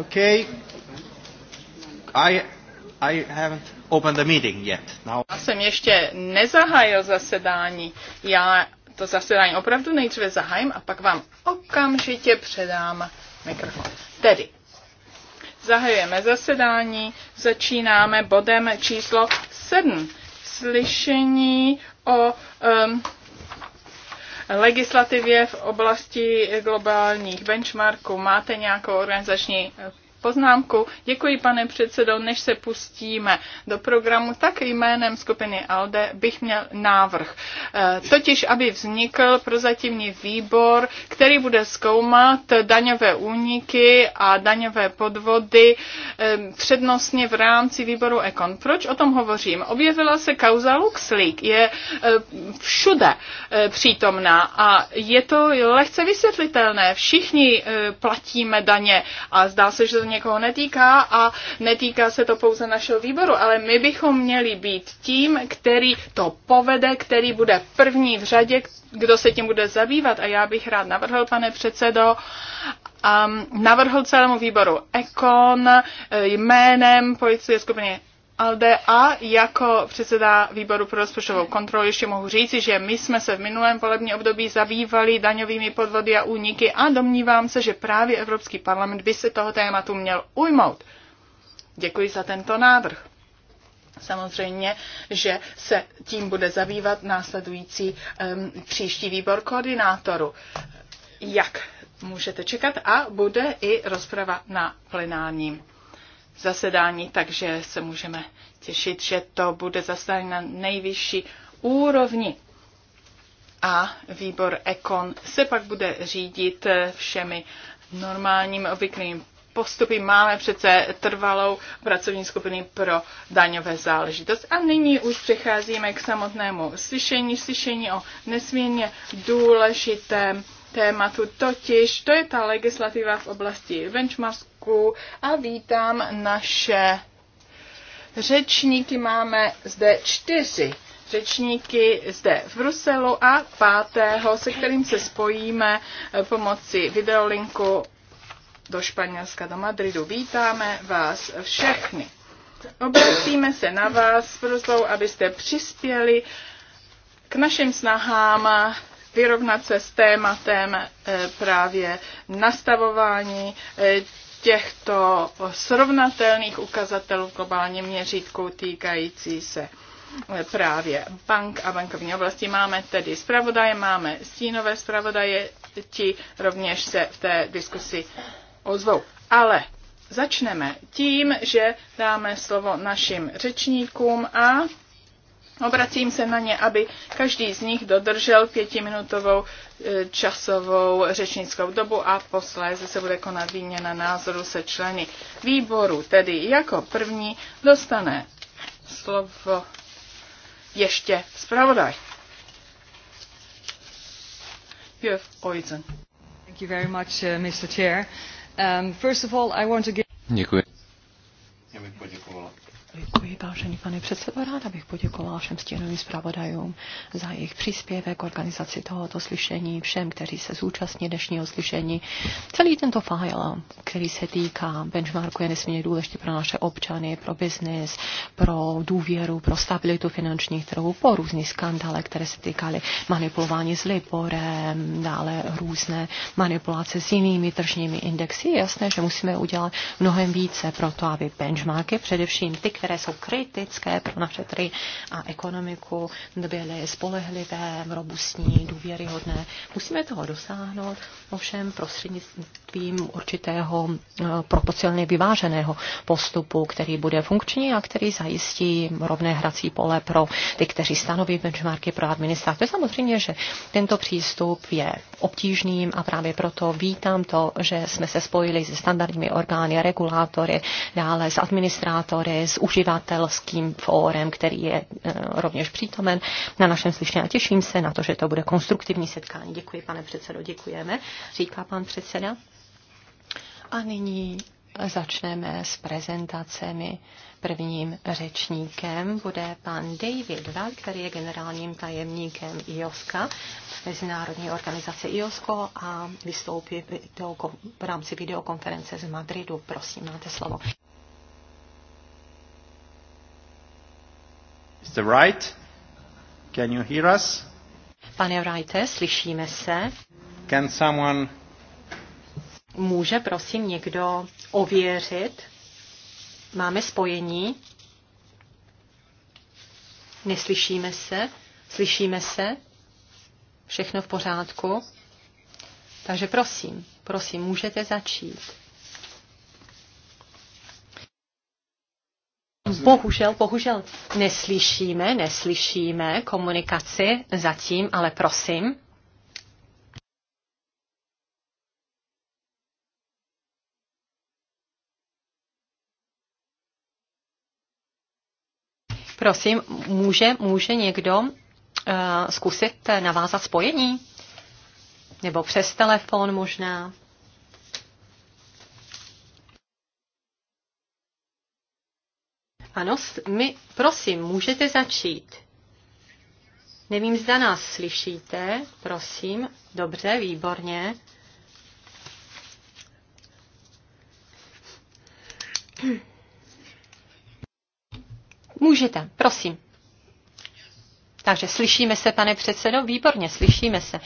Okay. I, I haven't opened the meeting yet. Now. Já jsem ještě nezahájil zasedání. Já to zasedání opravdu nejdříve zahájím a pak vám okamžitě předám mikrofon. Tedy, zahajujeme zasedání, začínáme bodem číslo 7. Slyšení o um, legislativě v oblasti globálních benchmarků? Máte nějakou organizační poznámku. Děkuji, pane předsedo, než se pustíme do programu, tak jménem skupiny ALDE bych měl návrh. Eh, totiž, aby vznikl prozatímní výbor, který bude zkoumat daňové úniky a daňové podvody eh, přednostně v rámci výboru Econ. Proč o tom hovořím? Objevila se kauza LuxLeak, je eh, všude přítomná a je to lehce vysvětlitelné. Všichni platíme daně a zdá se, že to někoho netýká a netýká se to pouze našeho výboru, ale my bychom měli být tím, který to povede, který bude první v řadě, kdo se tím bude zabývat. A já bych rád navrhl, pane předsedo, um, navrhl celému výboru Ekon eh, jménem policie skupiny LDA a jako předseda výboru pro rozpočtovou kontrolu ještě mohu říci, že my jsme se v minulém volebním období zabývali daňovými podvody a úniky a domnívám se, že právě Evropský parlament by se toho tématu měl ujmout. Děkuji za tento návrh. Samozřejmě, že se tím bude zabývat následující um, příští výbor koordinátoru. Jak můžete čekat a bude i rozprava na plenárním zasedání, takže se můžeme těšit, že to bude zasedání na nejvyšší úrovni. A výbor Ekon se pak bude řídit všemi normálním obvyklým postupy. Máme přece trvalou pracovní skupinu pro daňové záležitosti. A nyní už přecházíme k samotnému slyšení, slyšení o nesmírně důležitém tématu, totiž to je ta legislativa v oblasti benchmark, Marku a vítám naše řečníky. Máme zde čtyři řečníky zde v Bruselu a pátého, se kterým se spojíme pomocí videolinku do Španělska, do Madridu. Vítáme vás všechny. Obracíme se na vás s prosbou, abyste přispěli k našim snahám vyrovnat se s tématem eh, právě nastavování eh, těchto srovnatelných ukazatelů v globálním měřítku týkající se eh, právě bank a bankovní oblasti. Máme tedy zpravodaje, máme stínové zpravodaje, ti rovněž se v té diskusi ozvou. Ale začneme tím, že dáme slovo našim řečníkům a Obracím se na ně, aby každý z nich dodržel pětiminutovou e, časovou řečnickou dobu a posléze se bude konat výměna názoru se členy výboru. Tedy jako první dostane slovo ještě zpravodaj. Uh, um, Děkuji. Já bych poděkovala Děkuji, vážený pane předsedo. Ráda bych poděkovala všem stěnovým zpravodajům za jejich příspěvek, organizaci tohoto slyšení, všem, kteří se zúčastní dnešního slyšení. Celý tento file, který se týká benchmarku, je nesmírně důležitý pro naše občany, pro biznis, pro důvěru, pro stabilitu finančních trhů, po různých skandalech, které se týkaly manipulování s Liborem, dále různé manipulace s jinými tržními indexy. Je jasné, že musíme udělat mnohem více pro to, aby benchmarky, především ty, které jsou kritické pro naše trhy a ekonomiku, byly spolehlivé, robustní, důvěryhodné. Musíme toho dosáhnout, ovšem prostřednictvím určitého eh, proporcionálně vyváženého postupu, který bude funkční a který zajistí rovné hrací pole pro ty, kteří stanoví benchmarky pro administrátory. Samozřejmě, že tento přístup je obtížným a právě proto vítám to, že jsme se spojili se standardními orgány, regulátory, dále s administrátory, s uživatelským fórem, který je eh, rovněž přítomen na našem slyšení a těším se na to, že to bude konstruktivní setkání. Děkuji, pane předsedo, děkujeme, říká pan předseda. A nyní začneme s prezentacemi. Prvním řečníkem bude pan David Val, který je generálním tajemníkem IOSKA, Mezinárodní organizace IOSKO a vystoupí v rámci videokonference z Madridu. Prosím, máte slovo. Mr. Wright, can you hear us? Pane Wright, slyšíme se. Can someone... Může prosím někdo ověřit? Máme spojení? Neslyšíme se? Slyšíme se? Všechno v pořádku? Takže prosím, prosím, můžete začít. Bohužel, bohužel neslyšíme, neslyšíme komunikaci zatím, ale prosím. Prosím, může, může někdo uh, zkusit navázat spojení? Nebo přes telefon možná? Ano, my, prosím, můžete začít. Nevím, zda nás slyšíte. Prosím, dobře, výborně. Můžete, prosím. Takže slyšíme se, pane předsedo? Výborně, slyšíme se.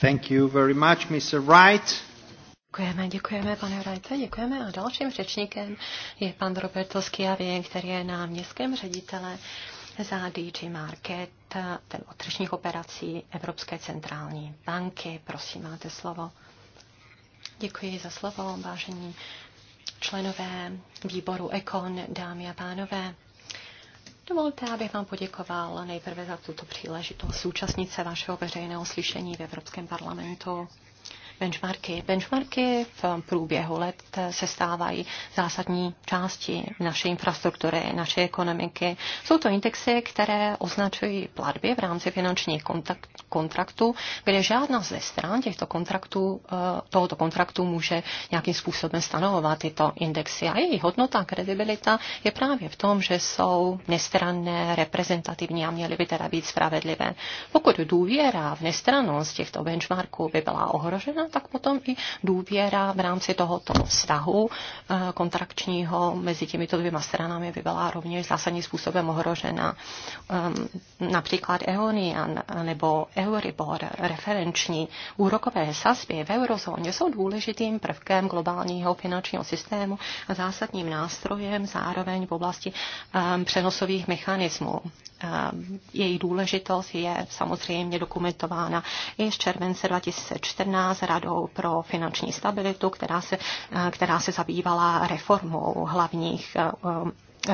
Thank you very much, Mr. Wright. Děkujeme, děkujeme, pane Rajce, děkujeme. A dalším řečníkem je pan Roberto Schiavien, který je náměstkem ředitele za DG Market, ten tržních operací Evropské centrální banky. Prosím, máte slovo. Děkuji za slovo, vážení členové výboru EKON, dámy a pánové. Dovolte, abych vám poděkoval nejprve za tuto příležitost současnice vašeho veřejného slyšení v Evropském parlamentu benchmarky. Benchmarky v průběhu let se stávají zásadní části naší infrastruktury, naší ekonomiky. Jsou to indexy, které označují platby v rámci finančních kontraktů, kde žádná ze stran těchto kontraktů, eh, tohoto kontraktu může nějakým způsobem stanovovat tyto indexy. A jejich hodnota, kredibilita je právě v tom, že jsou nestranné, reprezentativní a měly by teda být spravedlivé. Pokud důvěra v nestrannost těchto benchmarků by byla ohrožena, tak potom i důvěra v rámci tohoto vztahu eh, kontrakčního mezi těmito dvěma stranami by byla rovněž zásadním způsobem ohrožena. Ehm, například Eonian nebo Euribor, referenční úrokové sazby v eurozóně jsou důležitým prvkem globálního finančního systému a zásadním nástrojem zároveň v oblasti ehm, přenosových mechanismů. Ehm, její důležitost je samozřejmě dokumentována i z července 2014 radou pro finanční stabilitu, která se, eh, která se zabývala reformou hlavních eh,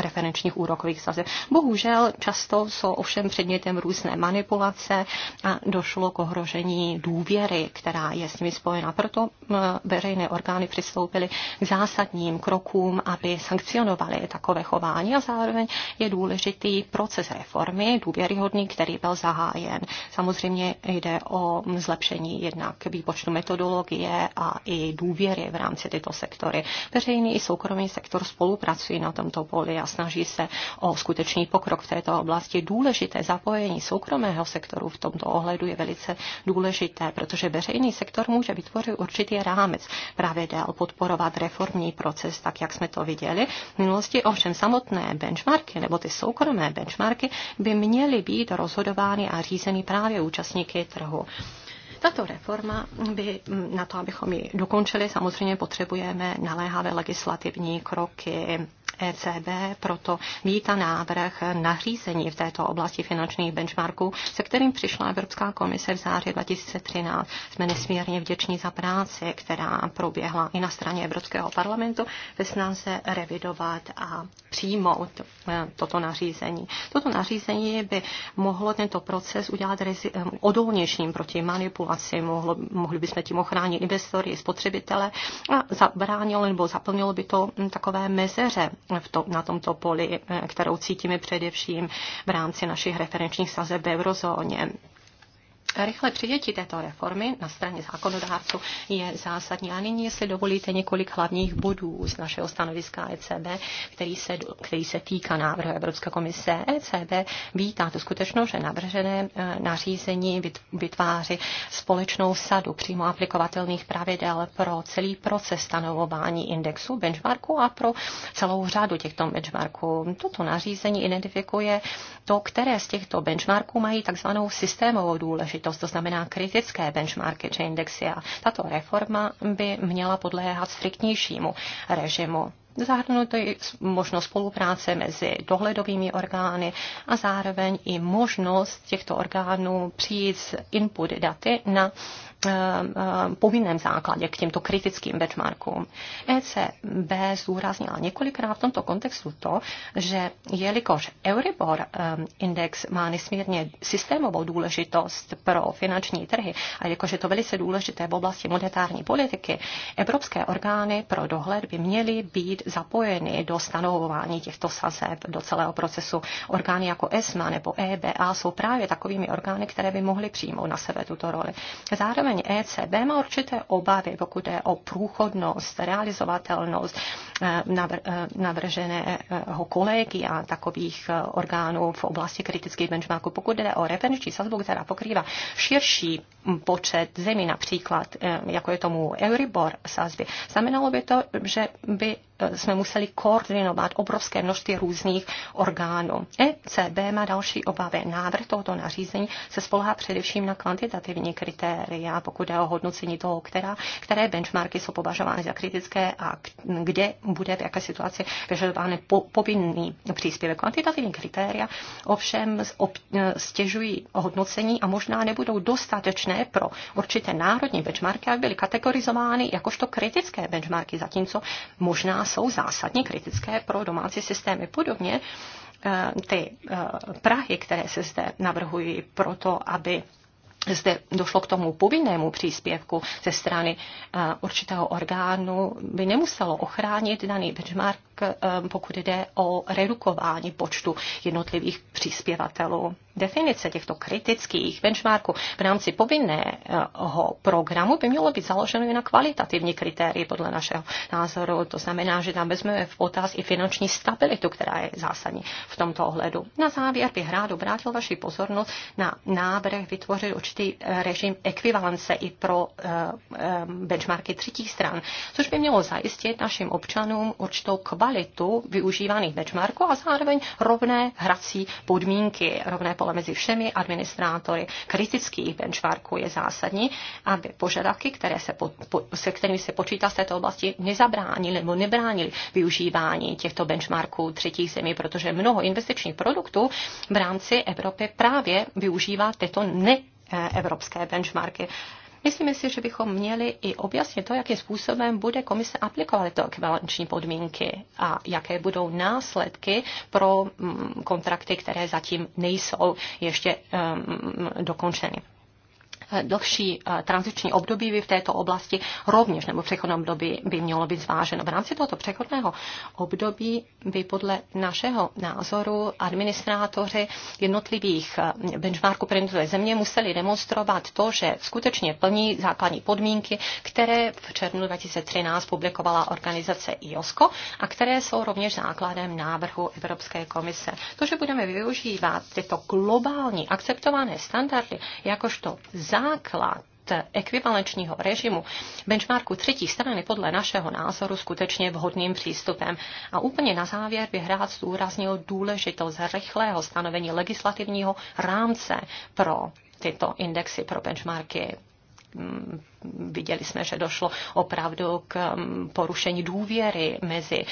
referenčních úrokových sazeb. Bohužel často jsou ovšem předmětem různé manipulace a došlo k ohrožení důvěry, která je s nimi spojena. Proto eh, veřejné orgány přistoupily k zásadním krokům, aby sankcionovaly takové chování a zároveň je důležitý proces reformy, důvěryhodný, který byl zahájen. Samozřejmě jde o zlepšení jednak výpočtu metodologie a i důvěry v rámci tyto sektory. Veřejný i soukromý sektor spolupracují na tomto poli a snaží se o skutečný pokrok v této oblasti. Důležité zapojení soukromého sektoru v tomto ohledu je velice důležité, protože veřejný sektor může vytvořit určitý rámec pravidel, podporovat reformní proces, tak jak jsme to viděli. V minulosti ovšem samotné benchmarky nebo ty soukromé benchmarky by měly být rozhodovány a řízeny právě účastníky trhu. Tato reforma by na to, abychom ji dokončili, samozřejmě potřebujeme naléhavé legislativní kroky, ECB proto vítá návrh nařízení v této oblasti finančních benchmarků, se kterým přišla Evropská komise v září 2013. Jsme nesmírně vděční za práci, která proběhla i na straně Evropského parlamentu ve snaze revidovat a přijmout eh, toto nařízení. Toto nařízení by mohlo tento proces udělat eh, odolnějším proti manipulaci, mohlo, mohli bychom tím ochránit investory, spotřebitele a zabránilo nebo zaplnilo by to hm, takové mezeře v to, na tomto poli, eh, kterou cítíme především v rámci našich referenčních sazeb v eurozóně. Rychle přijetí této reformy na straně zákonodárců je zásadní. A nyní, jestli dovolíte, několik hlavních bodů z našeho stanoviska ECB, který se, který se týká návrhu Evropské komise. ECB vítá tu skutečnost, že navržené eh, nařízení vytváří společnou sadu přímo aplikovatelných pravidel pro celý proces stanovování indexu benchmarku a pro celou řadu těchto benchmarků. Toto nařízení identifikuje to, které z těchto benchmarků mají takzvanou systémovou důležitost záležitost, to znamená kritické benchmarky či indexy. A tato reforma by měla podléhat striktnějšímu režimu Zahrnuto je možnost spolupráce mezi dohledovými orgány a zároveň i možnost těchto orgánů přijít s input daty na ehm, ehm, povinném základě k těmto kritickým benchmarkům. ECB zúraznila několikrát v tomto kontextu to, že jelikož Euribor ehm, index má nesmírně systémovou důležitost pro finanční trhy a jelikož je to velice důležité v oblasti monetární politiky, evropské orgány pro dohled by měly být zapojeny do stanovování těchto sazeb, do celého procesu. Orgány jako ESMA nebo EBA jsou právě takovými orgány, které by mohly přijmout na sebe tuto roli. Zároveň ECB má určité obavy, pokud je o průchodnost, realizovatelnost eh, eh, navrženého a takových eh, orgánů v oblasti kritických benchmarků. Pokud jde o referenční sazbu, která pokrývá širší počet zemí, například jako je tomu Euribor sazby, znamenalo by to, že by Eh, jsme museli koordinovat obrovské množství různých orgánů. ECB má další obavy. Návrh tohoto nařízení se spolehá především na kvantitativní kritéria, pokud je o hodnocení toho, která, které benchmarky jsou považovány za kritické a kde bude v jaké situaci vyžadovány po, povinný příspěvek. Kvantitativní kritéria ovšem ob, eh, stěžují hodnocení a možná nebudou dostatečné pro určité národní benchmarky, jak byly kategorizovány jakožto kritické benchmarky, zatímco možná jsou zásadně kritické pro domácí systémy. Podobně eh, ty eh, Prahy, které se zde navrhují proto, aby zde došlo k tomu povinnému příspěvku ze strany eh, určitého orgánu, by nemuselo ochránit daný benchmark, eh, pokud jde o redukování počtu jednotlivých příspěvatelů. Definice těchto kritických benchmarků v rámci povinného programu by mělo být založeno i na kvalitativní kritérii podle našeho názoru. To znamená, že tam vezmeme v potaz i finanční stabilitu, která je zásadní v tomto ohledu. Na závěr bych rád obrátil vaši pozornost na návrh vytvořit určitě určitý eh, režim ekvivalence i pro eh, eh, benchmarky třetích stran, což by mělo zajistit našim občanům určitou kvalitu využívaných benchmarků a zároveň rovné hrací podmínky, rovné pole mezi všemi administrátory kritických benchmarků je zásadní, aby požadavky, které se, po, po, se kterými se počítá z této oblasti, nezabránili nebo nebránili využívání těchto benchmarků třetích zemí, protože mnoho investičních produktů v rámci Evropy právě využívá tyto ne Eh, evropské benchmarky. Myslíme si, že bychom měli i objasnit to, jakým způsobem bude komise aplikovat to ekvivalenční podmínky a jaké budou následky pro mm, kontrakty, které zatím nejsou ještě um, dokončeny. Eh, delší eh, tranziční období by v této oblasti rovněž nebo v přechodném období by mělo být zváženo. V rámci tohoto přechodného období by podle našeho názoru administrátoři jednotlivých eh, benchmarků pro jednotlivé země museli demonstrovat to, že skutečně plní základní podmínky, které v červnu 2013 publikovala organizace IOSCO a které jsou rovněž základem návrhu Evropské komise. To, že budeme využívat tyto globální akceptované standardy jakožto základ ekvivalenčního režimu benchmarku třetí strany podle našeho názoru skutečně vhodným přístupem. A úplně na závěr bych rád zdůraznil důležitost rychlého stanovení legislativního rámce pro tyto indexy, pro benchmarky mm, viděli jsme, že došlo opravdu k mm, porušení důvěry mezi,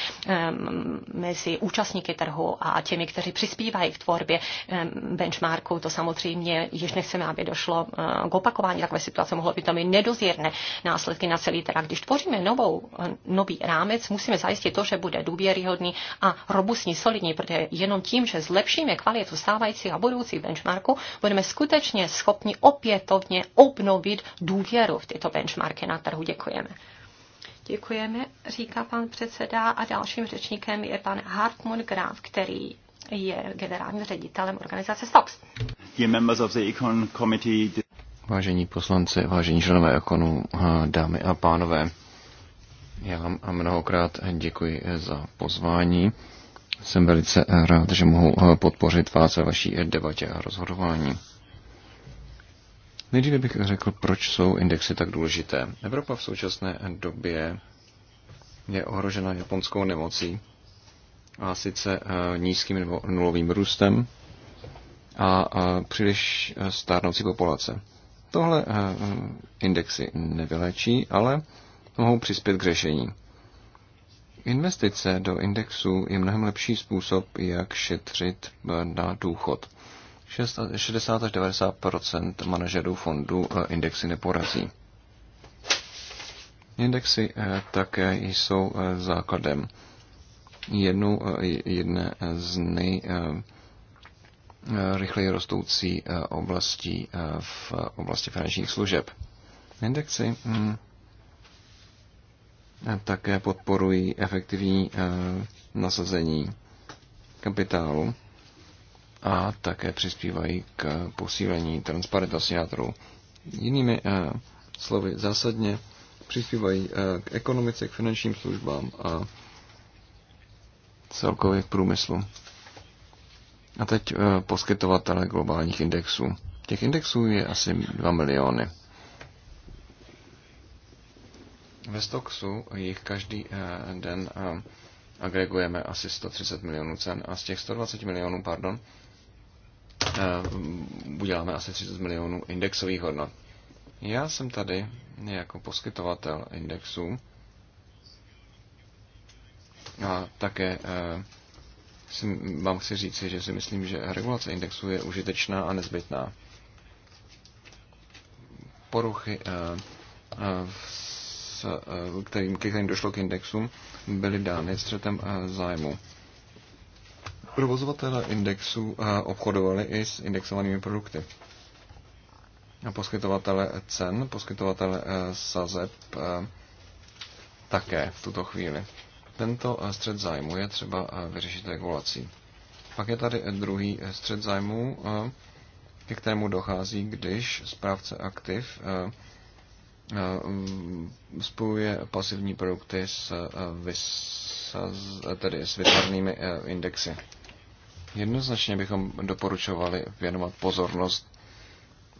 mm, mezi účastníky trhu a těmi, kteří přispívají k tvorbě mm, benchmarku. To samozřejmě již nechceme, aby došlo k opakování takové situace. Mohlo by to mít nedozírné následky na celý trh. Když tvoříme novou, nový rámec, musíme zajistit to, že bude důvěryhodný a robustní, solidní, protože jenom tím, že zlepšíme kvalitu stávajících a budoucích benchmarků, budeme skutečně schopni opětovně obnovit důvěru v ty tyto benchmarky na trhu. Děkujeme. Děkujeme, říká pan předseda a dalším řečníkem je pan Hartmut Graf, který je generálním ředitelem organizace STOPS. Vážení poslanci, vážení členové ekonu, dámy a pánové, já vám mnohokrát děkuji za pozvání. Jsem velice rád, že mohu podpořit vás ve vaší debatě a rozhodování. Nejdříve bych řekl, proč jsou indexy tak důležité. Evropa v současné době je ohrožena japonskou nemocí, a sice eh, nízkým nebo nulovým růstem a eh, příliš stárnoucí populace. Tohle eh, indexy nevylečí, ale mohou přispět k řešení. Investice do indexu je mnohem lepší způsob, jak šetřit na důchod. 60 až 90 manažerů fondů eh, indexy neporazí. Indexy eh, také jsou eh, základem jednu, jedné z nejrychleji rostoucí oblastí v oblasti finančních služeb. Indexy mm, také podporují efektivní nasazení kapitálu a také přispívají k posílení transparentnosti na trhu. Jinými uh, slovy, zásadně přispívají uh, k ekonomice, k finančním službám a celkově k průmyslu. A teď uh, poskytovatele globálních indexů. Těch indexů je asi 2 miliony. Ve Stoxu jich každý den agregujeme asi 130 milionů cen a z těch 120 milionů, pardon, Eh, uděláme asi 30 milionů indexových hodnot. Já jsem tady jako poskytovatel indexů a také eh, si, vám chci říct, že si myslím, že regulace indexů je užitečná a nezbytná. Poruchy, eh, s, kterým, ke kterým došlo k indexům, byly dány střetem zájmu. Provozovatele indexu obchodovali i s indexovanými produkty. Poskytovatele cen, poskytovatele eh, sazeb eh, také v tuto chvíli. Tento eh, střed zájmu je třeba vyřešit regulací. Pak je tady druhý střed zájmu, ke kterému dochází, když správce aktiv spojuje pasivní produkty s, vysaz, tedy s vytvarnými indexy. Jednoznačně bychom doporučovali věnovat pozornost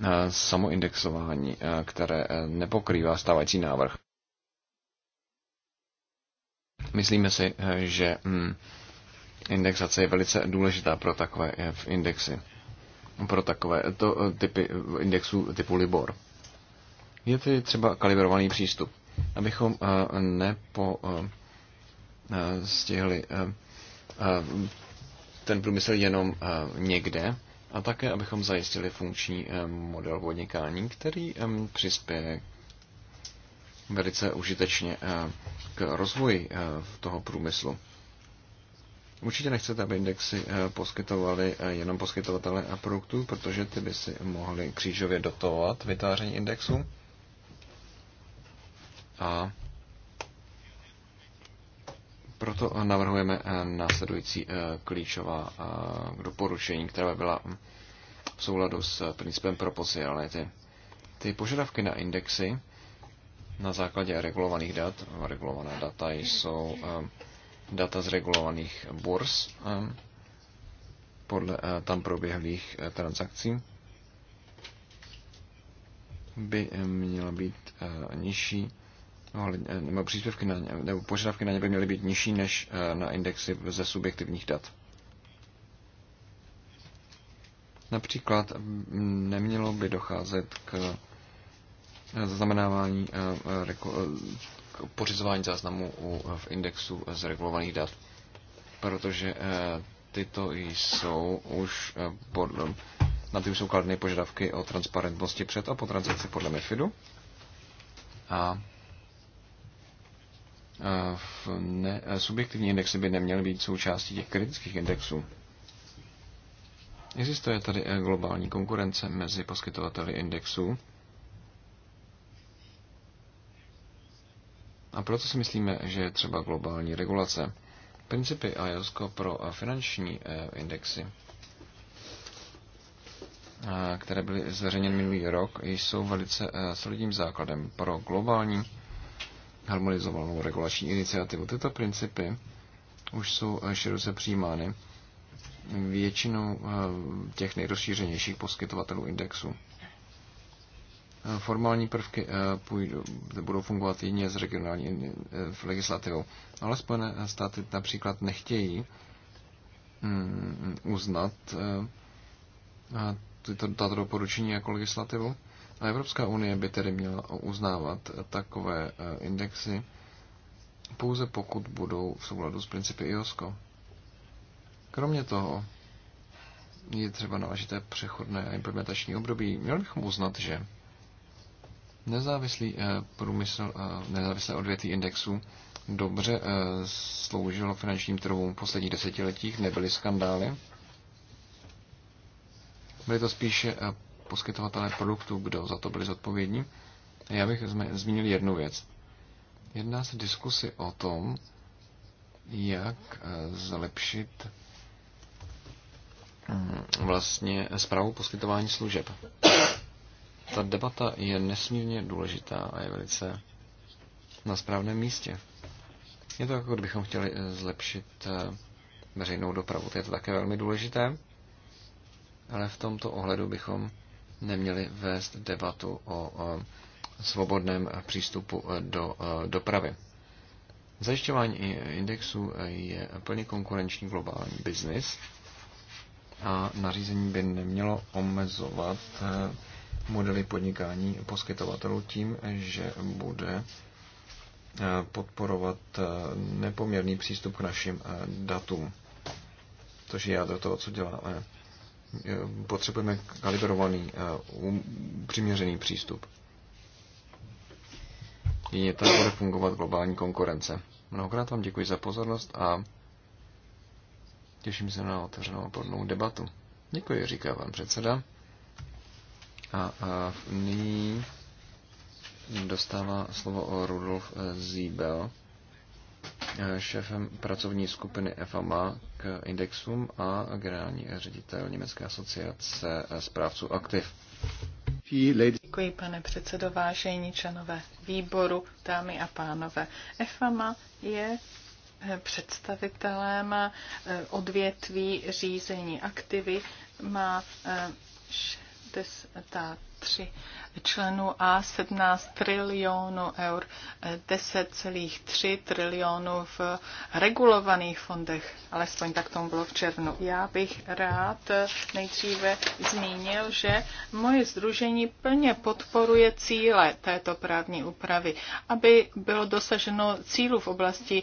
eh, samoindexování, eh, které eh, nepokrývá stávající návrh. Myslíme si, že hm, indexace je velice důležitá pro takové indexy, pro takové to typy indexů typu Libor. Je tedy třeba kalibrovaný přístup, abychom nepo stihli ten průmysl jenom eh, někde, a také, abychom zajistili funkční eh, model podnikání, který eh, přispěje velice užitečně k rozvoji toho průmyslu. Určitě nechcete, aby indexy poskytovali jenom poskytovatele a produktů, protože ty by si mohli křížově dotovat vytváření indexu. A proto navrhujeme eh, následující eh, klíčová eh, doporučení, která byla v souladu s principem proporcionality. Ty požadavky na indexy na základě regulovaných dat, regulovaná data jsou data z regulovaných burs podle tam proběhlých transakcí, by měla být nižší No, eh, nebo příspěvky na ně, nebo požadavky na ně by měly být nižší než eh, na indexy ze subjektivních dat. Například nemělo by docházet k eh, zaznamenávání, k pořizování záznamů v indexu z regulovaných dat, protože tyto jsou už podle, na ty už jsou kladeny požadavky o transparentnosti před a po transakci podle MIFIDu. A ne, subjektivní indexy by neměly být součástí těch kritických indexů. Existuje tady eh, globální konkurence mezi poskytovateli indexů. A proto si myslíme, že je třeba globální regulace. Principy IOSCO pro eh, finanční eh, indexy, které byly zveřejněny minulý rok, jsou velice solidním základem pro globální harmonizovanou regulační iniciativu. Tyto principy už jsou eh, široce přijímány většinou eh, těch nejrozšířenějších poskytovatelů indexu. Eh, formální prvky půjdu, budou fungovat jedině s regionální legislativou, ale Spojené státy například nechtějí mm, uznat tyto, tato doporučení jako legislativu a Evropská unie by tedy měla uznávat takové eh, indexy pouze pokud budou v souladu s principy IOSCO. Kromě toho je třeba na přechodné a implementační období. Měli bychom uznat, že nezávislý eh, průmysl, eh, nezávislé odvětví indexu dobře sloužilo finančním trhům v posledních desetiletích, nebyly skandály. Byly to spíše poskytovatelé produktů, kdo za to byli zodpovědní. Já bych zmínil jednu věc. Jedná se diskusy o tom, jak eh, zlepšit mm, vlastně zprávu poskytování služeb. Ta debata je nesmírně důležitá a je velice na správném místě. Je to jako kdybychom chtěli eh, zlepšit eh, veřejnou dopravu. To je to také velmi důležité, ale v tomto ohledu bychom neměli vést debatu o svobodném přístupu do dopravy. Zajišťování indexu je plně konkurenční globální biznis a nařízení by nemělo omezovat e, modely podnikání poskytovatelů tím, že bude e, podporovat e, nepoměrný přístup k našim datům, což je jádro toho, co děláme. Eh, potřebujeme kalibrovaný, eh, um, přiměřený přístup. Jedině tak bude fungovat globální konkurence. Mnohokrát vám děkuji za pozornost a těším se na otevřenou podnou debatu. Děkuji, říká vám předseda. A, a nyní dostává slovo Rudolf eh, Zíbel Eh, šéfem pracovní skupiny FAMA k indexům a generální ředitel Německé asociace zprávců eh, aktiv. Děkuji, pane předsedo, vážení členové výboru, dámy a pánové. FMA je eh, představitelem odvětví řízení aktivy, má 60 3 členů a 17 trilionů eur, 10,3 trilionů v regulovaných fondech, alespoň tak tomu bylo v červnu. Já bych rád nejdříve zmínil, že moje združení plně podporuje cíle této právní úpravy, aby bylo dosaženo cílu v oblasti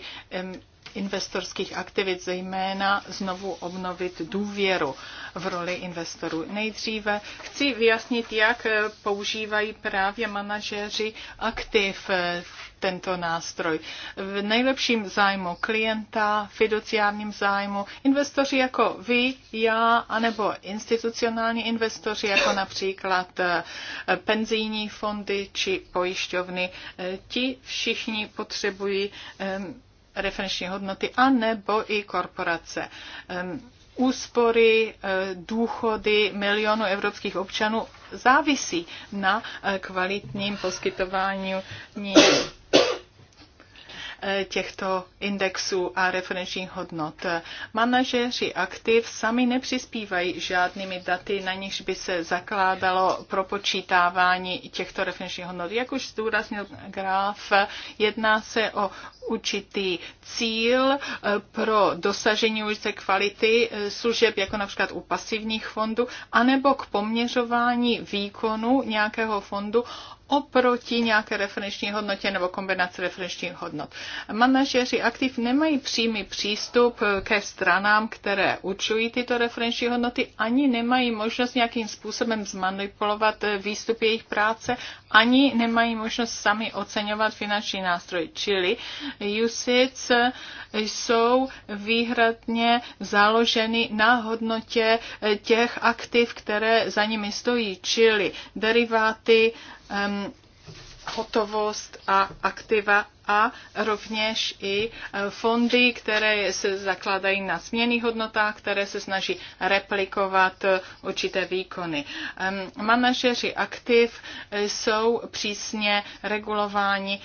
investorských aktivit, zejména znovu obnovit důvěru v roli investorů. Nejdříve chci vyjasnit, jak používají právě manažeři aktiv eh, tento nástroj. V nejlepším zájmu klienta, fiduciárním zájmu, investoři jako vy, já, anebo institucionální investoři, jako například eh, penzijní fondy či pojišťovny, eh, ti všichni potřebují referenční hodnoty, anebo i korporace. Úspory, e, důchody milionů evropských občanů závisí na e, kvalitním poskytování těchto indexů a referenčních hodnot. Manažeři aktiv sami nepřispívají žádnými daty, na nichž by se zakládalo propočítávání těchto referenčních hodnot. Jak už zdůraznil graf, jedná se o určitý cíl eh, pro dosažení určité kvality eh, služeb, jako například u pasivních fondů, anebo k poměřování výkonu nějakého fondu oproti nějaké referenční hodnotě nebo kombinaci referenčních hodnot. Manažeři aktiv nemají přímý přístup ke stranám, které určují tyto referenční hodnoty, ani nemají možnost nějakým způsobem zmanipulovat eh, výstup jejich práce, ani nemají možnost sami oceňovat finanční nástroj. Čili USIC eh, jsou výhradně založeny na hodnotě eh, těch aktiv, které za nimi stojí, čili deriváty, um, hotovost a aktiva a rovněž i e, fondy, které se zakládají na směných hodnotách, které se snaží replikovat e, určité výkony. Manažeři aktiv e, jsou přísně regulováni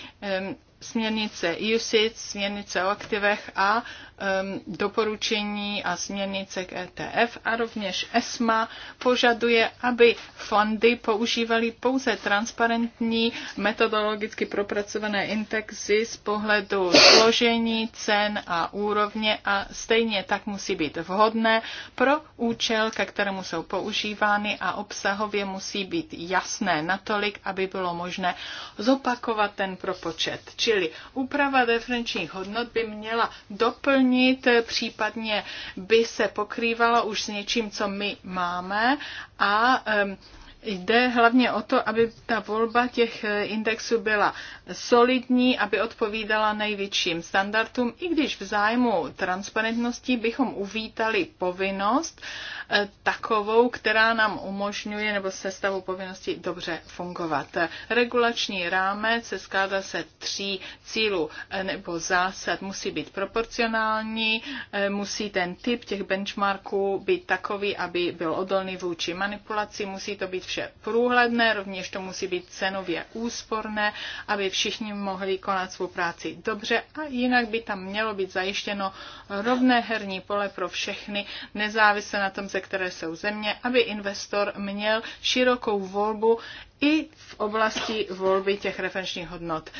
směrnice USIT, směrnice o aktivech a um, doporučení a směrnice k ETF a rovněž ESMA požaduje, aby fondy používaly pouze transparentní metodologicky propracované indexy z pohledu složení, cen a úrovně a stejně tak musí být vhodné pro účel, ke kterému jsou používány a obsahově musí být jasné natolik, aby bylo možné zopakovat ten propočet. Čili Čili úprava referenčních hodnot by měla doplnit, eh, případně by se pokrývala už s něčím, co my máme a um, Jde hlavně o to, aby ta volba těch eh, indexů byla solidní, aby odpovídala největším standardům, i když v zájmu transparentnosti bychom uvítali povinnost eh, takovou, která nám umožňuje nebo sestavu povinnosti dobře fungovat. Regulační rámec se skládá se tří cílů eh, nebo zásad. Musí být proporcionální, musí ten typ těch benchmarků být takový, aby byl odolný vůči manipulaci, musí to být vše průhledné, rovněž to musí být cenově úsporné, aby všichni mohli konat svou práci dobře a jinak by tam mělo být zajištěno rovné herní pole pro všechny, nezávisle na tom, ze které jsou země, aby investor měl širokou volbu i v oblasti volby těch referenčních hodnot.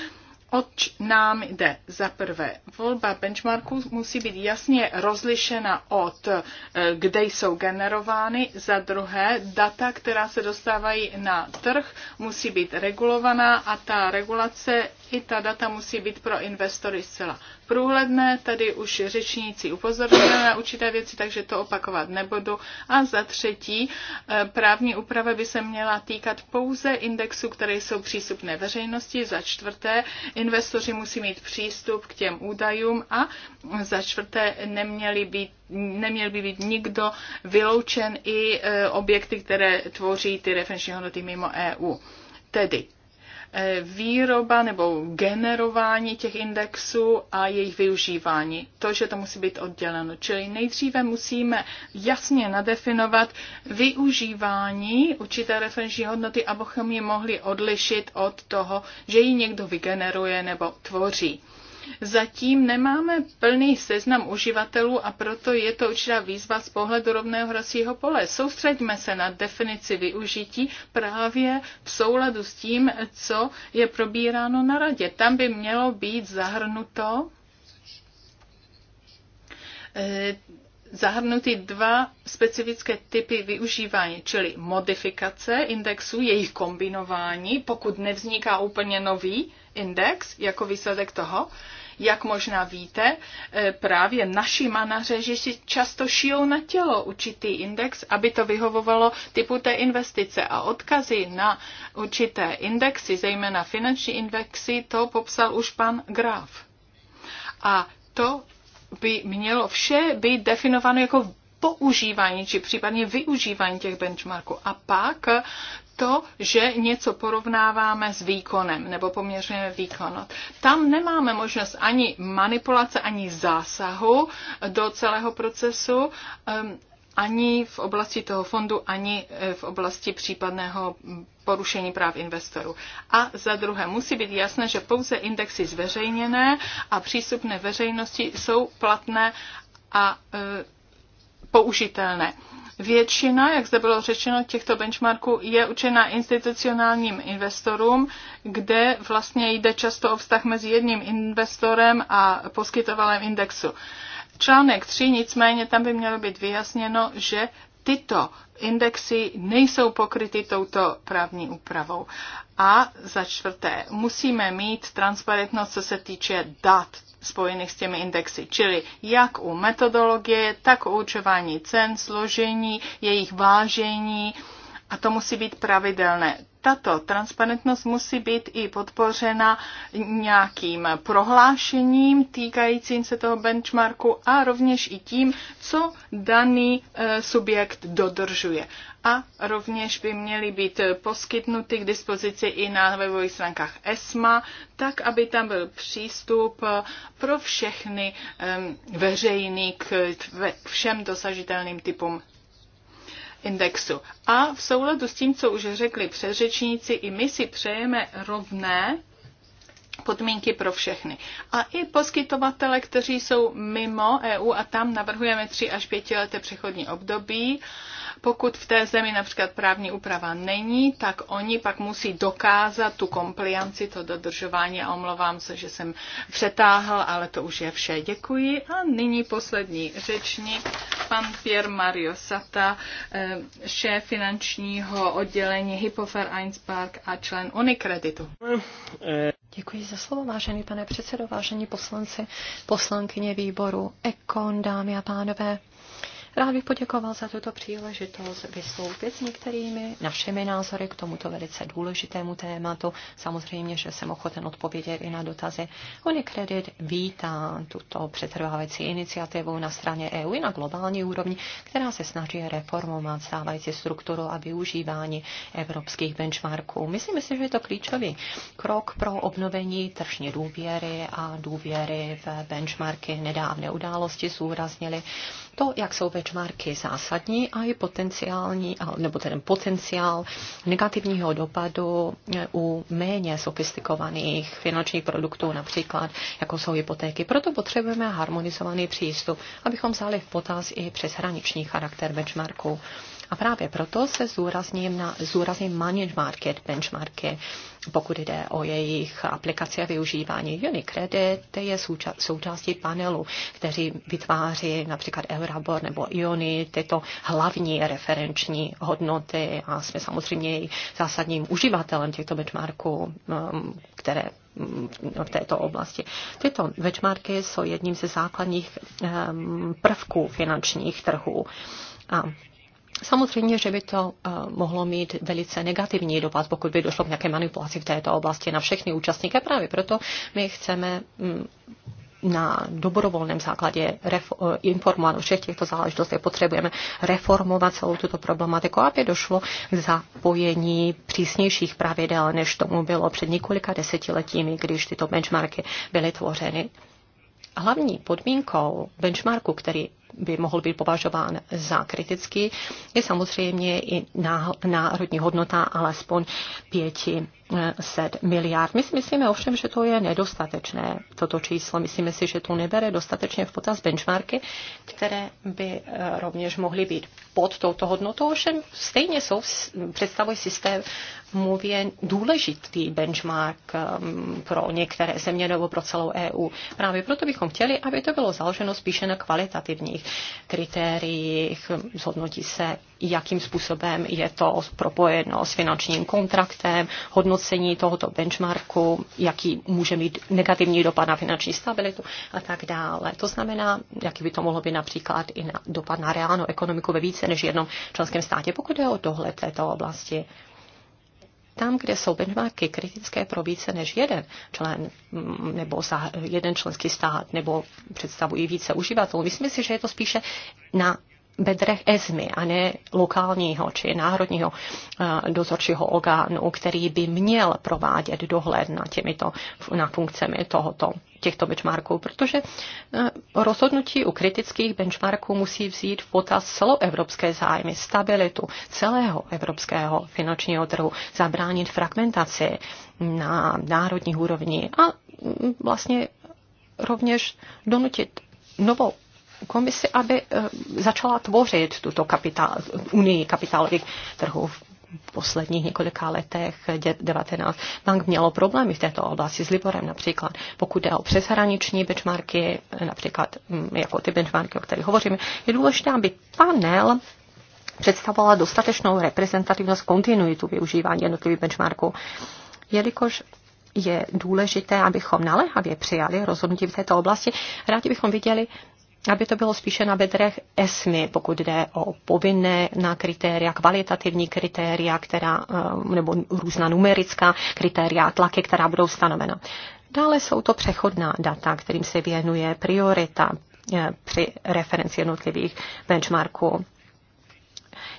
Oč nám jde? Za prvé, volba benchmarků musí být jasně rozlišena od, eh, kde jsou generovány. Za druhé, data, která se dostávají na trh, musí být regulovaná a ta regulace i ta data musí být pro investory zcela průhledné. Tady už řečníci upozorňují na určité věci, takže to opakovat nebudu. A za třetí, eh, právní úprava by se měla týkat pouze indexů, které jsou přístupné veřejnosti. Za čtvrté, investoři musí mít přístup k těm údajům a za čtvrté, neměli být neměl by být nikdo vyloučen i eh, objekty, které tvoří ty referenční hodnoty mimo EU. Tedy Eh, výroba nebo generování těch indexů a jejich využívání. To, že to musí být odděleno. Čili nejdříve musíme jasně nadefinovat využívání určité referenční hodnoty, abychom ji mohli odlišit od toho, že ji někdo vygeneruje nebo tvoří. Zatím nemáme plný seznam uživatelů a proto je to určitá výzva z pohledu rovného hracího pole. Soustředíme se na definici využití právě v souladu s tím, co je probíráno na radě. Tam by mělo být zahrnuto eh, zahrnuty dva specifické typy využívání, čili modifikace indexu jejich kombinování, pokud nevzniká úplně nový, index jako výsledek toho, jak možná víte, e, právě naši manažeři si často šijou na tělo určitý index, aby to vyhovovalo typu té investice. A odkazy na určité indexy, zejména finanční indexy, to popsal už pan Graf. A to by mělo vše být definováno jako používání či případně využívání těch benchmarků. A pak to, že něco porovnáváme s výkonem nebo poměřujeme výkonnost. Tam nemáme možnost ani manipulace, ani zásahu do celého procesu, ehm, ani v oblasti toho fondu, ani eh, v oblasti případného porušení práv investorů. A za druhé, musí být jasné, že pouze indexy zveřejněné a přístupné veřejnosti jsou platné a eh, použitelné. Většina, jak zde bylo řečeno, těchto benchmarků je učena institucionálním investorům, kde vlastně jde často o vztah mezi jedním investorem a poskytovalem indexu. Článek 3 nicméně tam by mělo být vyjasněno, že tyto indexy nejsou pokryty touto právní úpravou. A za čtvrté, musíme mít transparentnost, co se týče dat spojených s těmi indexy, čili jak u metodologie, tak u učování cen, složení, jejich vážení a to musí být pravidelné tato transparentnost musí být i podpořena nějakým prohlášením týkajícím se toho benchmarku a rovněž i tím, co daný eh, subjekt dodržuje. A rovněž by měly být poskytnuty k dispozici i na webových stránkách ESMA, tak aby tam byl přístup eh, pro všechny eh, veřejný k všem dosažitelným typům indexu. A v souladu s tím, co už řekli předřečníci, i my si přejeme rovné podmínky pro všechny. A i poskytovatele, kteří jsou mimo EU a tam navrhujeme tři až pětileté leté přechodní období. Pokud v té zemi například právní úprava není, tak oni pak musí dokázat tu komplianci, to dodržování a omlouvám se, že jsem přetáhl, ale to už je vše. Děkuji. A nyní poslední řečník, pan Pierre Mario Sata, eh, šéf finančního oddělení Hypofer Einspark a člen Unikreditu. Eh, Děkuji za slovo, vážený pane předsedo, vážení poslanci, poslankyně výboru EKON, dámy a pánové. Rád bych poděkoval za tuto příležitost vystoupit s některými našimi názory k tomuto velice důležitému tématu. Samozřejmě, že jsem ochoten odpovědět i na dotazy. Unikredit vítá tuto přetrvávající iniciativu na straně EU i na globální úrovni, která se snaží reformovat stávající strukturu a využívání evropských benchmarků. Myslím si, že je to klíčový krok pro obnovení tržní důvěry a důvěry v benchmarky. Nedávné události zúraznili. To, jak jsou benchmarky zásadní a i potenciální, nebo ten potenciál negativního dopadu e, u méně sofistikovaných finančních produktů, například jako jsou hypotéky. Proto potřebujeme harmonizovaný přístup, abychom vzali v potaz i přeshraniční charakter benchmarku. A právě proto se zúrazním na zúrazním manage market benchmarky, pokud jde o jejich aplikaci a využívání. Unicredit je součástí panelu, kteří vytváří například Eurabor nebo Iony, tyto hlavní referenční hodnoty a jsme samozřejmě i zásadním uživatelem těchto benchmarků, um, které um, v této oblasti. Tyto benchmarky jsou jedním ze základních um, prvků finančních trhů. A Samozřejmě, že by to eh, mohlo mít velice negativní dopad, pokud by došlo k nějaké manipulaci v této oblasti na všechny účastníky. Právě proto my chceme mm, na dobrovolném základě eh, informovat o všech těchto záležitostech. Potřebujeme reformovat celou tuto problematiku, aby došlo k zapojení přísnějších pravidel, než tomu bylo před několika desetiletími, když tyto benchmarky byly tvořeny. Hlavní podmínkou benchmarku, který by mohl být považován za kritický, je samozřejmě i národní hodnota alespoň pěti. 7 miliard. My si myslíme ovšem, že to je nedostatečné, toto číslo. Myslíme si, že to nebere dostatečně v potaz benchmarky, které by eh, rovněž mohly být pod touto hodnotou, ovšem stejně jsou, představují systém mluvě důležitý benchmark ehm, pro některé země nebo pro celou EU. Právě proto bychom chtěli, aby to bylo založeno spíše na kvalitativních kritériích, zhodnotí se jakým způsobem je to propojeno s finančním kontraktem, hodnocení tohoto benchmarku, jaký může mít negativní dopad na finanční stabilitu a tak dále. To znamená, jaký by to mohlo být například i na dopad na reálnou ekonomiku ve více než jednom členském státě, pokud je o dohled této oblasti. Tam, kde jsou benchmarky kritické pro více než jeden člen mm, nebo za jeden členský stát nebo představují více uživatelů, myslím si, že je to spíše na bedrech ESMY a ne lokálního či národního eh, dozorčího orgánu, který by měl provádět dohled na těmito na funkcemi tohoto, těchto benchmarků, protože eh, rozhodnutí u kritických benchmarků musí vzít v potaz celoevropské zájmy, stabilitu celého evropského finančního trhu, zabránit fragmentaci na národní úrovni a mm, vlastně rovněž donutit novou komisi, aby eh, začala tvořit tuto kapitál, unii kapitálových trhů v posledních několika letech 19. Bank mělo problémy v této oblasti s Liborem například. Pokud jde o přeshraniční benchmarky, například mm, jako ty benchmarky, o kterých hovoříme, je důležité, aby panel představovala dostatečnou reprezentativnost, kontinuitu využívání jednotlivých benchmarků, jelikož je důležité, abychom naléhavě přijali rozhodnutí v této oblasti. Rádi bychom viděli aby to bylo spíše na bedrech ESMI, pokud jde o povinné na kritéria, kvalitativní kritéria, která, eh, nebo různá numerická kritéria, tlaky, která budou stanovena. Dále jsou to přechodná data, kterým se věnuje priorita eh, při referenci jednotlivých benchmarků.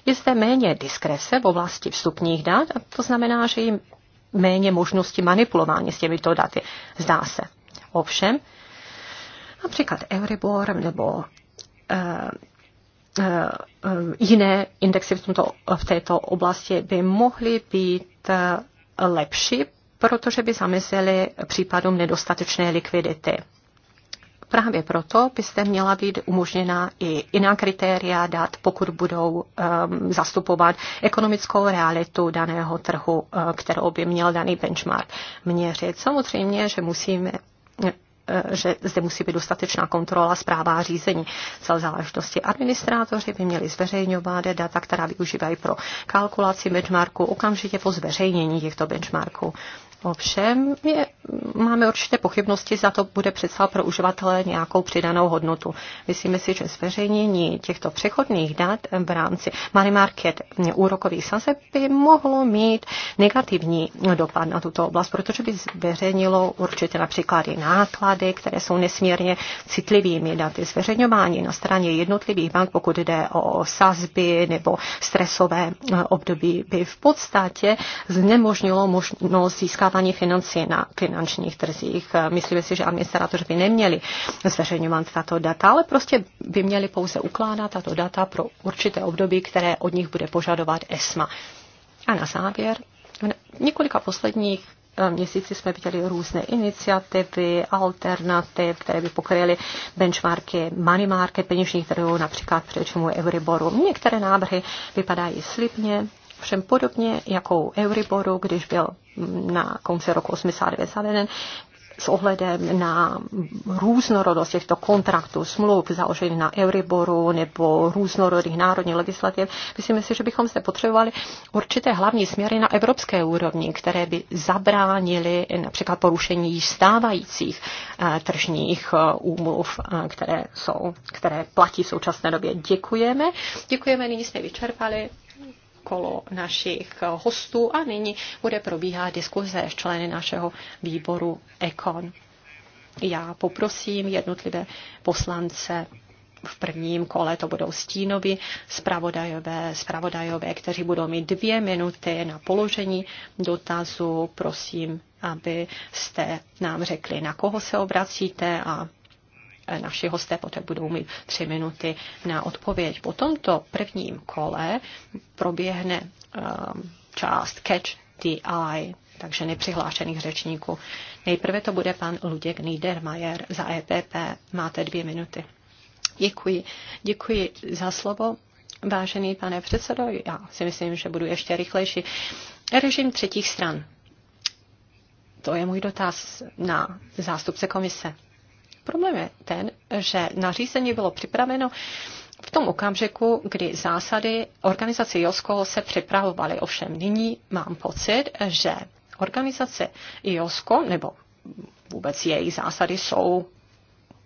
Je zde méně diskrese v oblasti vstupních dat, a to znamená, že jim méně možnosti manipulování s těmito daty, zdá se. Ovšem, například Euribor nebo eh, eh, jiné indexy v, tomto, v této oblasti by mohly být eh, lepší, protože by zamezily případům nedostatečné likvidity. Právě proto byste měla být umožněna i jiná kritéria dat, pokud budou um, zastupovat ekonomickou realitu daného trhu, kterou by měl daný benchmark měřit. Samozřejmě, že musíme Eh, že zde musí být dostatečná kontrola, zpráva a řízení celé záležitosti. Administrátoři by měli zveřejňovat data, která využívají pro kalkulaci benchmarku okamžitě po zveřejnění těchto benchmarků. Ovšem je máme určité pochybnosti, za to bude představovat pro uživatele nějakou přidanou hodnotu. Myslíme si, že zveřejnění těchto přechodných dat v rámci money market úrokových sazeb by mohlo mít negativní dopad na tuto oblast, protože by zveřejnilo určitě například i náklady, které jsou nesmírně citlivými daty. Zveřejňování na straně jednotlivých bank, pokud jde o sazby nebo stresové období, by v podstatě znemožnilo možnost získávání financí na finanční finančních trzích. Myslíme si, že administratoři by neměli zveřejňovat tato data, ale prostě by měli pouze ukládat tato data pro určité období, které od nich bude požadovat ESMA. A na závěr, v několika posledních eh, měsíci jsme viděli různé iniciativy, alternativ, které by pokryly benchmarky money market peněžních trhů, například především u Euriboru. Některé návrhy vypadají slibně, Ovšem podobně jako u Euriboru, když byl na konci roku 80-91, s ohledem na různorodost těchto kontraktů, smluv založených na Euriboru nebo různorodých národních legislativ, myslím si, že bychom se potřebovali určité hlavní směry na evropské úrovni, které by zabránily například porušení již stávajících eh, tržních eh, úmluv, eh, které, jsou, které platí v současné době. Děkujeme. Děkujeme, nyní jsme vyčerpali kolo našich hostů a nyní bude probíhat diskuze s členy našeho výboru EKON. Já poprosím jednotlivé poslance v prvním kole to budou stínovi zpravodajové, zpravodajové, kteří budou mít dvě minuty na položení dotazu. Prosím, abyste nám řekli, na koho se obracíte a Eh, naši hosté poté budou mít tři minuty na odpověď. Po tomto prvním kole proběhne ehm, část Catch the Eye, takže nepřihlášených řečníků. Nejprve to bude pan Luděk Niedermayer za EPP. Máte dvě minuty. Děkuji. Děkuji za slovo. Vážený pane předsedo, já si myslím, že budu ještě rychlejší. Režim třetích stran. To je můj dotaz na zástupce komise. Problém je ten, že nařízení bylo připraveno v tom okamžiku, kdy zásady organizace JOSKO se připravovaly. Ovšem nyní mám pocit, že organizace JOSKO nebo vůbec její zásady jsou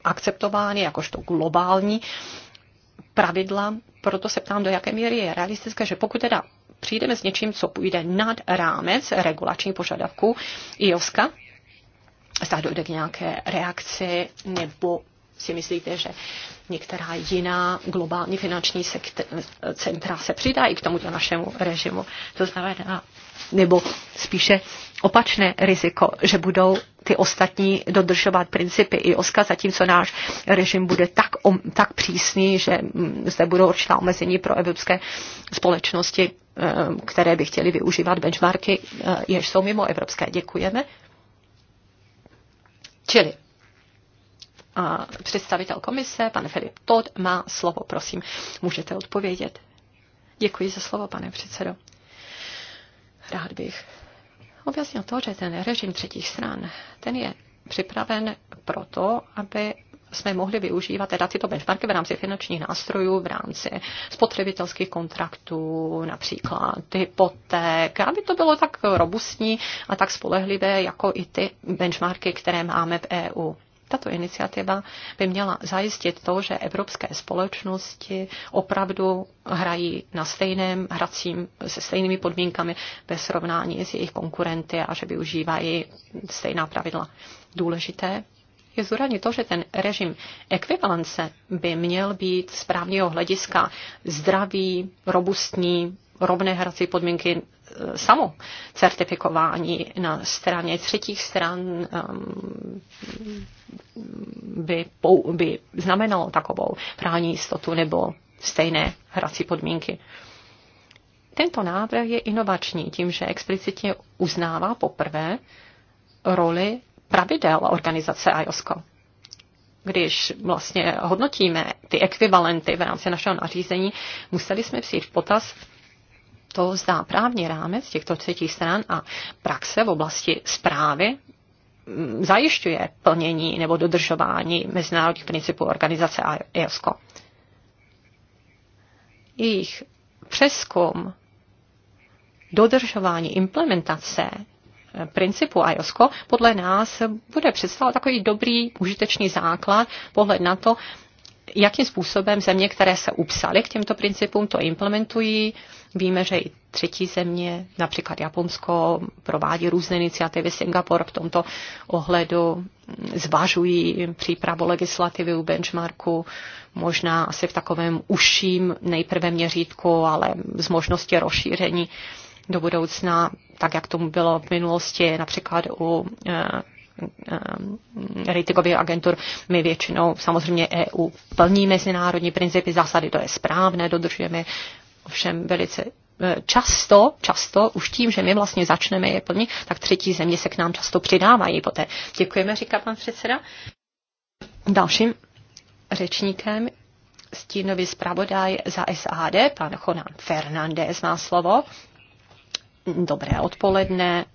akceptovány jakožto globální pravidla, proto se ptám, do jaké míry je realistické, že pokud teda přijdeme s něčím, co půjde nad rámec regulačních požadavků IOSKA, zda dojde k nějaké reakci, nebo si myslíte, že některá jiná globální finanční sekte- centra se přidají k tomuto našemu režimu. To znamená, nebo spíše opačné riziko, že budou ty ostatní dodržovat principy i oska, zatímco náš režim bude tak, om, tak přísný, že mm, zde budou určitá omezení pro evropské společnosti, eh, které by chtěly využívat benchmarky, eh, jež jsou mimo evropské. Děkujeme. Čili a představitel komise, pan Filip Todd, má slovo, prosím. Můžete odpovědět. Děkuji za slovo, pane předsedo. Rád bych objasnil to, že ten režim třetích stran, ten je připraven proto, aby jsme mohli využívat teda tyto benchmarky v rámci finančních nástrojů, v rámci spotřebitelských kontraktů, například hypoték, aby to bylo tak robustní a tak spolehlivé, jako i ty benchmarky, které máme v EU. Tato iniciativa by měla zajistit to, že evropské společnosti opravdu hrají na stejném hracím, se stejnými podmínkami ve srovnání s jejich konkurenty a že využívají stejná pravidla. Důležité je zúradnit to, že ten režim ekvivalence by měl být z právního hlediska zdravý, robustní, rovné hrací podmínky e, samo certifikování na straně třetích stran ehm, by, by znamenalo takovou právní jistotu nebo stejné hrací podmínky. Tento návrh je inovační tím, že explicitně uznává poprvé roli pravidel organizace IOSCO. Když vlastně hodnotíme ty ekvivalenty v rámci našeho nařízení, museli jsme přijít v potaz to zdá právní rámec těchto třetích stran a praxe v oblasti zprávy mm, zajišťuje plnění nebo dodržování mezinárodních principů organizace IOSCO, Jejich přeskum dodržování implementace principu IOSCO podle nás bude představovat takový dobrý, užitečný základ, pohled na to, jakým způsobem země, které se upsaly k těmto principům, to implementují. Víme, že i třetí země, například Japonsko, provádí různé iniciativy, Singapur v tomto ohledu zvažují přípravu legislativy u benchmarku, možná asi v takovém užším nejprve měřítku, ale z možnosti rozšíření do budoucna, tak jak tomu bylo v minulosti, například u eh, eh, ratingových agentur. My většinou samozřejmě EU plní mezinárodní principy, zásady, to je správné, dodržujeme ovšem velice eh, často, často už tím, že my vlastně začneme je plnit, tak třetí země se k nám často přidávají poté. Děkujeme, říká pan předseda. Dalším řečníkem stínový zpravodaj za SAD, pan Chonan Fernandez má slovo. Dobré odpoledne.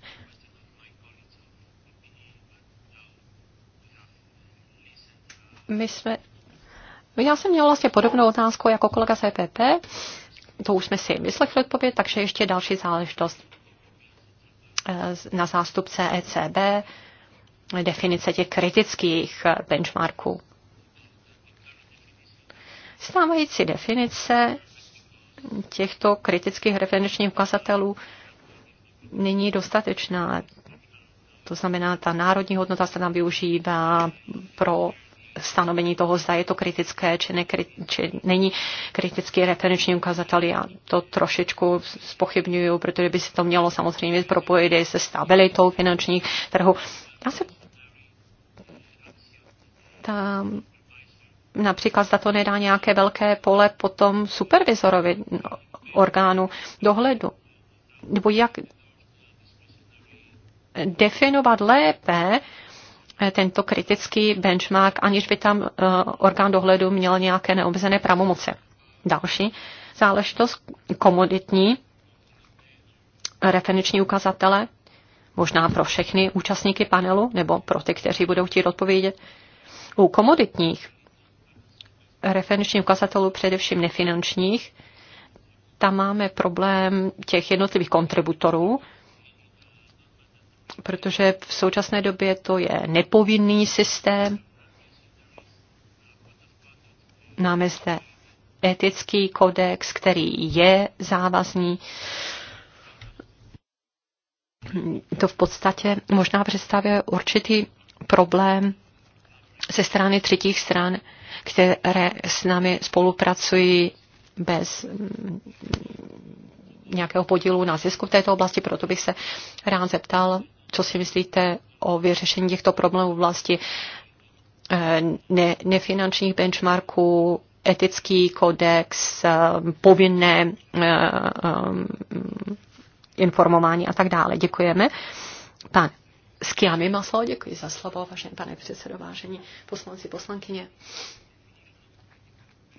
My jsme... Já jsem měla vlastně podobnou otázku jako kolega z EPP. To už jsme si vyslechli odpověď, takže ještě další záležitost eh, na zástupce ECB, definice těch kritických eh, benchmarků. Stávající definice těchto kritických referenčních ukazatelů není dostatečná. To znamená, ta národní hodnota se tam využívá pro stanovení toho, zda je to kritické, či, nekri, či není kritický referenční ukazatel. Já to trošičku spochybnuju, protože by se to mělo samozřejmě propojit i se stabilitou finančních trhů. Já se tam například za to nedá nějaké velké pole potom supervizorovi orgánu dohledu. Nebo jak definovat lépe eh, tento kritický benchmark, aniž by tam eh, orgán dohledu měl nějaké neobezené pravomoce. Další záležitost, komoditní referenční ukazatele, možná pro všechny účastníky panelu nebo pro ty, kteří budou chtít odpovědět. U komoditních referenčních ukazatelů, především nefinančních, tam máme problém těch jednotlivých kontributorů, protože v současné době to je nepovinný systém. Máme zde etický kodex, který je závazný. To v podstatě možná představuje určitý problém ze strany třetích stran, které s námi spolupracují bez mm, nějakého podílu na zisku v této oblasti, proto bych se rád zeptal, co si myslíte o vyřešení těchto problémů v vlasti eh, ne, nefinančních benchmarků, etický kodex, eh, povinné eh, informování a tak dále. Děkujeme. Pan Skiami má slovo, děkuji za slovo, vážený pane předsedo, vážení poslanci, poslankyně.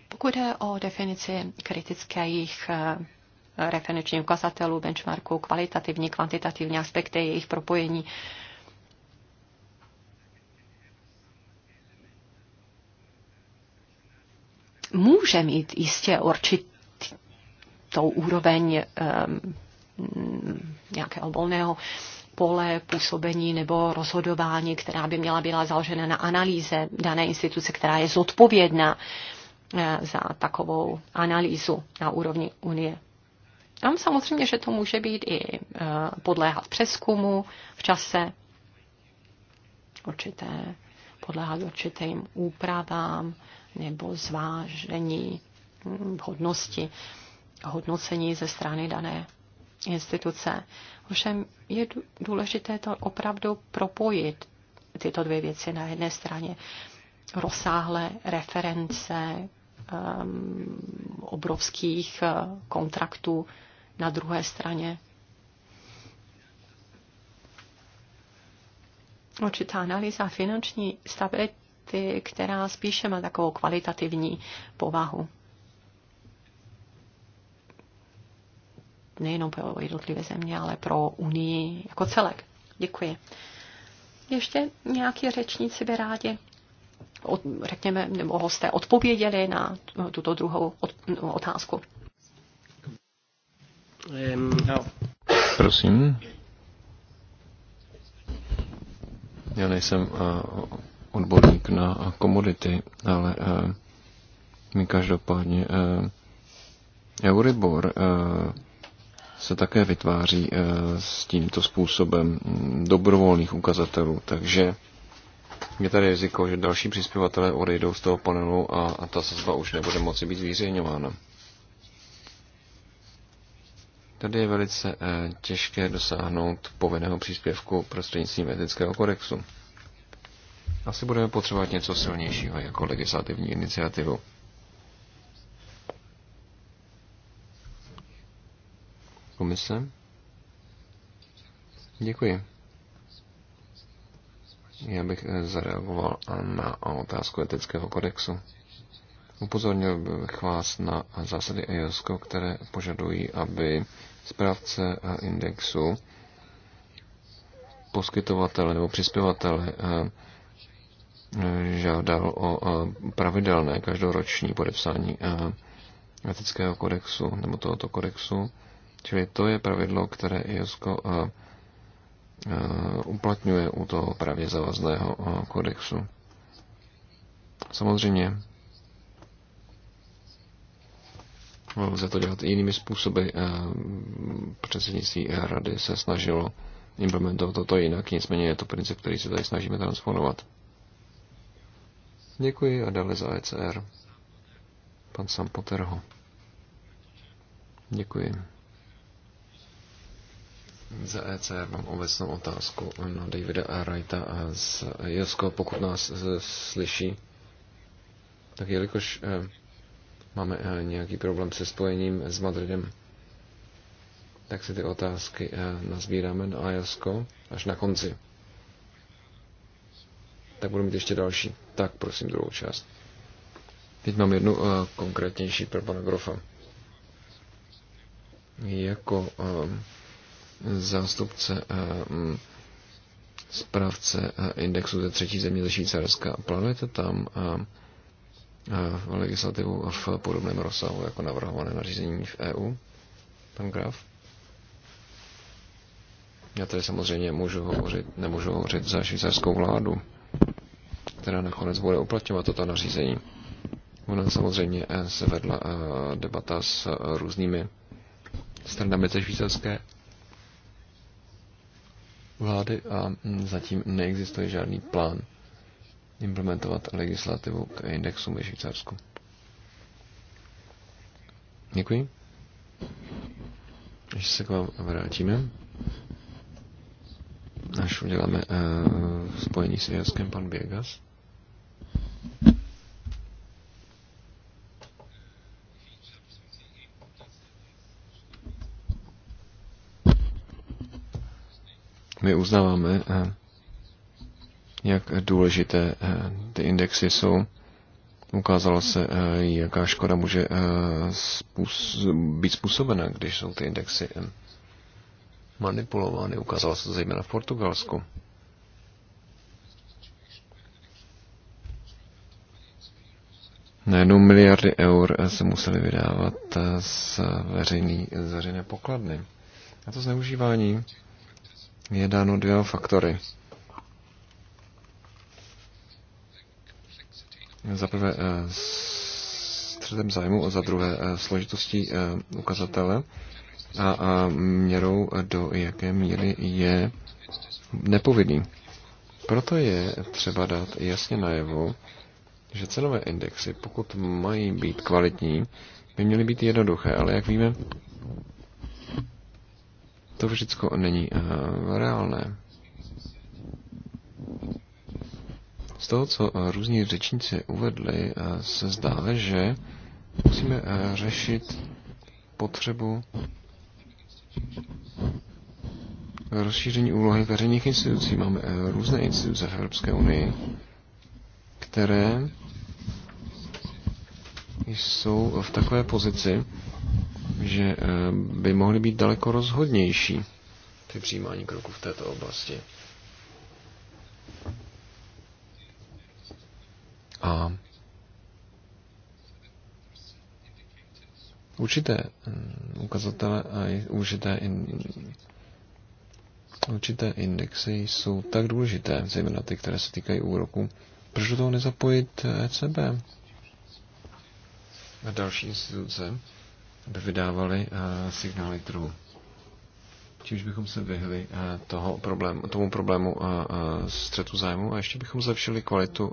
Pokud je o definici kritických Referenční ukazatelů, benchmarků, kvalitativní, kvantitativní aspekty, jejich propojení. Může mít jistě určitou úroveň um, nějakého volného pole působení nebo rozhodování, která by měla být založena na analýze dané instituce, která je zodpovědná eh, za takovou analýzu na úrovni Unie. Tam samozřejmě, že to může být i eh, podléhat přeskumu v čase, určité, podléhat určitým úpravám nebo zvážení hm, hodnosti, hodnocení ze strany dané instituce. Ovšem je důležité to opravdu propojit tyto dvě věci. Na jedné straně rozsáhlé reference Um, obrovských uh, kontraktů na druhé straně. Určitá analýza finanční stability, která spíše má takovou kvalitativní povahu. Nejenom pro jednotlivé země, ale pro Unii jako celek. Děkuji. Ještě nějaký řečníci by rádi od, řekněme, nebo hosté odpověděli na tuto druhou od, otázku. No. Prosím. Já nejsem eh, odborník na komodity, ale eh, my každopádně eh, Euribor se také vytváří s tímto způsobem mm, dobrovolných ukazatelů, takže je tady riziko, že další přispěvatelé odejdou z toho panelu a, a ta sazba už nebude moci být zvířejňována. Tady je velice e, těžké dosáhnout povinného příspěvku prostřednictvím etického kodexu. Asi budeme potřebovat něco silnějšího jako legislativní iniciativu. Komise? Děkuji. Já bych eh, zareagoval na otázku etického kodexu. Upozornil bych vás na zásady EOSCO, které požadují, aby správce eh, indexu, poskytovatele nebo přispěvatele eh, žádal o pravidelné každoroční podepsání etického kodexu nebo tohoto kodexu. Čili to je pravidlo, které EOSCO Eh, uplatňuje u toho právě zavazného eh, kodexu. Samozřejmě lze to dělat i jinými způsoby. Eh, předsednictví rady se snažilo implementovat toto jinak, nicméně je to princip, který se tady snažíme transponovat. Děkuji a dále za ECR. Pan Sam Poterho. Děkuji. Za EC mám obecnou otázku na Davida a Wrighta z Josko, pokud nás slyší. Tak jelikož eh, máme eh, nějaký problém se spojením s Madridem, tak si ty otázky eh, nazbíráme na Jirsko až na konci. Tak budu mít ještě další. Tak prosím druhou část. Teď mám jednu konkrétnější pro pana Grofa. Jako zástupce zprávce eh, mm, eh, indexu ze třetí země ze Švýcarska. Plánujete tam eh, legislativu v podobném rozsahu jako navrhované nařízení v EU? Pan Graf? Já tady samozřejmě můžu hovořit, nemůžu hovořit za švýcarskou vládu, která nakonec bude uplatňovat toto nařízení. Ona samozřejmě se vedla debata s různými stranami ze švýcarské vlády a mm, zatím neexistuje žádný plán implementovat legislativu k indexu ve Švýcarsku. Děkuji. Ještě se k vám vrátíme, až uděláme uh, spojení s Jaskem pan Biegas. My uznáváme, eh, jak důležité eh, ty indexy jsou. Ukázalo se, eh, jaká škoda může být způsobena, když jsou ty indexy manipulovány. Ukázalo se to zejména v Portugalsku. Najednou miliardy eur se museli vydávat z, z veřejné pokladny. A to zneužívání je dáno dvěma faktory. Za prvé eh, středem zájmu a za druhé eh, složitostí eh, ukazatele a, měrou, do jaké míry je nepovinný. Proto je třeba dát jasně najevo, že cenové indexy, pokud mají být kvalitní, by měly být jednoduché, ale jak víme, to všechno není eh, reálné. Z toho, co eh, různí řečníci uvedli, eh, se zdá, že musíme řešit potřebu rozšíření úlohy veřejných institucí. Máme různé instituce v Evropské unii, které jsou v takové pozici, že eh, by mohly být daleko rozhodnější při přijímání kroků v této oblasti. A určité mm, ukazatele a určité, in, určité indexy jsou tak důležité, zejména ty, které se týkají úroku. Proč do toho nezapojit ECB eh, e a další instituce? aby vydávali eh, signály trhu. Čímž bychom se vyhli eh, toho problému, tomu problému eh, střetu zájmu a ještě bychom zlepšili kvalitu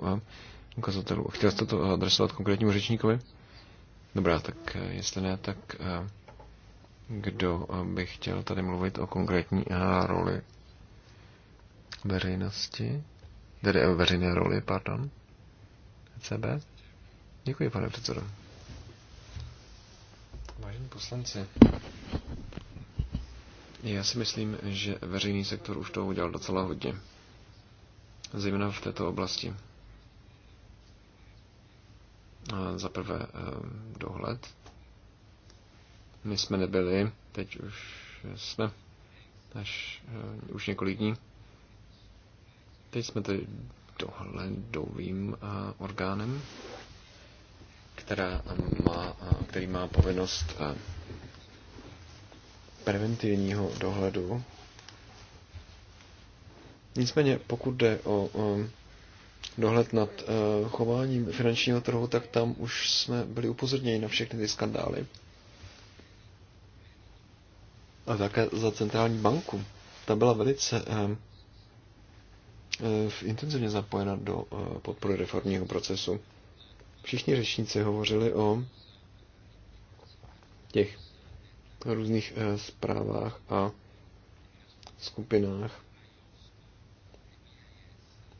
ukazatelů. Chtěl jste to adresovat konkrétnímu řečníkovi? Dobrá, tak jestli ne, tak kdo by chtěl tady mluvit o konkrétní roli veřejnosti, tedy o veřejné roli, pardon, ECB? Děkuji, pane předsedo. Vážení poslanci, já si myslím, že veřejný sektor už toho udělal docela hodně. Zejména v této oblasti. Za prvé eh, dohled. My jsme nebyli, teď už jsme, až eh, už několik dní. Teď jsme tedy dohledovým eh, orgánem která má, který má povinnost preventivního dohledu. Nicméně, pokud jde o dohled nad e, chováním finančního trhu, tak tam už jsme byli upozorněni na všechny ty skandály. A také za centrální banku. Ta byla velice e, e, intenzivně zapojena do podpory reformního procesu. Všichni řečníci hovořili o těch různých eh, zprávách a skupinách,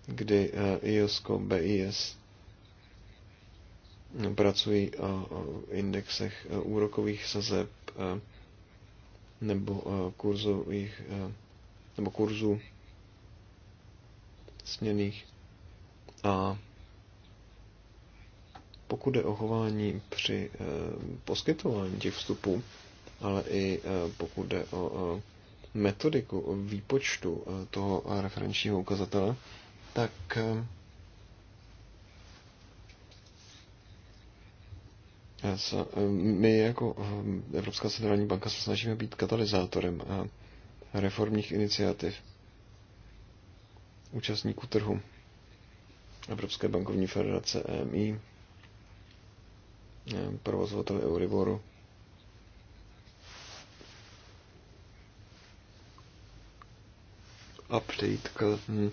kdy eh, IOSCO, BIS pracují o indexech eh, úrokových sazeb nebo kurzových nebo kurzů směných a pokud jde o chování při eh, poskytování těch vstupů, ale i eh, pokud jde o eh, metodiku výpočtu toho referenčního ukazatele, tak my jako Evropská centrální banka se snažíme být katalyzátorem reformních iniciativ účastníků trhu Evropské bankovní federace EMI, provozovatel Euriboru. Update k hm,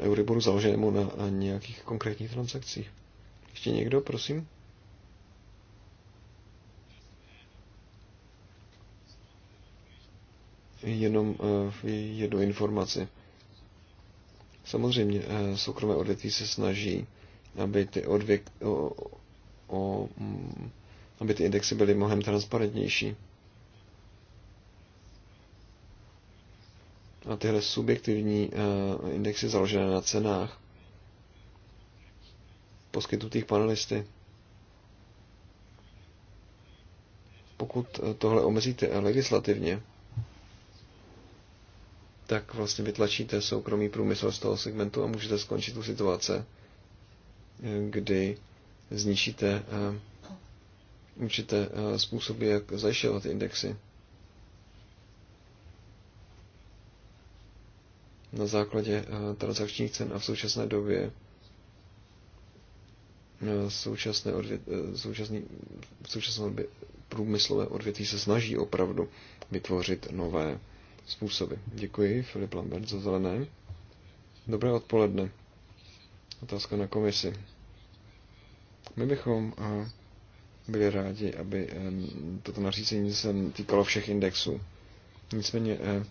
Euriboru založenému na nějakých konkrétních transakcích. Ještě někdo, prosím? Jenom eh, jednu informaci. Samozřejmě eh, soukromé odvětví se snaží, aby ty odvěk, o, mm, aby ty indexy byly mnohem transparentnější. A tyhle subjektivní eh, indexy založené na cenách poskytnutých panelisty. Pokud eh, tohle omezíte legislativně, tak vlastně vytlačíte soukromý průmysl z toho segmentu a můžete skončit tu situace, eh, kdy zničíte eh, určité eh, způsoby, jak zajišťovat indexy. Na základě eh, transakčních cen a v současné době současné odvět, současný, současné odbě, průmyslové odvětví se snaží opravdu vytvořit nové způsoby. Děkuji, Filip Lambert, za zelené. Dobré odpoledne. Otázka na komisi. My bychom eh, byli rádi, aby eh, toto nařízení se týkalo všech indexů. Nicméně eh,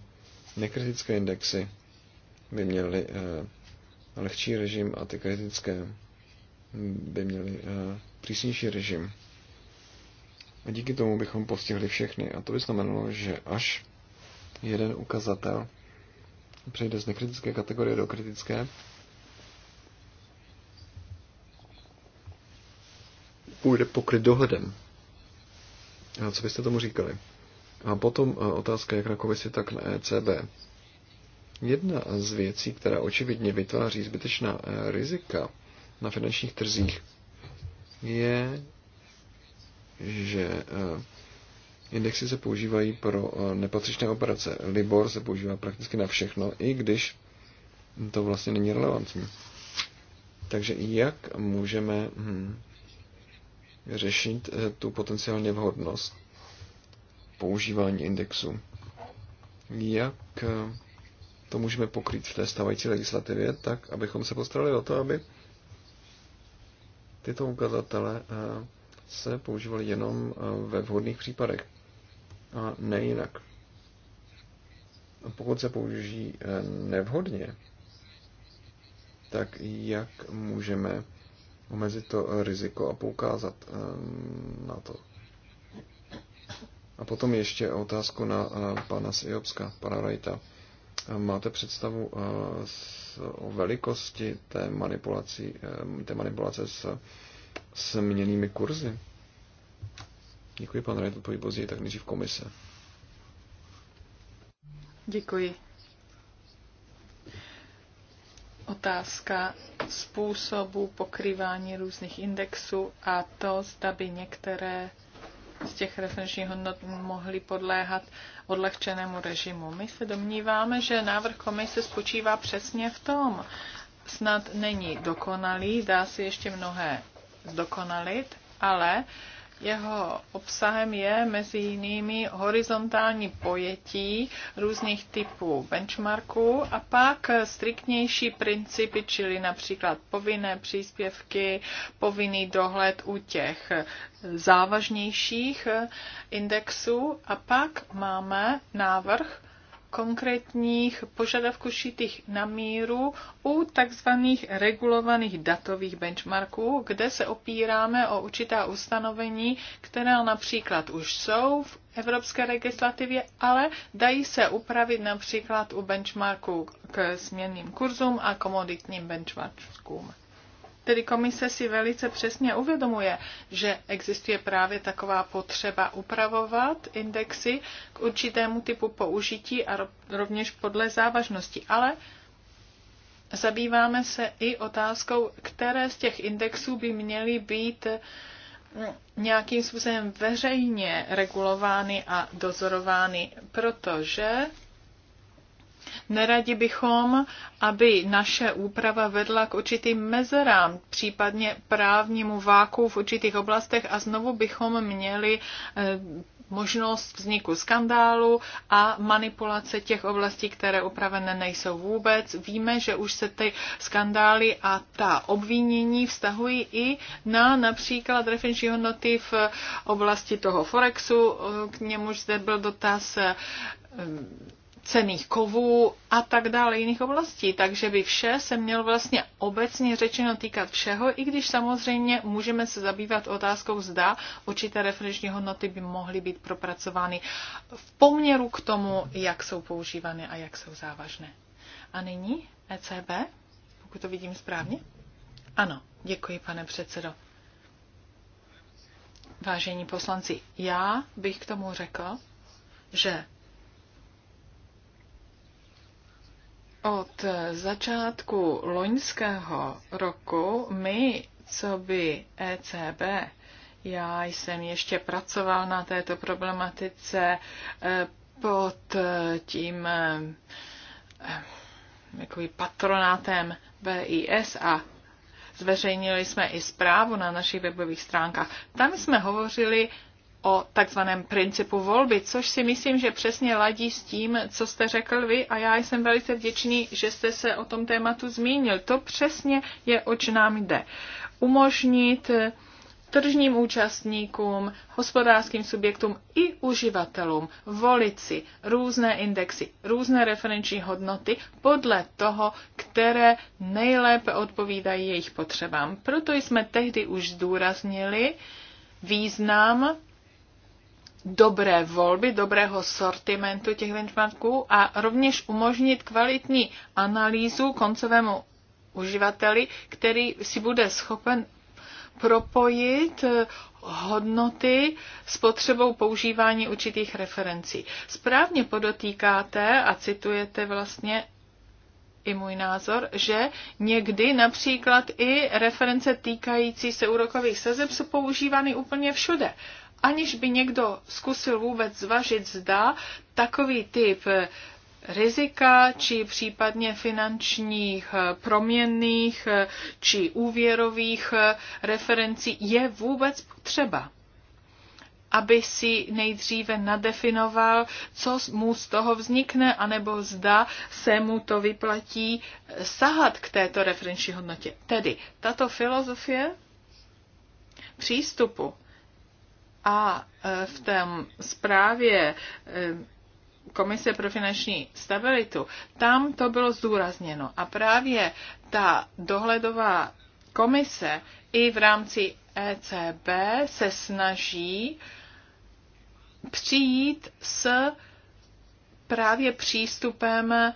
nekritické indexy by měly lehčí režim a ty kritické by měly přísnější režim. A díky tomu bychom postihli všechny. A to by znamenalo, že až jeden ukazatel přejde z nekritické kategorie do kritické, půjde pokryt dohledem. A co byste tomu říkali? A potom e, otázka jak na komisi, tak na ECB. Jedna z věcí, která očividně vytváří zbytečná e, rizika na finančních trzích, je, že e, indexy se používají pro nepatřičné operace. Libor se používá prakticky na všechno, i když to vlastně není relevantní. Takže jak můžeme hm, řešit eh, tu potenciální vhodnost používání indexu. Jak eh, to můžeme pokrýt v té stávající legislativě, tak abychom se postarali o to, aby tyto ukazatele eh, se používaly jenom ve vhodných případech a ne jinak. A pokud se použijí nevhodně, tak jak můžeme omezit to riziko a poukázat eh, na to. A potom ještě otázku na eh, pana Siopska, pana Rajta. Eh, máte představu o velikosti té, manipulací, té manipulace s směnými kurzy? Děkuji, pan Rajta, odpoví později, tak nejdřív komise. Děkuji otázka způsobu pokrývání různých indexů a to, zda by některé z těch referenčních hodnot mohly podléhat odlehčenému režimu. My se domníváme, že návrh komise spočívá přesně v tom. Snad není dokonalý, dá se ještě mnohé zdokonalit, ale uh, jeho obsahem je mezi jinými horizontální pojetí různých typů benchmarků a pak striktnější principy, čili například povinné příspěvky, povinný dohled u těch závažnějších indexů a pak máme návrh konkrétních požadavků šitých na míru u takzvaných regulovaných datových benchmarků, kde se opíráme o určitá ustanovení, která například už jsou v evropské legislativě, ale dají se upravit například u benchmarků k směrným kurzům a komoditním benchmarkům. Tedy komise si velice přesně uvědomuje, že existuje právě taková potřeba upravovat indexy k určitému typu použití a rovněž podle závažnosti. Ale zabýváme se i otázkou, které z těch indexů by měly být eh, nějakým způsobem veřejně regulovány a dozorovány, protože Neradi bychom, aby naše úprava vedla k určitým mezerám, případně právnímu váku v určitých oblastech a znovu bychom měli eh, možnost vzniku skandálu a manipulace těch oblastí, které upravené nejsou vůbec. Víme, že už se ty skandály a ta obvinění vztahují i na například referenční hodnoty v oblasti toho Forexu, k němuž zde byl dotaz eh, cených kovů a tak dále, jiných oblastí. Takže by vše se mělo vlastně obecně řečeno týkat všeho, i když samozřejmě můžeme se zabývat otázkou, zda určité referenční hodnoty by mohly být propracovány v poměru k tomu, jak jsou používány a jak jsou závažné. A nyní ECB, pokud to vidím správně. Ano, děkuji, pane předsedo. Vážení poslanci, já bych k tomu řekl, že Od začátku loňského roku my, co by ECB, já jsem ještě pracoval na této problematice eh, pod tím eh, jakoby patronátem BIS a zveřejnili jsme i zprávu na našich webových stránkách. Tam jsme hovořili o takzvaném principu volby, což si myslím, že přesně ladí s tím, co jste řekl vy a já jsem velice vděčný, že jste se o tom tématu zmínil. To přesně je, oč nám jde. Umožnit eh, tržním účastníkům, hospodářským subjektům i uživatelům volit si různé indexy, různé referenční hodnoty podle toho, které nejlépe odpovídají jejich potřebám. Proto jsme tehdy už zdůraznili význam dobré volby, dobrého sortimentu těch benchmarků a rovněž umožnit kvalitní analýzu koncovému uživateli, který si bude schopen propojit eh, hodnoty s potřebou používání určitých referencí. Správně podotýkáte a citujete vlastně i můj názor, že někdy například i reference týkající se úrokových sazeb jsou používány úplně všude aniž by někdo zkusil vůbec zvažit, zda takový typ eh, rizika či případně finančních eh, proměnných eh, či úvěrových referencí je vůbec potřeba aby si nejdříve nadefinoval, co mu z toho vznikne, anebo zda se mu to vyplatí sahat k této referenční hodnotě. Tedy tato filozofie přístupu a e, v té zprávě e, Komise pro finanční stabilitu, tam to bylo zdůrazněno. A právě ta dohledová komise i v rámci ECB se snaží přijít s právě přístupem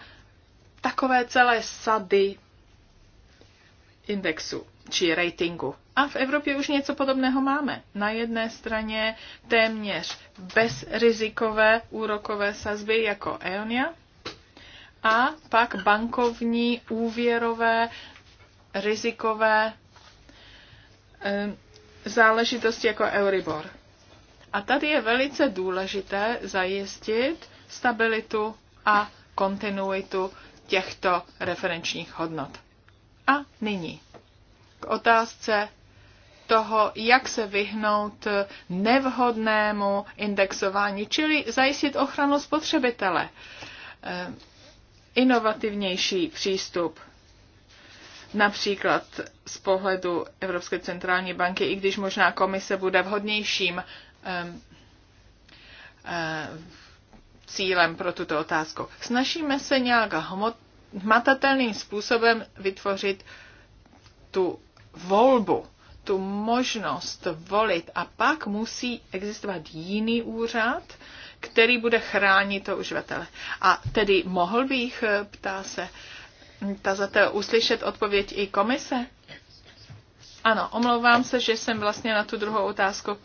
takové celé sady indexu či ratingu. A v Evropě už něco podobného máme. Na jedné straně téměř bezrizikové úrokové sazby jako Eonia a pak bankovní úvěrové rizikové eh, záležitosti jako Euribor. A tady je velice důležité zajistit stabilitu a kontinuitu těchto referenčních hodnot. A nyní k otázce toho, jak se vyhnout nevhodnému indexování, čili zajistit ochranu spotřebitele. Eh, inovativnější přístup například z pohledu Evropské centrální banky, i když možná komise bude vhodnějším ehm, eh, cílem pro tuto otázku. Snažíme se nějak hmatatelným způsobem vytvořit tu volbu tu možnost volit a pak musí existovat jiný úřad, který bude chránit to uživatele. A tedy mohl bych, eh, ptá se hm, ta to uslyšet odpověď i komise? Ano, omlouvám se, že jsem vlastně na tu druhou otázku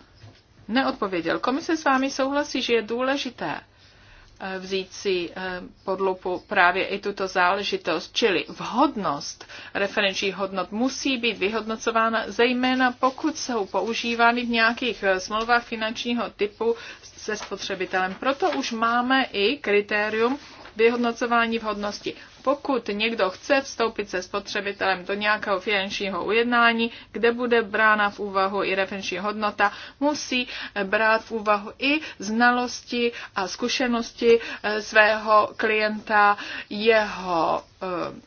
neodpověděl. Komise s vámi souhlasí, že je důležité vzít si eh, pod lupu právě i tuto záležitost, čili vhodnost referenčních hodnot musí být vyhodnocována, zejména pokud jsou používány v nějakých eh, smlouvách finančního typu se spotřebitelem. Proto už máme i kritérium vyhodnocování vhodnosti. Pokud někdo chce vstoupit se spotřebitelem do nějakého finančního ujednání, kde bude brána v úvahu i referenční hodnota, musí brát v úvahu i znalosti a zkušenosti eh, svého klienta, jeho eh,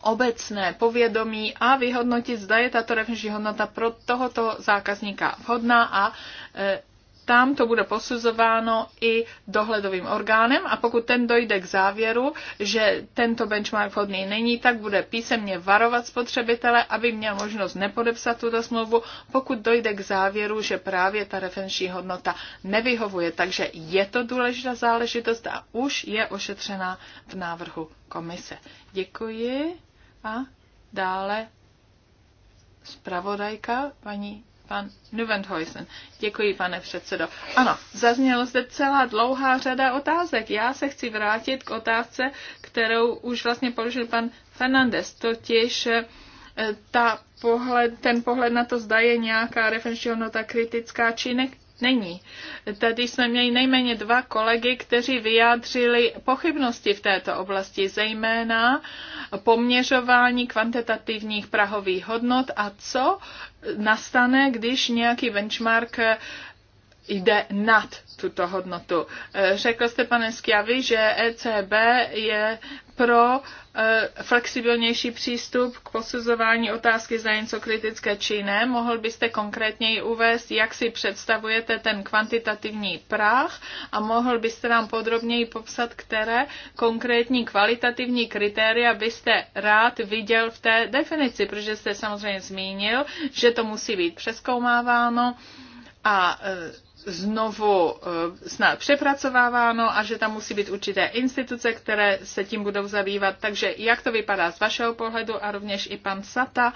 obecné povědomí a vyhodnotit, zda je tato referenční hodnota pro tohoto zákazníka vhodná a eh, tam to bude posuzováno i dohledovým orgánem a pokud ten dojde k závěru, že tento benchmark vhodný není, tak bude písemně varovat spotřebitele, aby měl možnost nepodepsat tuto smlouvu, pokud dojde k závěru, že právě ta referenční hodnota nevyhovuje. Takže je to důležitá záležitost a už je ošetřena v návrhu komise. Děkuji a dále zpravodajka paní Pan Nuvenhuisen. Děkuji, pane předsedo. Ano, zaznělo zde celá dlouhá řada otázek. Já se chci vrátit k otázce, kterou už vlastně položil pan Fernandez, totiž eh, ta pohled, ten pohled na to, zda je nějaká referenční hodnota kritická či ne, není. Tady jsme měli nejméně dva kolegy, kteří vyjádřili pochybnosti v této oblasti, zejména poměřování kvantitativních prahových hodnot a co nastane, když nějaký benchmark jde nad tuto hodnotu. Eh, řekl jste, pane Skjavy, že ECB je pro eh, flexibilnější přístup k posuzování otázky za něco kritické či ne. Mohl byste konkrétněji uvést, jak si představujete ten kvantitativní práh a mohl byste nám podrobněji popsat, které konkrétní kvalitativní kritéria byste rád viděl v té definici, protože jste samozřejmě zmínil, že to musí být přeskoumáváno a eh, znovu eh, snad přepracováváno a že tam musí být určité instituce, které se tím budou zabývat. Takže jak to vypadá z vašeho pohledu a rovněž i pan Sata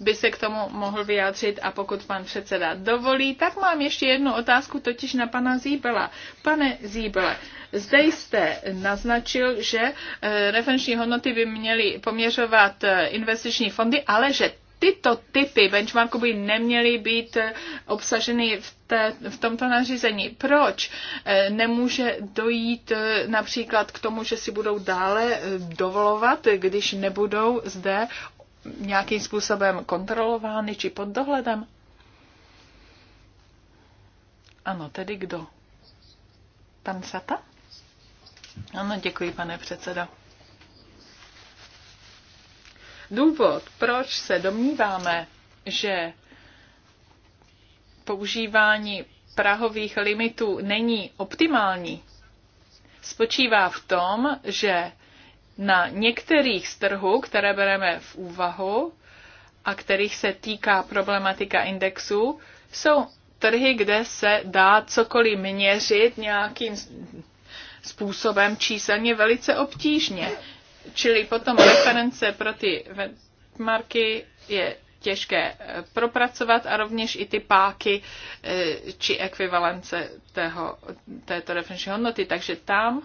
by se k tomu mohl vyjádřit a pokud pan předseda dovolí, tak mám ještě jednu otázku totiž na pana Zíbela. Pane Zíbele, zde jste naznačil, že eh, referenční hodnoty by měly poměřovat eh, investiční fondy, ale že tyto typy benchmarku by neměly být eh, obsaženy v, té, v tomto nařízení. Proč eh, nemůže dojít eh, například k tomu, že si budou dále dovolovat, když nebudou zde nějakým způsobem kontrolovány či pod dohledem? Ano, tedy kdo? Pan Sata? Ano, děkuji, pane předsedo. Důvod, proč se domníváme, že používání prahových limitů není optimální, spočívá v tom, že na některých z trhů, které bereme v úvahu a kterých se týká problematika indexu, jsou trhy, kde se dá cokoliv měřit nějakým způsobem číselně velice obtížně. Čili potom reference pro ty marky je těžké eh, propracovat a rovněž i ty páky eh, či ekvivalence tého, této referenční hodnoty. Takže tam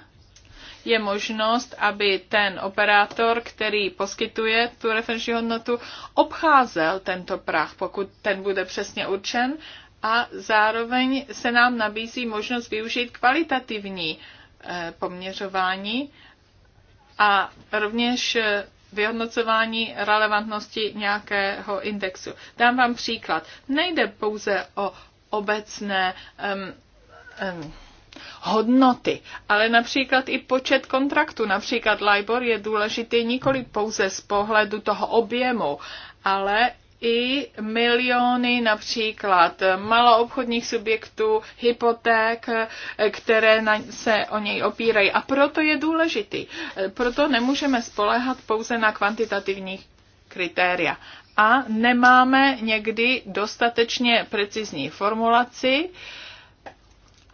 je možnost, aby ten operátor, který poskytuje tu referenční hodnotu, obcházel tento prach, pokud ten bude přesně určen a zároveň se nám nabízí možnost využít kvalitativní eh, poměřování a rovněž vyhodnocování relevantnosti nějakého indexu. Dám vám příklad. Nejde pouze o obecné um, um, hodnoty, ale například i počet kontraktů. Například LIBOR je důležitý nikoli pouze z pohledu toho objemu, ale i miliony například maloobchodních subjektů, hypoték, které se o něj opírají. A proto je důležitý. Proto nemůžeme spolehat pouze na kvantitativní kritéria. A nemáme někdy dostatečně precizní formulaci,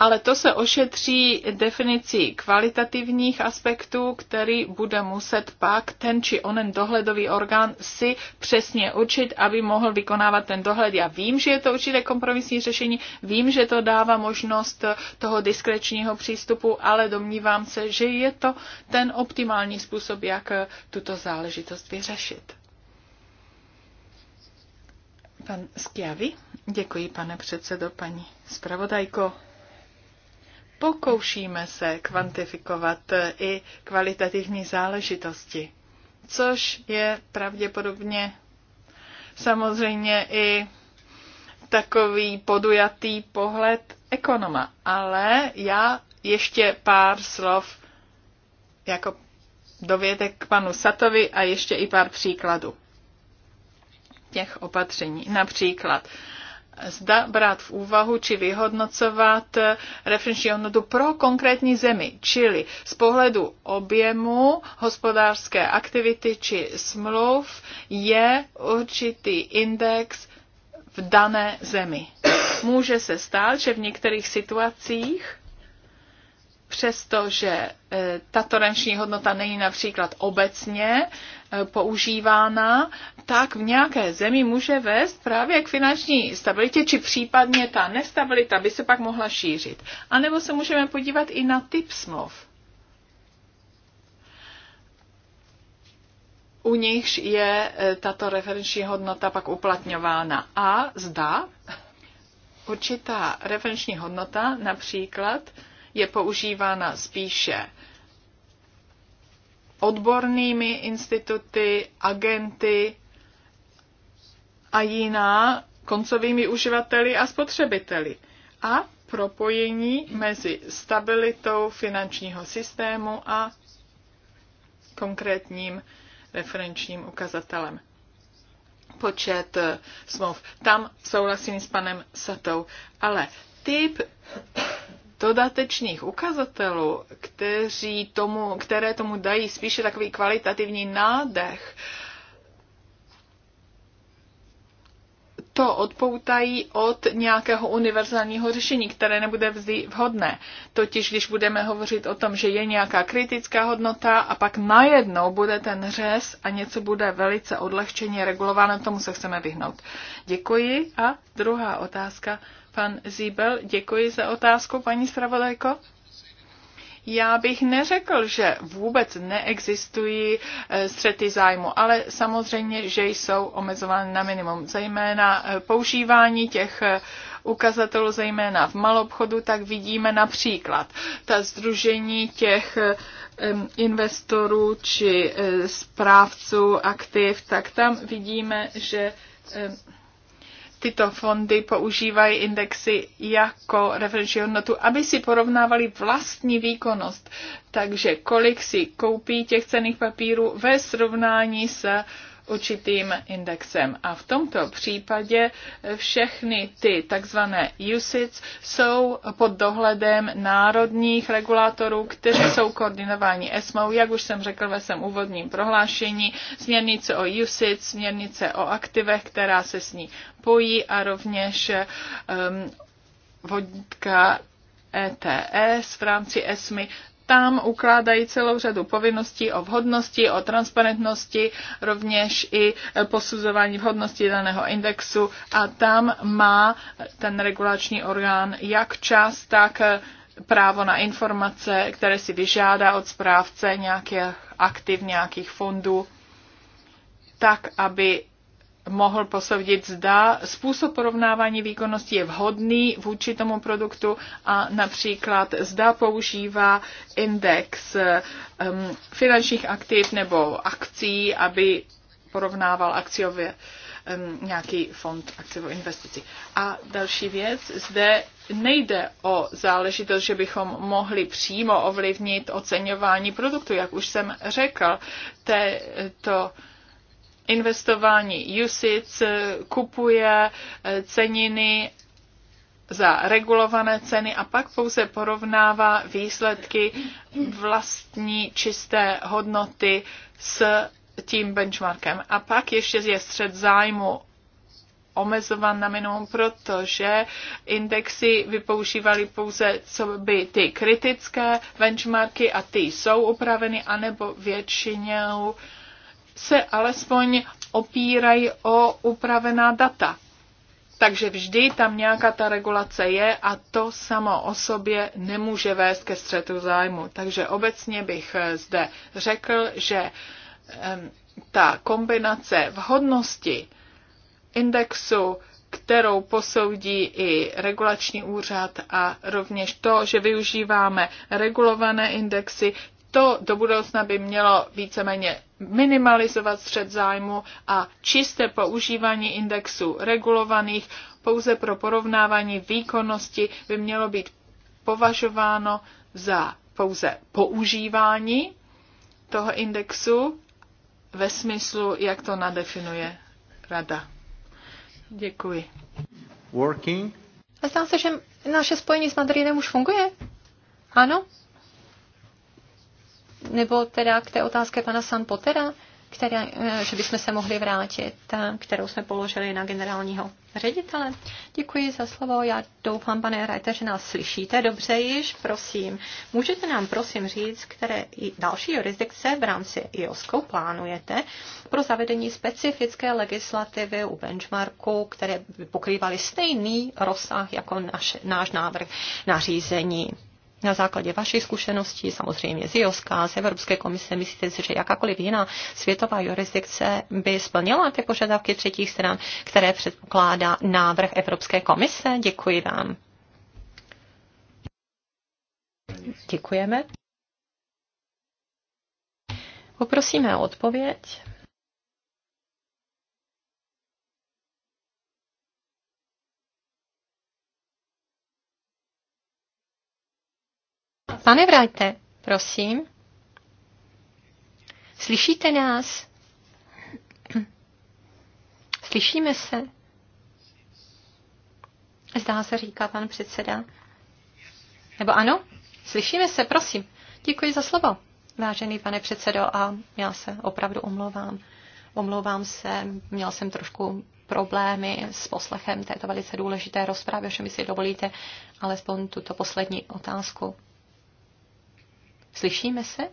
ale to se ošetří definicí kvalitativních aspektů, který bude muset pak ten či onen dohledový orgán si přesně určit, aby mohl vykonávat ten dohled. Já vím, že je to určité kompromisní řešení, vím, že to dává možnost toho diskrečního přístupu, ale domnívám se, že je to ten optimální způsob, jak tuto záležitost vyřešit. Pan Skjavi, děkuji pane předsedo, paní zpravodajko pokoušíme se kvantifikovat i kvalitativní záležitosti, což je pravděpodobně samozřejmě i takový podujatý pohled ekonoma. Ale já ještě pár slov jako dovětek k panu Satovi a ještě i pár příkladů těch opatření. Například zda brát v úvahu či vyhodnocovat eh, referenční hodnotu pro konkrétní zemi, čili z pohledu objemu hospodářské aktivity či smluv je určitý index v dané zemi. Může se stát, že v některých situacích přestože eh, tato renční hodnota není například obecně používána, tak v nějaké zemi může vést právě k finanční stabilitě, či případně ta nestabilita by se pak mohla šířit. A nebo se můžeme podívat i na typ smluv. U nichž je e, tato referenční hodnota pak uplatňována. A zda určitá referenční hodnota například je používána spíše odbornými instituty, agenty a jiná koncovými uživateli a spotřebiteli. A propojení mezi stabilitou finančního systému a konkrétním referenčním ukazatelem. Počet smluv. Tam souhlasím s panem Satou, ale typ dodatečných ukazatelů, kteří tomu, které tomu dají spíše takový kvalitativní nádech, to odpoutají od nějakého univerzálního řešení, které nebude vždy vhodné. Totiž, když budeme hovořit o tom, že je nějaká kritická hodnota a pak najednou bude ten řez a něco bude velice odlehčeně regulováno, tomu se chceme vyhnout. Děkuji. A druhá otázka Pan Zíbel, děkuji za otázku, paní zpravodajko. Já bych neřekl, že vůbec neexistují eh, střety zájmu, ale samozřejmě, že jsou omezovány na minimum. Zejména eh, používání těch eh, ukazatelů, zejména v malobchodu, tak vidíme například ta združení těch investorů či správců aktiv, tak tam vidíme, že tyto fondy používají indexy jako referenční hodnotu, aby si porovnávali vlastní výkonnost. Takže kolik si koupí těch cených papírů ve srovnání uh, určitým indexem. A v tomto případě všechny ty takzvané USIC jsou pod dohledem národních regulátorů, kteří jsou koordinováni ESMO, jak už jsem řekl ve svém úvodním prohlášení, směrnice o USIC, směrnice o aktivech, která se s ní pojí a rovněž um, vodítka ETS v rámci ESMI tam ukládají celou řadu povinností o vhodnosti, o transparentnosti, rovněž i posuzování vhodnosti daného indexu a tam má ten regulační orgán jak čas, tak právo na informace, které si vyžádá od správce nějakých aktiv, nějakých fondů, tak, aby mohl posoudit, zda způsob porovnávání výkonnosti je vhodný vůči tomu produktu a například zda používá index um, finančních aktiv nebo akcí, aby porovnával akciově um, nějaký fond akciovou investici. A další věc, zde nejde o záležitost, že bychom mohli přímo ovlivnit oceňování produktu, jak už jsem řekl. Te, to, uh, investování USIC kupuje eh, ceniny za regulované ceny a pak pouze porovnává výsledky vlastní čisté hodnoty s tím benchmarkem. A pak ještě je střed zájmu omezovan na minimum, protože indexy vypoužívaly pouze co by ty kritické benchmarky a ty jsou upraveny, anebo většinou uh, se alespoň opírají o upravená data. Takže vždy tam nějaká ta regulace je a to samo o sobě nemůže vést ke střetu zájmu. Takže obecně bych eh, zde řekl, že ta kombinace vhodnosti indexu, kterou posoudí i regulační úřad a rovněž to, že využíváme regulované indexy, to do budoucna by mělo víceméně minimalizovat střed zájmu a čisté používání indexů regulovaných pouze pro porovnávání výkonnosti by mělo být považováno za pouze používání toho indexu ve smyslu, jak to nadefinuje rada. Děkuji. Working. A se, že naše spojení s Madridem už funguje? Ano? nebo teda k té otázce pana Sanpotera, která, eh, že bychom se mohli vrátit, eh, kterou jsme položili na generálního ředitele. Děkuji za slovo. Já doufám, pane Rajte, že nás slyšíte dobře již. Prosím, můžete nám prosím říct, které i další jurisdikce v rámci IOSKO plánujete pro zavedení specifické legislativy u benchmarku, které by pokrývaly stejný rozsah jako naš, náš návrh nařízení na základě vašich zkušeností, samozřejmě z Joska, z Evropské komise, myslíte si, že jakákoliv jiná světová jurisdikce by splnila ty požadavky třetích stran, které předpokládá návrh Evropské komise? Děkuji vám. Děkujeme. Poprosíme o odpověď. Pane Vrajte, prosím. Slyšíte nás? Slyšíme se? Zdá se, říká pan předseda. Nebo ano? Slyšíme se, prosím. Děkuji za slovo, vážený pane předsedo, a já se opravdu omlouvám. Omlouvám se, měl jsem trošku problémy s poslechem této velice důležité rozprávy, že mi si dovolíte alespoň tuto poslední otázku. Slyšíme se?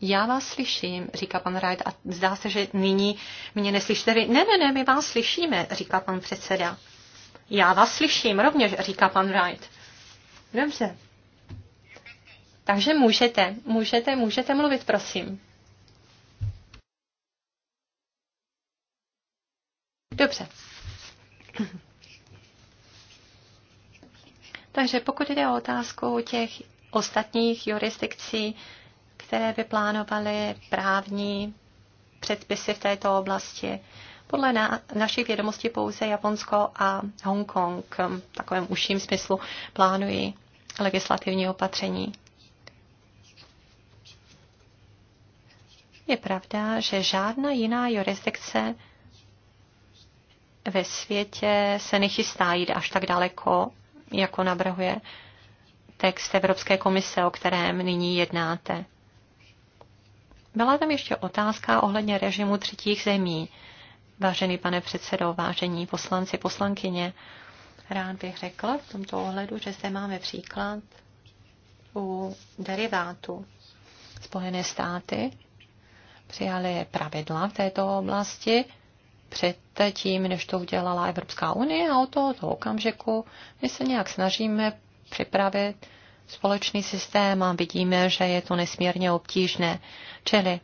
Já vás slyším, říká pan Wright. a zdá se, že nyní mě neslyšíte vy. Ne, ne, ne, my vás slyšíme, říká pan předseda. Já vás slyším rovněž, říká pan Wright. Dobře. Takže můžete, můžete, můžete mluvit, prosím. Dobře. Takže pokud jde o otázku těch ostatních jurisdikcí, které by plánovaly právní předpisy v této oblasti, podle na, našich vědomostí pouze Japonsko a Hongkong v takovém užším smyslu plánují legislativní opatření. Je pravda, že žádná jiná jurisdikce ve světě se nechystá jít až tak daleko jako nabrhuje text Evropské komise, o kterém nyní jednáte. Byla tam ještě otázka ohledně režimu třetích zemí. Vážený pane předsedo, vážení poslanci, poslankyně, rád bych řekla v tomto ohledu, že zde máme příklad u derivátu. Spojené státy přijaly pravidla v této oblasti, předtím, než to udělala Evropská unie a od tohoto okamžiku my se nějak snažíme připravit společný systém a vidíme, že je to nesmírně obtížné. Čili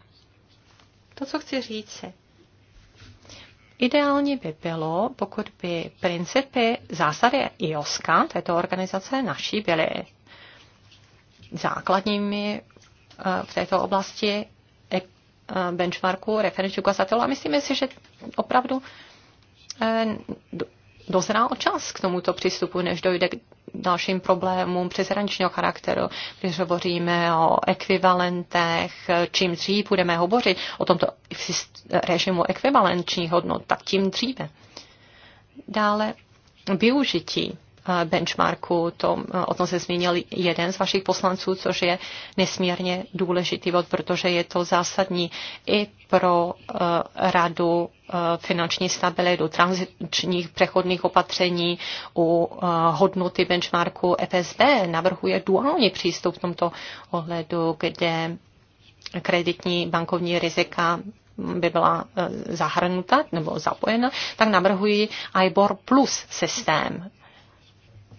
to, co chci říci, Ideálně by bylo, pokud by principy zásady IOSKA, této organizace naší, byly základními eh, v této oblasti Eh, benchmarku referenčního ukazatelů a myslíme si, že opravdu eh, dozrál čas k tomuto přístupu, než dojde k dalším problémům přeshraničního charakteru, když hovoříme o ekvivalentech, čím dřív budeme hovořit o tomto režimu ekvivalenčních hodnot, tak tím dříve. Dále využití benchmarku, to, eh, o tom se zmínil jeden z vašich poslanců, což je nesmírně důležitý bod, protože je to zásadní i pro eh, radu eh, finanční stabilitu, transičních přechodných opatření u hodnoty benchmarku FSB. Navrhuje duální přístup v tomto ohledu, kde kreditní bankovní rizika by byla zahrnuta nebo zapojena, tak navrhuji IBOR plus systém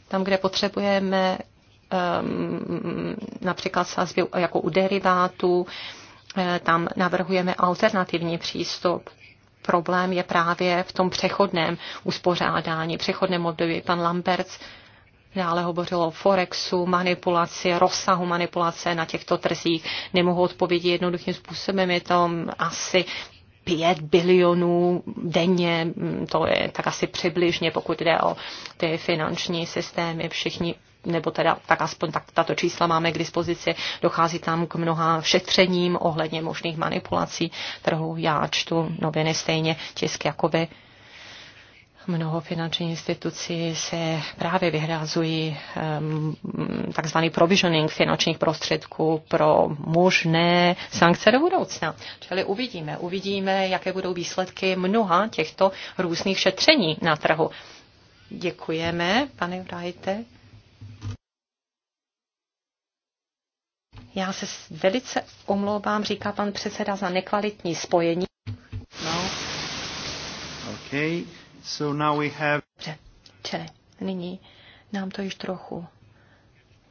tam, kde potřebujeme um, například sazby jako u derivátů, eh, tam navrhujeme alternativní přístup. Problém je právě v tom přechodném uspořádání, přechodném období. Pan Lamberts dále hovořil o forexu, manipulaci, rozsahu manipulace na těchto trzích. Nemohu odpovědět jednoduchým způsobem, je to asi 5 bilionů denně, mm, to je tak asi přibližně, pokud jde o ty finanční systémy, všichni nebo teda tak aspoň tak, tato čísla máme k dispozici, dochází tam k mnoha šetřením ohledně možných manipulací trhu. Já čtu noviny stejně tisk jako vy. Mnoho finančních institucí se právě vyhrazují ehm, takzvaný provisioning finančních prostředků pro možné sankce do budoucna. Čili uvidíme, uvidíme, jaké budou výsledky mnoha těchto různých šetření na trhu. Děkujeme, pane Vrajte. Já se velice omlouvám, říká pan předseda, za nekvalitní spojení. No. Okay. So now we have... Dobře, čili nyní nám to již trochu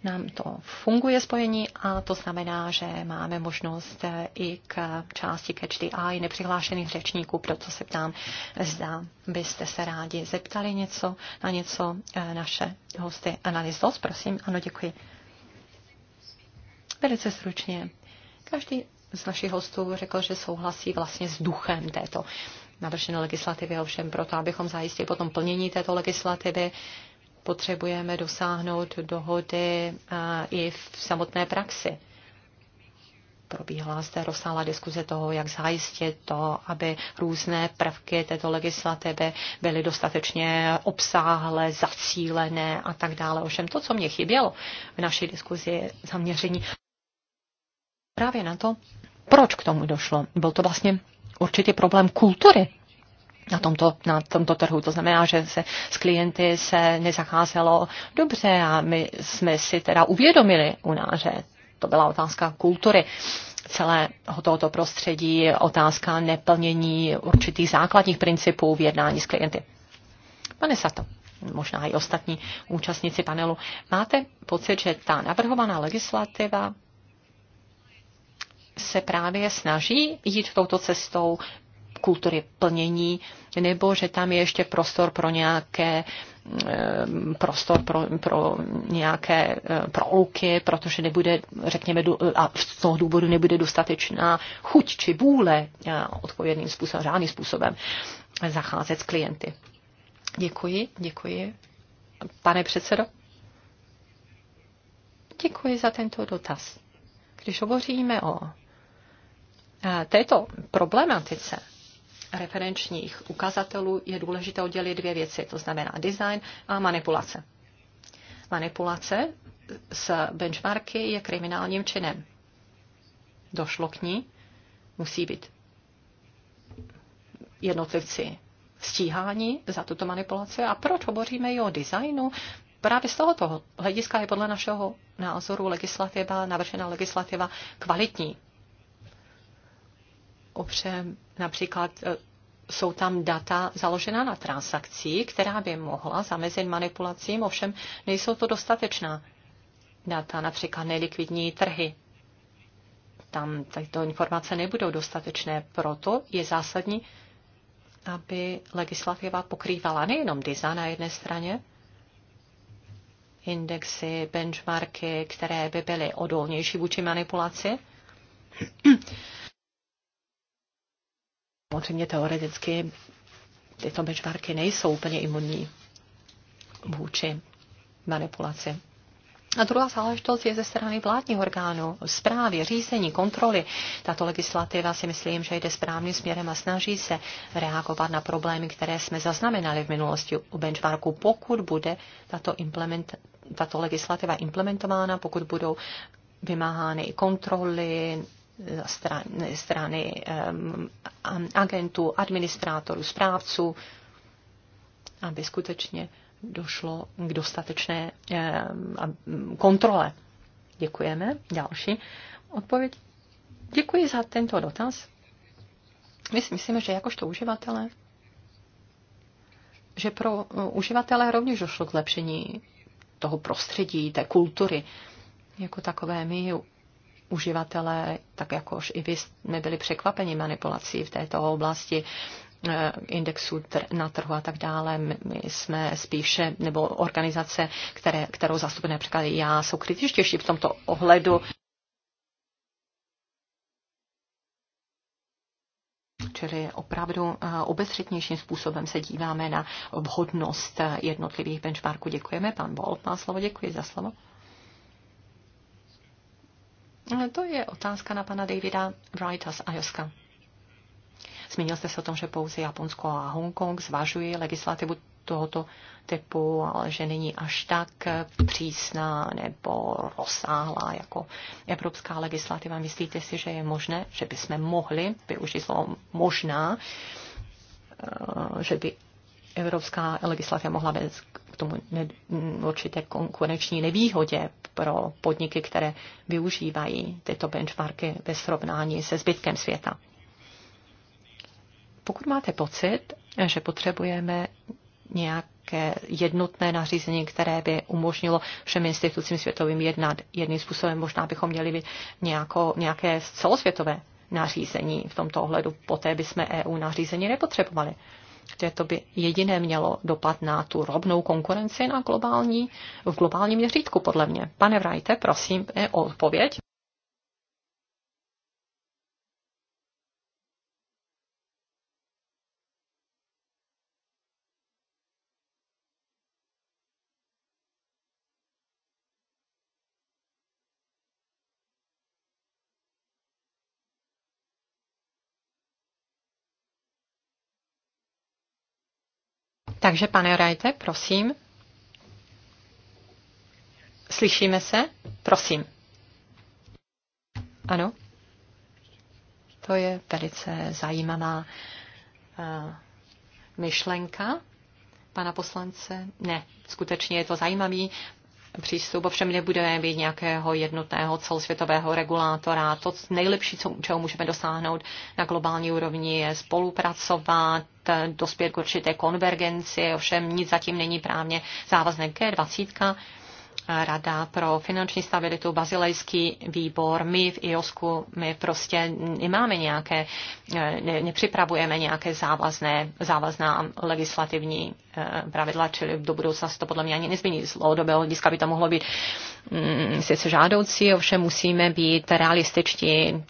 nám to funguje spojení a to znamená, že máme možnost eh, i k části Catch a i nepřihlášených řečníků, proto se ptám, zda byste se rádi zeptali něco na něco eh, naše hosty. Analyzos, prosím, ano, děkuji. Velice stručně. Každý z našich hostů řekl, že souhlasí vlastně s duchem této navržené legislativy, ovšem proto, abychom zajistili potom plnění této legislativy, potřebujeme dosáhnout dohody i v samotné praxi. Probíhala zde rozsáhlá diskuze toho, jak zajistit to, aby různé prvky této legislativy byly dostatečně obsáhlé, zacílené a tak dále. Ovšem to, co mě chybělo v naší diskuzi, zaměření právě na to, proč k tomu došlo. Byl to vlastně určitě problém kultury na tomto, na tomto trhu. To znamená, že se s klienty se nezacházelo dobře a my jsme si teda uvědomili u nás, že to byla otázka kultury celého tohoto prostředí, otázka neplnění určitých základních principů v jednání s klienty. Pane Sato, možná i ostatní účastníci panelu, máte pocit, že ta navrhovaná legislativa se právě snaží jít touto cestou kultury plnění, nebo že tam je ještě prostor pro nějaké eh, prostor pro, pro nějaké eh, proluky, protože nebude, řekněme, a z toho důvodu nebude dostatečná chuť či vůle eh, odpovědným způsobem, řádným způsobem zacházet s klienty. Děkuji, děkuji. Pane předsedo, děkuji za tento dotaz. Když hovoříme o této problematice referenčních ukazatelů je důležité oddělit dvě věci, to znamená design a manipulace. Manipulace s benchmarky je kriminálním činem. Došlo k ní, musí být jednotlivci stíhání za tuto manipulaci. A proč hovoříme i o designu? Právě z tohoto hlediska je podle našeho názoru legislativa, navržená legislativa kvalitní. Ovšem například e, jsou tam data založená na transakcích, která by mohla zamezit manipulacím, ovšem nejsou to dostatečná data, například nelikvidní trhy. Tam tyto informace nebudou dostatečné, proto je zásadní, aby legislativa pokrývala nejenom DISA na jedné straně, indexy, benchmarky, které by byly odolnější vůči manipulaci, samozřejmě teoreticky tyto benchmarky nejsou úplně imunní vůči manipulaci. A druhá záležitost je ze strany vládních orgánů, zprávy, řízení, kontroly. Tato legislativa si myslím, že jde správným směrem a snaží se reagovat na problémy, které jsme zaznamenali v minulosti u benchmarku, pokud bude tato, implement, tato legislativa implementována, pokud budou vymáhány i kontroly, strany, strany agentů, administrátorů, správců, aby skutečně došlo k dostatečné kontrole. Děkujeme. Další odpověď. Děkuji za tento dotaz. My si myslíme, že jakožto uživatelé, že pro e, uživatele rovněž došlo k zlepšení toho prostředí, té kultury. Jako takové my uživatelé, tak jakož i vy byli překvapeni manipulací v této oblasti eh, indexů na trhu a tak dále. My jsme spíše, nebo organizace, které, kterou zastupuje například já, jsou kritičtější v tomto ohledu. čili opravdu eh, obezřetnějším způsobem se díváme na vhodnost eh, jednotlivých benchmarků. Děkujeme, pan Bolt má slovo, děkuji za slovo. To je otázka na pana Davida Wrighta z Ajoska. Zmínil jste se o tom, že pouze Japonsko a Hongkong zvažují legislativu tohoto typu, ale že není až tak přísná nebo rozsáhlá jako evropská legislativa. Myslíte si, že je možné, že bychom mohli využít slovo možná, eh, že by evropská legislativa mohla vést k tomu ne, určité konkurenční nevýhodě pro podniky, které využívají tyto benchmarky ve srovnání se zbytkem světa. Pokud máte pocit, že potřebujeme nějaké jednotné nařízení, které by umožnilo všem institucím světovým jednat jedným způsobem, možná bychom měli by nějako, nějaké celosvětové nařízení v tomto ohledu. Poté bychom EU nařízení nepotřebovali protože to by jediné mělo dopad na tu rovnou konkurenci na globální, v globálním měřítku, podle mě. Pane Vrajte, prosím o odpověď. Takže, pane Rajte, prosím. Slyšíme se? Prosím. Ano. To je velice zajímavá uh, myšlenka pana poslance. Ne, skutečně je to zajímavý přístup, ovšem nebudeme být nějakého jednotného celosvětového regulátora. To nejlepší, co, čeho můžeme dosáhnout na globální úrovni, je spolupracovat, dospět k určité konvergenci, ovšem nic zatím není právně závazné. G20 Rada pro finanční stabilitu, Bazilejský výbor, my v IOSku, my prostě nemáme nějaké, ne, nepřipravujeme nějaké závazné, závazná legislativní Eh, pravidla, čili do budoucna se to podle mě ani nezmění. Z dlouhodobého hlediska by to mohlo být mm, sice žádoucí, ovšem musíme být realističtí,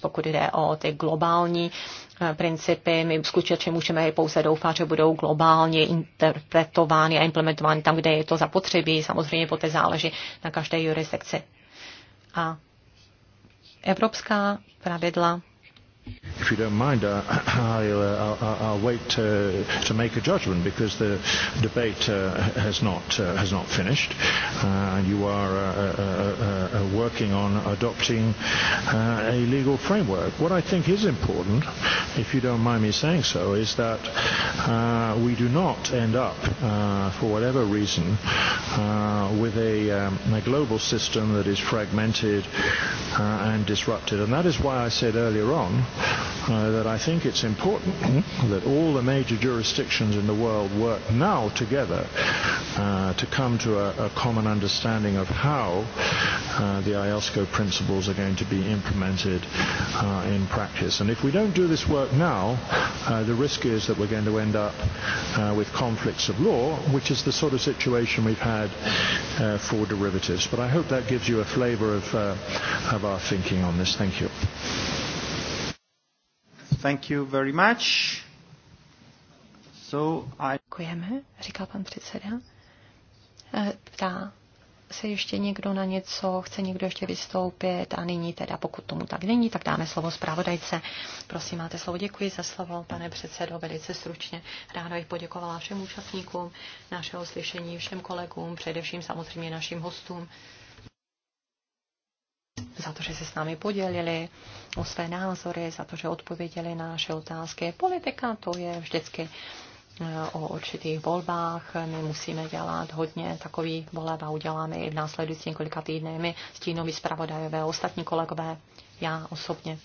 pokud jde o ty globální eh, principy. My skutečně můžeme pouze doufat, že budou globálně interpretovány a implementovány tam, kde je to zapotřebí. Samozřejmě poté záleží na každé jurisdikci. A evropská pravidla If you don't mind, uh, I'll, uh, I'll, I'll wait to, uh, to make a judgment because the debate uh, has not uh, has not finished. Uh, you are uh uh, uh, uh, uh, working on adopting uh, a legal framework. What I think is important, if you don't mind me saying so, is that uh, we do not end up, uh, for whatever reason, uh, with a, um, a global system that is fragmented uh, and disrupted. And that is why I said earlier on Uh, that I think it's important that all the major jurisdictions in the world work now together uh, to come to a common understanding of how uh, the IOSCO e principles are going to be implemented in practice. And If we don't do this work now, the risk is that we're going to end up with conflicts of law, which is the sort of situation we've had for derivatives. But I hope that gives you a flavor of our thinking on this. Thank you. Thank you very much. So I... Děkujeme, říkal pan předseda. E, ptá se ještě někdo na něco, chce někdo ještě vystoupit a nyní teda, pokud tomu tak není, tak dáme slovo zpravodajce. Prosím, máte slovo. Děkuji za slovo, pane předsedo, velice stručně. Ráda bych poděkovala všem účastníkům našeho slyšení, všem kolegům, především samozřejmě našim hostům za to, že se s námi podělili o své názory, za to, že odpověděli na naše otázky. Politika to je vždycky e, o určitých volbách. My musíme dělat hodně takových voleb a uděláme i v následujících několika týdnech my, stínoví zpravodajové, ostatní kolegové, já osobně.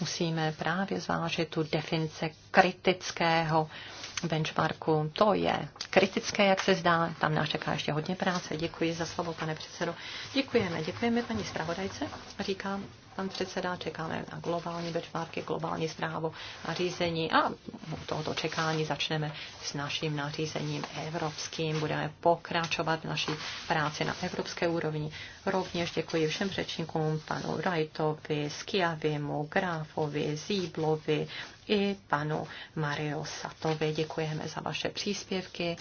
Musíme právě zvážit tu definice kritického uh, benchmarku. To je kritické, jak se zdá. Tam nás čeká ještě hodně práce. Děkuji za slovo, pane předsedo. Děkujeme, děkujeme paní zpravodajce, říká pan předseda. Čekáme na globální benchmarky, globální zprávu a řízení a tohoto čekání začneme s naším nařízením evropským. Budeme pokračovat v naší práci na evropské úrovni. Rovněž děkuji všem řečníkům, panu Rajtovi, Skiavimu, Gráfovi, Zíblovi, i panu Mario Satovi. Děkujeme za vaše příspěvky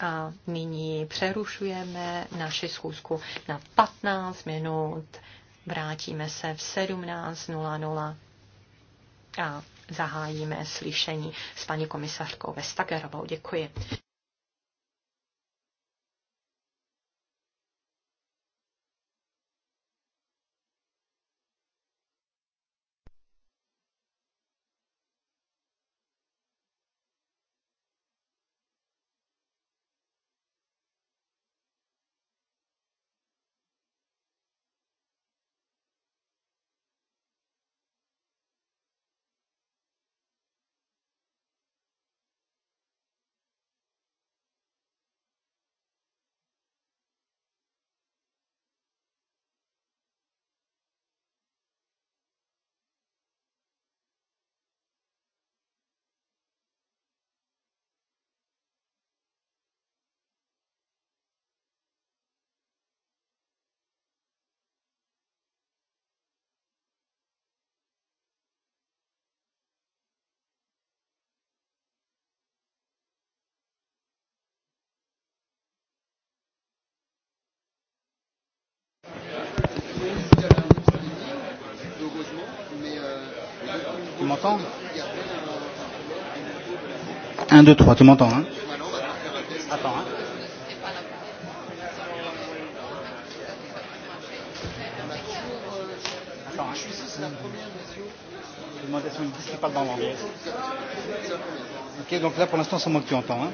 a nyní přerušujeme naši schůzku na 15 minut. Vrátíme se v 17.00 a zahájíme slyšení s paní komisařkou Vestagerovou. Děkuji. Euh, tu m'entends 1, 2, 3, tu m'entends hein Attends, hein Je demandais si on dit qui parle dans l'anglais. Ok, donc là pour l'instant c'est moi que tu entends. Hein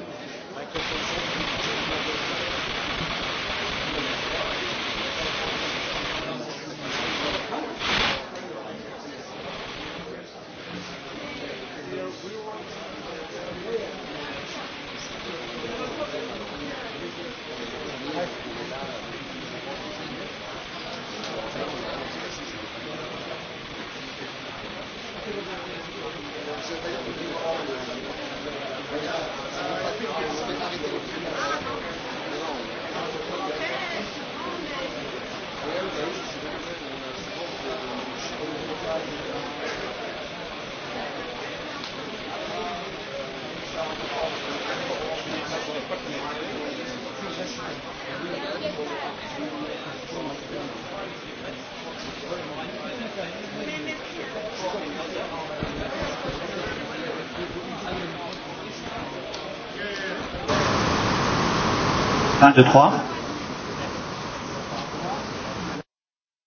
1, 2, 3.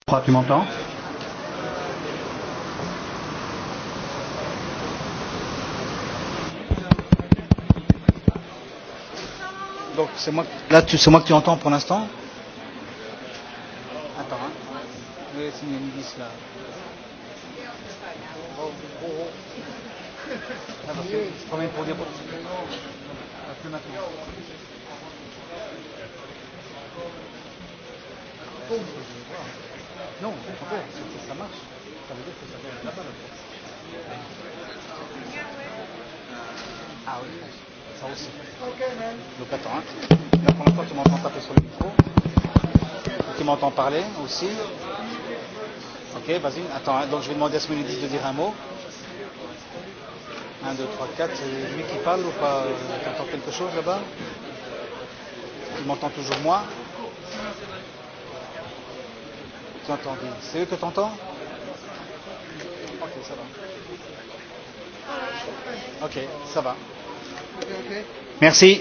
3, tu m'entends Donc c'est moi, là tu, c'est moi que tu entends pour l'instant Attends, hein. Oui, c'est une 10 là. Ah, parce que je promets pour dire pour... Parce que maintenant. fois, vous je, le voir. Non, au contraire, c'est que ça marche. Ça veut dire que ça vient là-bas, le Ah oui, ça aussi. Donc attends, hein. la première fois, tu m'entends taper sur le micro. Tu m'entends parler aussi. Ok, vas-y. Attends, hein. donc je vais demander à ce Smenidis de dire un mot. 1, 2, 3, 4. C'est lui qui parle ou pas entends quelque chose là-bas Tu m'entends toujours moi tu entends bien. C'est eux que tu entends Ok, ça va. Ok, ça va. Merci.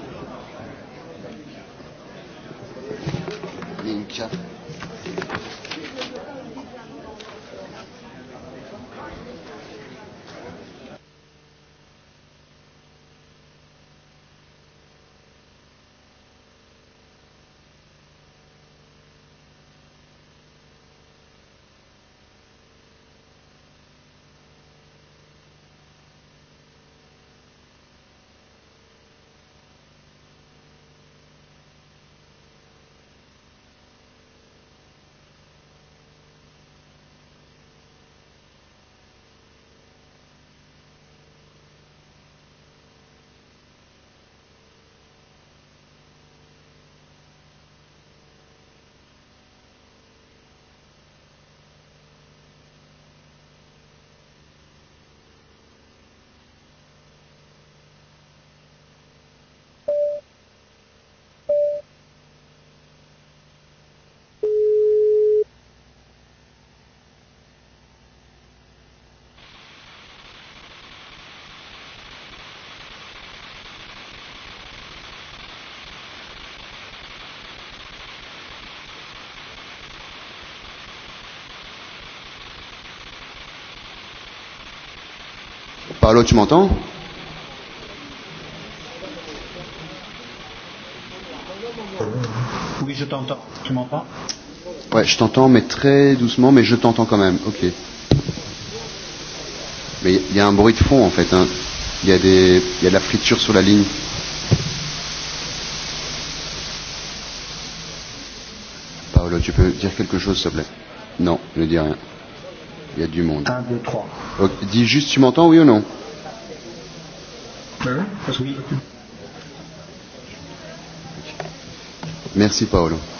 Allô, tu m'entends Oui, je t'entends. Tu m'entends Ouais, je t'entends, mais très doucement, mais je t'entends quand même. Ok. Mais il y a un bruit de fond en fait. Il hein. y, a des... y a de la friture sur la ligne. Paolo, tu peux dire quelque chose s'il te plaît Non, ne dis rien. Il y a du monde. Un, deux, trois. Okay. Dis juste, tu m'entends, oui ou non Merci Paolo.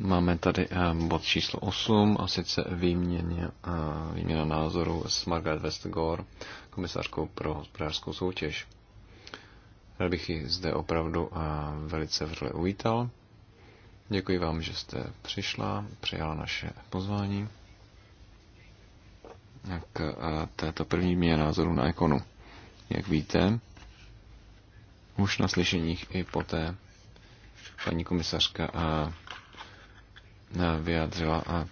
Máme tady eh, bod číslo 8, a sice výměně, eh, výměna názoru s Margaret Westgore, komisařkou pro hospodářskou soutěž. Rád bych ji zde opravdu eh, velice vřele uvítal. Děkuji vám, že jste přišla, přijala naše pozvání k této první mě názoru na ekonu. Jak víte, už na slyšeních i poté paní komisařka a vyjádřila a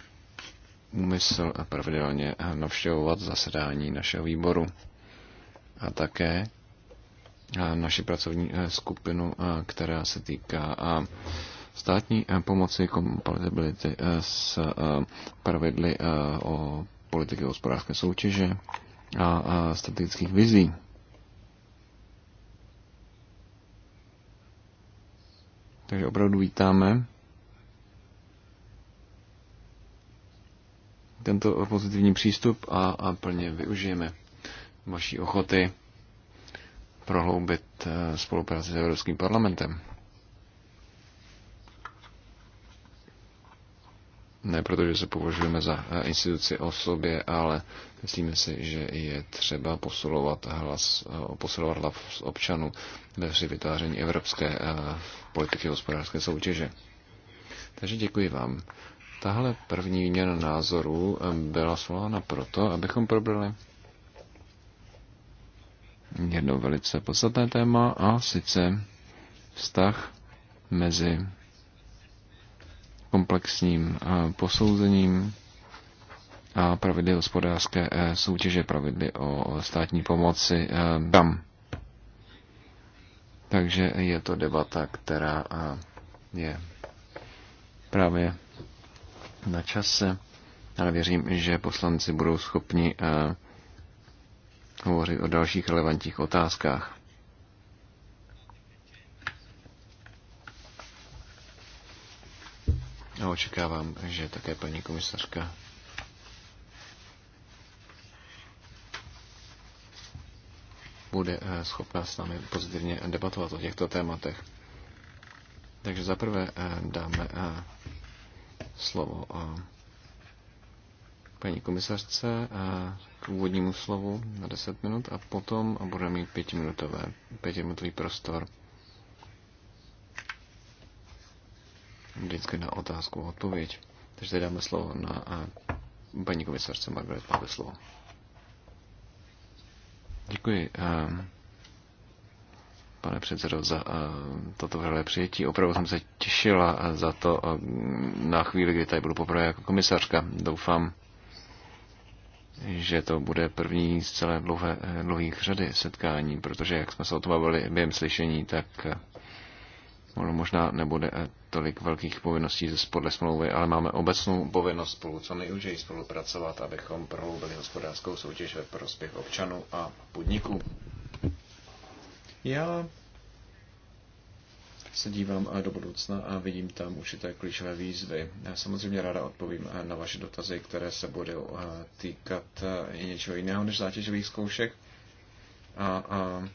úmysl pravidelně navštěvovat zasedání našeho výboru a také naši pracovní skupinu, která se týká státní pomoci kompatibility s pravidly o politiky hospodářské soutěže a strategických vizí. Takže opravdu vítáme tento pozitivní přístup a, a plně využijeme vaší ochoty prohloubit eh, spolupráci s Evropským parlamentem. Ne protože se považujeme za eh, instituci o sobě, ale myslíme si, že je třeba posilovat hlas, eh, posilovat hlas občanů ve při vytváření evropské politiky hospodářské soutěže. Takže děkuji vám tahle první výměna názorů byla svolána proto, abychom probrali jedno velice podstatné téma a sice vztah mezi komplexním posouzením a pravidly hospodářské e, soutěže, pravidly o státní pomoci e, tam. Takže je to debata, která je právě na čase, ale věřím, že poslanci budou schopni eh, hovořit o dalších relevantních otázkách. A očekávám, že také paní komisařka bude eh, schopná s námi pozitivně debatovat o těchto tématech. Takže zaprvé eh, dáme slovo a paní komisařce a k úvodnímu slovu na 10 minut a potom budeme mít pětiminutové, pětiminutový prostor vždycky na otázku a odpověď. Takže teď dáme slovo na a paní komisařce Margaret, máte slovo. Děkuji. Um, pane předsedo, za eh, toto vrhlé přijetí. Opravdu jsem se těšila eh, za to eh, na chvíli, kdy tady budu poprvé jako komisařka. Doufám, že to bude první z celé dlouhé, dlouhých řady setkání, protože jak jsme se o tom bavili během slyšení, tak ono možná nebude tolik velkých povinností ze podle smlouvy, ale máme obecnou povinnost spolu co nejúžději spolupracovat, abychom prohloubili hospodářskou soutěž ve prospěch občanů a podniků. Já se dívám eh, do budoucna a vidím tam určité klíčové výzvy. Já samozřejmě ráda odpovím eh, na vaše dotazy, které se budou eh, týkat i něčeho jiného než zátěžových zkoušek a, a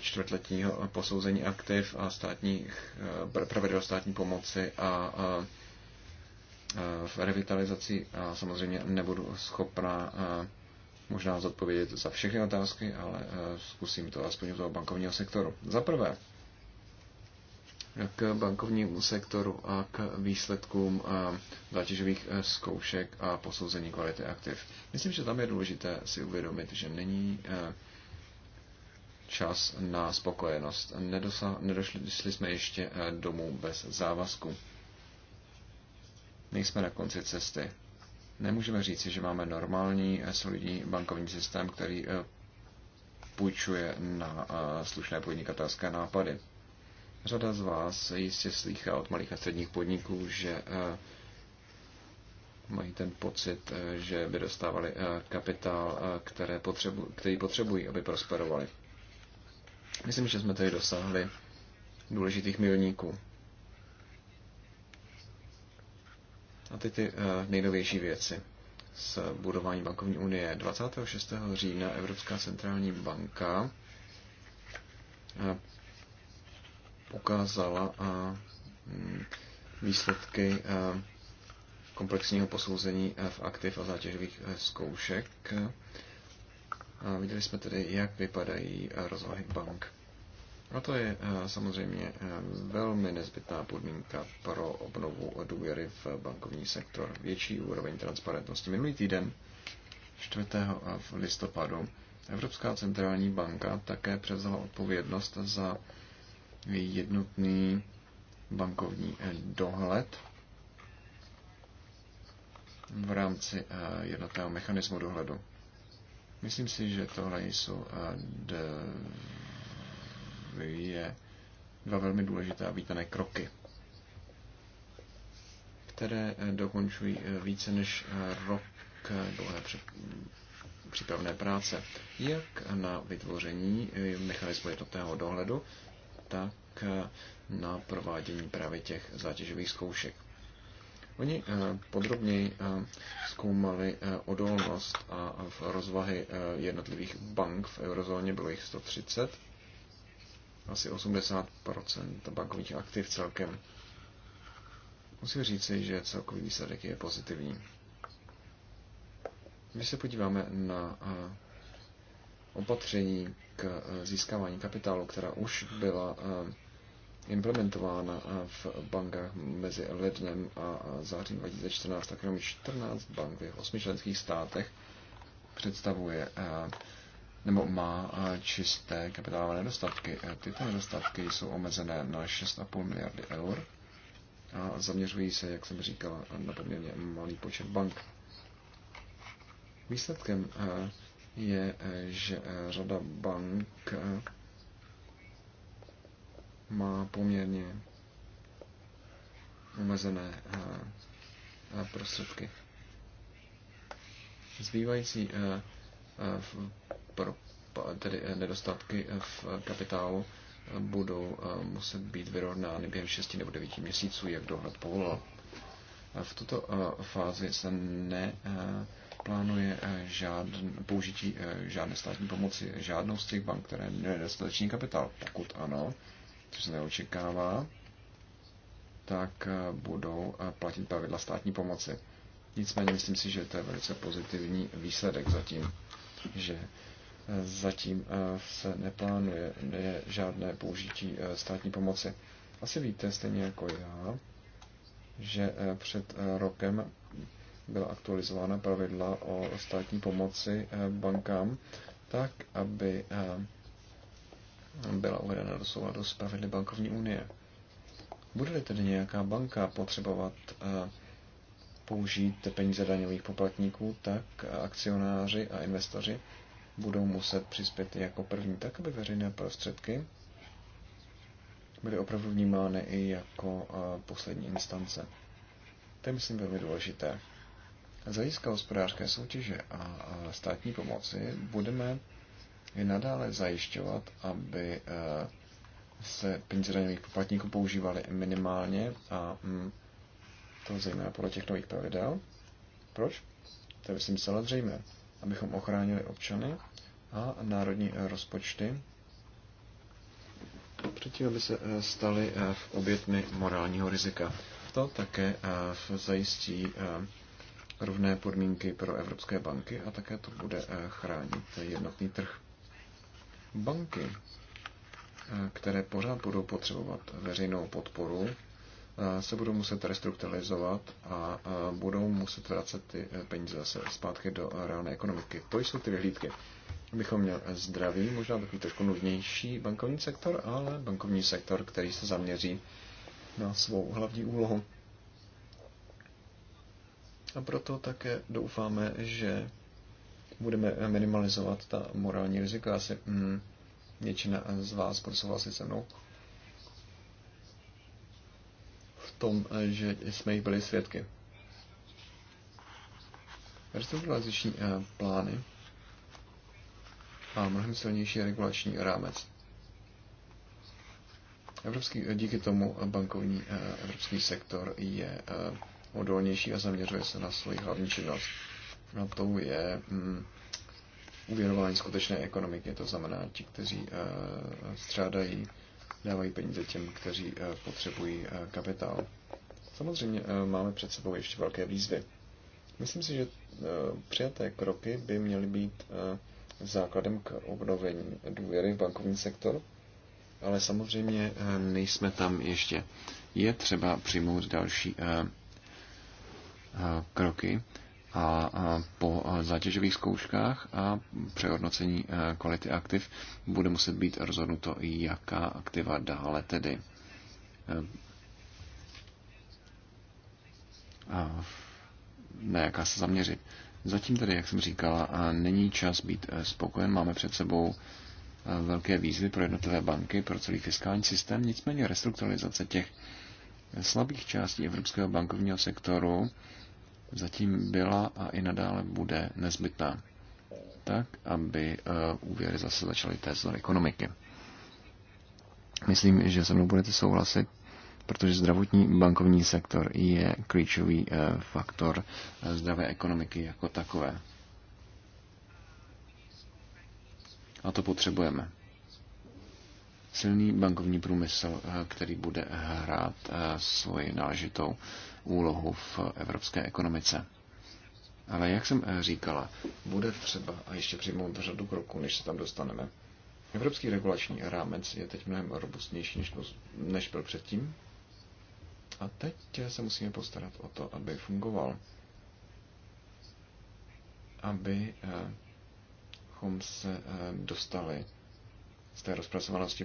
čtvrtletního posouzení aktiv a státních, pravidel státní pomoci a, a v revitalizaci a samozřejmě nebudu schopná a, možná zodpovědět za všechny otázky, ale eh, zkusím to aspoň u toho bankovního sektoru. Za prvé, k bankovnímu sektoru a k výsledkům eh, zátěžových eh, zkoušek a posouzení kvality aktiv. Myslím, že tam je důležité si uvědomit, že není čas na spokojenost. Nedosa, nedošli jsme ještě domů bez závazku. Nejsme na konci cesty. Nemůžeme říct, že máme normální eh, solidní bankovní systém, který eh, půjčuje na eh, slušné podnikatelské nápady. Řada z vás jistě slychá od malých a středních podniků, že mají ten pocit, že by dostávali kapitál, které potřebu, který potřebují, aby prosperovali. Myslím, že jsme tady dosáhli důležitých milníků. A ty ty eh, nejnovější věci s budování bankovní unie. 26. října Evropská centrální banka ukázala eh, eh, mm, výsledky komplexního posouzení v aktiv a zátěžových zkoušek. a Viděli jsme tedy, jak vypadají rozvahy bank. A no to je eh, samozřejmě eh, velmi nezbytná podmínka pro obnovu důvěry v bankovní sektor. Větší úroveň transparentnosti. Minulý týden, 4. v listopadu, Evropská centrální banka také převzala odpovědnost za jednotný bankovní eh, dohled v rámci jednotného mechanismu dohledu. Myslím si, že tohle jsou je dva velmi důležité a vítané kroky, které eh, dokončují eh, více než eh, rok dlouhé přípravné práce, jak na vytvoření mechanismu jednotného dohledu, tak na provádění právě těch zátěžových zkoušek. Oni podrobněji zkoumali odolnost a v rozvahy jednotlivých bank v eurozóně bylo jich 130 asi 80% bankovních aktiv celkem. Musím říci, že celkový výsledek je pozitivní. Když se podíváme na opatření k získávání kapitálu, která už byla implementována v bankách mezi lednem a zářím 2014, tak jenom 14 bank v 8 členských státech představuje nebo má eh, čisté kapitálové nedostatky. Eh, tyto nedostatky jsou omezené na 6,5 miliardy eur a zaměřují se, jak jsem říkal, na poměrně malý počet bank. Výsledkem eh, je, že řada bank má poměrně omezené prostředky. Zbývající pro, tedy eh, nedostatky eh, v kapitálu eh, budou muset být vyrovnány během 6 nebo 9 měsíců, jak dohled povolal. V tuto fázi se neplánuje žádn, použití žádné státní pomoci žádnou z těch bank, které měly dostatečný kapitál. Pokud ano, což se neočekává, tak budou platit pravidla státní pomoci. Nicméně myslím si, že to je velice pozitivní výsledek zatím, že zatím eh, se neplánuje žádné použití eh, státní pomoci. Asi víte, stejně jako já, že eh, před rokem byla aktualizována pravidla o státní pomoci bankám tak, aby byla uvedena do souladu s pravidly bankovní unie. Bude-li tedy nějaká banka potřebovat použít peníze daňových poplatníků, tak akcionáři a investoři budou muset přispět jako první, tak aby veřejné prostředky byly opravdu vnímány i jako eh, poslední instance. To je, myslím, velmi důležité. Z hlediska hospodářské soutěže a státní pomoci budeme je nadále zajišťovat, aby eh, se peníze daňových poplatníků používaly minimálně a mm, to zejména podle těch nových pravidel. Proč? To je, myslím, celé zřejmé abychom ochránili občany a národní rozpočty předtím, aby se eh, staly eh, obětmi morálního rizika. To také eh, zajistí rovné podmínky pro evropské banky a také to bude chránit jednotný trh. Banky, které pořád budou potřebovat veřejnou podporu, Eh, se budou muset restrukturalizovat a eh, budou muset vracet ty eh, peníze zase zpátky do reálné ekonomiky. To jsou ty vyhlídky. Abychom měl zdravý, možná takový trošku nudnější bankovní sektor, ale bankovní sektor, který se zaměří na svou hlavní úlohu. A proto také doufáme, že budeme minimalizovat ta morální rizika. Asi mm, většina z vás bude se mnou. tom, eh, že jsme jich byli svědky. Restrukturalizační eh, plány a mnohem silnější regulační rámec. Evropský, eh, díky tomu bankovní evropský sektor je odolnější a zaměřuje se na svoji hlavní činnost. Na to je mm, uvěrování skutečné ekonomiky, to znamená ti, kteří e, střádají dávají peníze těm, kteří eh, potřebují eh, kapitál. Samozřejmě eh, máme před sebou ještě velké výzvy. Myslím si, že přijaté kroky by měly být základem k obnovení důvěry v bankovní sektor, ale samozřejmě nejsme tam ještě. Je třeba přijmout další kroky a po zátěžových zkouškách a přehodnocení e, kvality aktiv bude muset být rozhodnuto, jaká aktiva dále tedy e, na jaká se zaměřit. Zatím tedy, jak jsem říkala, e, není čas být spokojen. Máme před sebou velké výzvy pro jednotlivé banky, pro celý fiskální systém. Nicméně restrukturalizace těch slabých částí evropského bankovního sektoru zatím byla a i nadále bude nezbytná, tak aby eh, úvěry zase začaly té do ekonomiky. Myslím, že se mnou budete souhlasit, protože zdravotní bankovní sektor je klíčový eh, faktor eh, zdravé ekonomiky jako takové. A to potřebujeme. Silný bankovní průmysl, který bude hrát svoji náležitou úlohu v evropské ekonomice. Ale jak jsem eh, říkala, bude třeba a ještě přijmout řadu kroků, než se tam dostaneme. Evropský regulační rámec je teď mnohem robustnější, než, než byl předtím. A teď eh, se musíme postarat o to, aby fungoval. Abychom se eh, dostali z té rozpracovanosti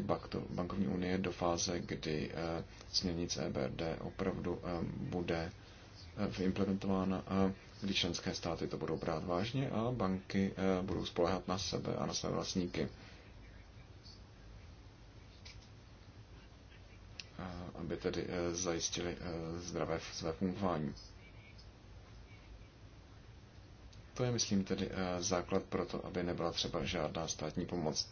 bankovní unie do fáze, kdy eh, směrnice EBRD opravdu eh, bude eh, implementována, kdy členské státy to budou brát vážně a banky budou spolehat na sebe a na své vlastníky. aby tedy zajistili zdravé své fungování. To je, myslím, tedy základ pro to, aby nebyla třeba žádná státní pomoc.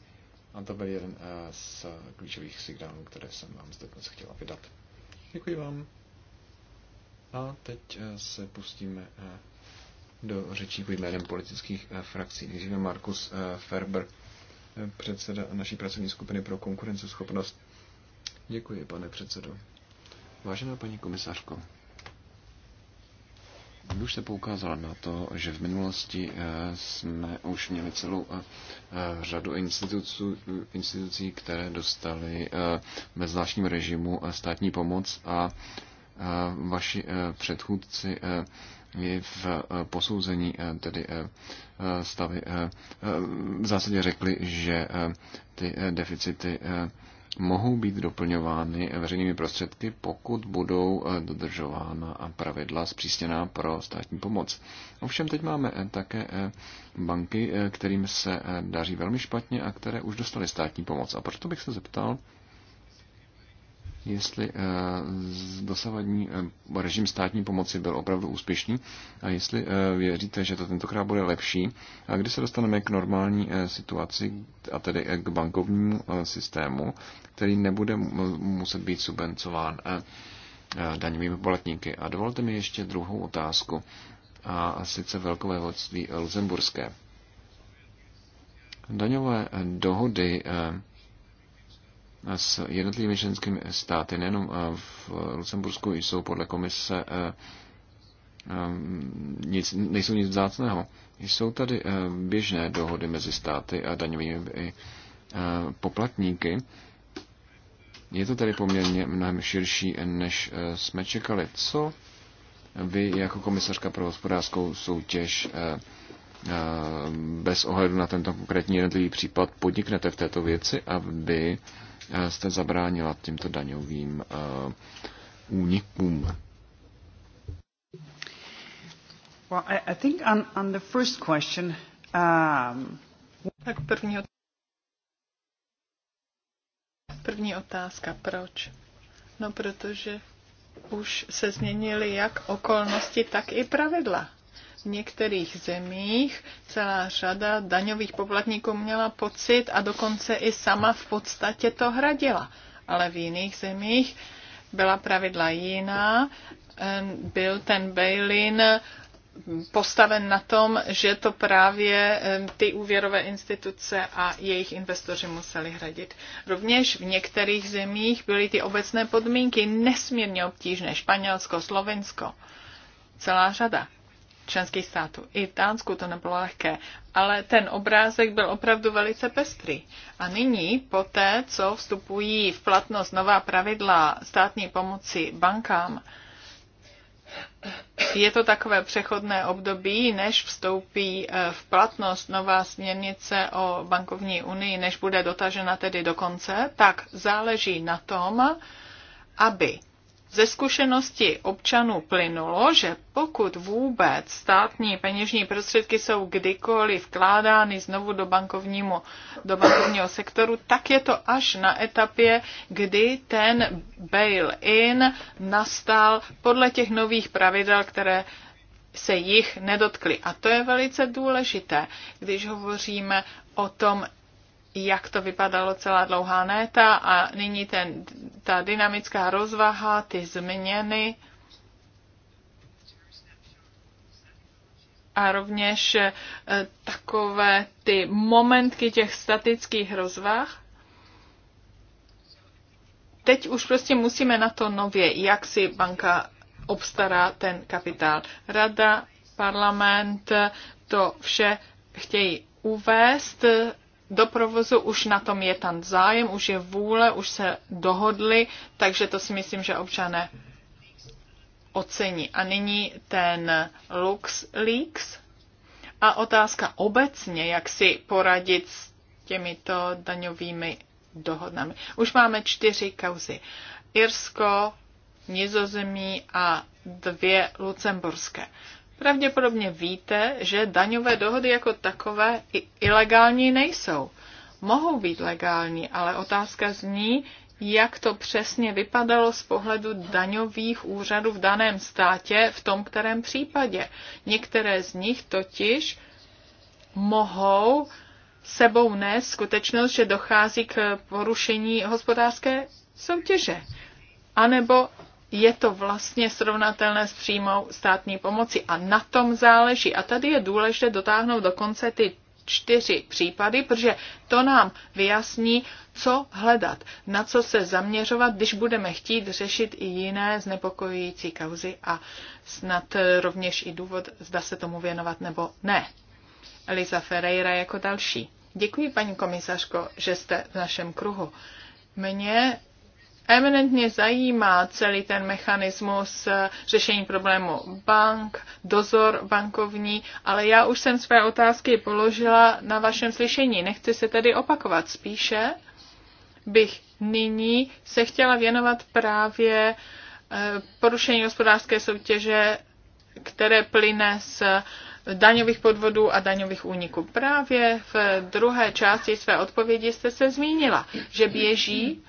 A to byl jeden eh, z klíčových signálů, které jsem vám zde dnes chtěla vydat. Děkuji vám. A teď eh, se pustíme eh, do řečníků jménem politických frakcí. Nejdříve Markus Ferber, předseda naší pracovní skupiny pro konkurenceschopnost. Děkuji, pane předsedo. Vážená paní komisařko, už se poukázal na to, že v minulosti eh, jsme už měli celou eh, řadu institucí, institucí, které dostaly eh, ve zvláštním režimu státní pomoc a vaši předchůdci je v posouzení tedy stavy v zásadě řekli, že ty deficity mohou být doplňovány veřejnými prostředky, pokud budou eh, dodržována pravidla zpřísněná pro státní pomoc. Ovšem teď máme eh, také eh, banky, kterým se daří velmi špatně a které už dostaly státní pomoc. A proto bych se zeptal, jestli eh, dosavadní eh, režim státní pomoci byl opravdu úspěšný a jestli eh, věříte, že to tentokrát bude lepší a kdy se dostaneme k normální situaci a tedy k bankovnímu systému, který nebude muset být subvencován daňovými poletníky. A dovolte mi ještě druhou otázku a sice velkové vodství Lzemburské. Daňové dohody s jednotlivými členskými státy, nejenom eh, v Lucembursku, jsou podle komise eh, eh, nic, nejsou nic vzácného. Jsou tady běžné dohody mezi státy a daňovými poplatníky. Je to tady poměrně mnohem širší, než jsme čekali. Co vy jako komisařka pro hospodářskou soutěž bez ohledu na tento konkrétní jednotlivý případ podniknete v této věci, aby Eh, jste zabránila těmto daňovým eh, únikům? Well, I, I think on, on the first question, um... Tak první, první otázka, proč? No, protože už se změnily jak okolnosti, tak i pravidla některých zemích celá řada daňových poplatníků měla pocit a dokonce i sama v podstatě to hradila. Ale v jiných zemích byla pravidla jiná, byl ten bail-in postaven na tom, že to právě ty úvěrové instituce a jejich investoři museli hradit. Rovněž v některých zemích byly ty obecné podmínky nesmírně obtížné. Španělsko, Slovensko, celá řada členských států. I v Dánsku to nebylo lehké, ale ten obrázek byl opravdu velice pestrý. A nyní, po té, co vstupují v platnost nová pravidla státní pomoci bankám, je to takové přechodné období, než vstoupí eh, v platnost nová směrnice o bankovní unii, než bude dotažena tedy do konce, tak záleží na tom, aby ze zkušenosti občanů plynulo, že pokud vůbec státní peněžní prostředky jsou kdykoliv vkládány znovu do, bankovnímu, do bankovního sektoru, tak je to až na etapě, kdy ten bail-in nastal podle těch nových pravidel, které se jich nedotkly. A to je velice důležité, když hovoříme o tom jak to vypadalo celá dlouhá léta a nyní ten, ta dynamická rozvaha, ty změny a rovněž eh, takové ty momentky těch statických rozvah. Teď už prostě musíme na to nově, jak si banka obstará ten kapitál. Rada, parlament, eh, to vše chtějí uvést do provozu, už na tom je tam zájem, už je vůle, už se dohodli, takže to si myslím, že občané ocení. A nyní ten LuxLeaks a otázka obecně, jak si poradit s těmito daňovými dohodnami. Už máme čtyři kauzy. Irsko, Nizozemí a dvě lucemburské. Pravděpodobně víte, že daňové dohody jako takové ilegální nejsou. Mohou být legální, ale otázka zní, jak to přesně vypadalo z pohledu daňových úřadů v daném státě v tom kterém případě. Některé z nich totiž mohou sebou nést skutečnost, že dochází k porušení hospodářské soutěže. A nebo je to vlastně srovnatelné s přímou státní pomoci a na tom záleží. A tady je důležité dotáhnout do konce ty čtyři případy, protože to nám vyjasní, co hledat, na co se zaměřovat, když budeme chtít řešit i jiné znepokojující kauzy a snad eh, rovněž i důvod, zda se tomu věnovat nebo ne. Eliza Ferreira jako další. Děkuji, paní komisařko, že jste v našem kruhu. Mně eminentně zajímá celý ten mechanismus eh, řešení problému bank, dozor bankovní, ale já už jsem své otázky položila na vašem slyšení. Nechci se tedy opakovat. Spíše bych nyní se chtěla věnovat právě eh, porušení hospodářské soutěže, které plyne z eh, daňových podvodů a daňových úniků. Právě v druhé části své odpovědi jste se zmínila, že běží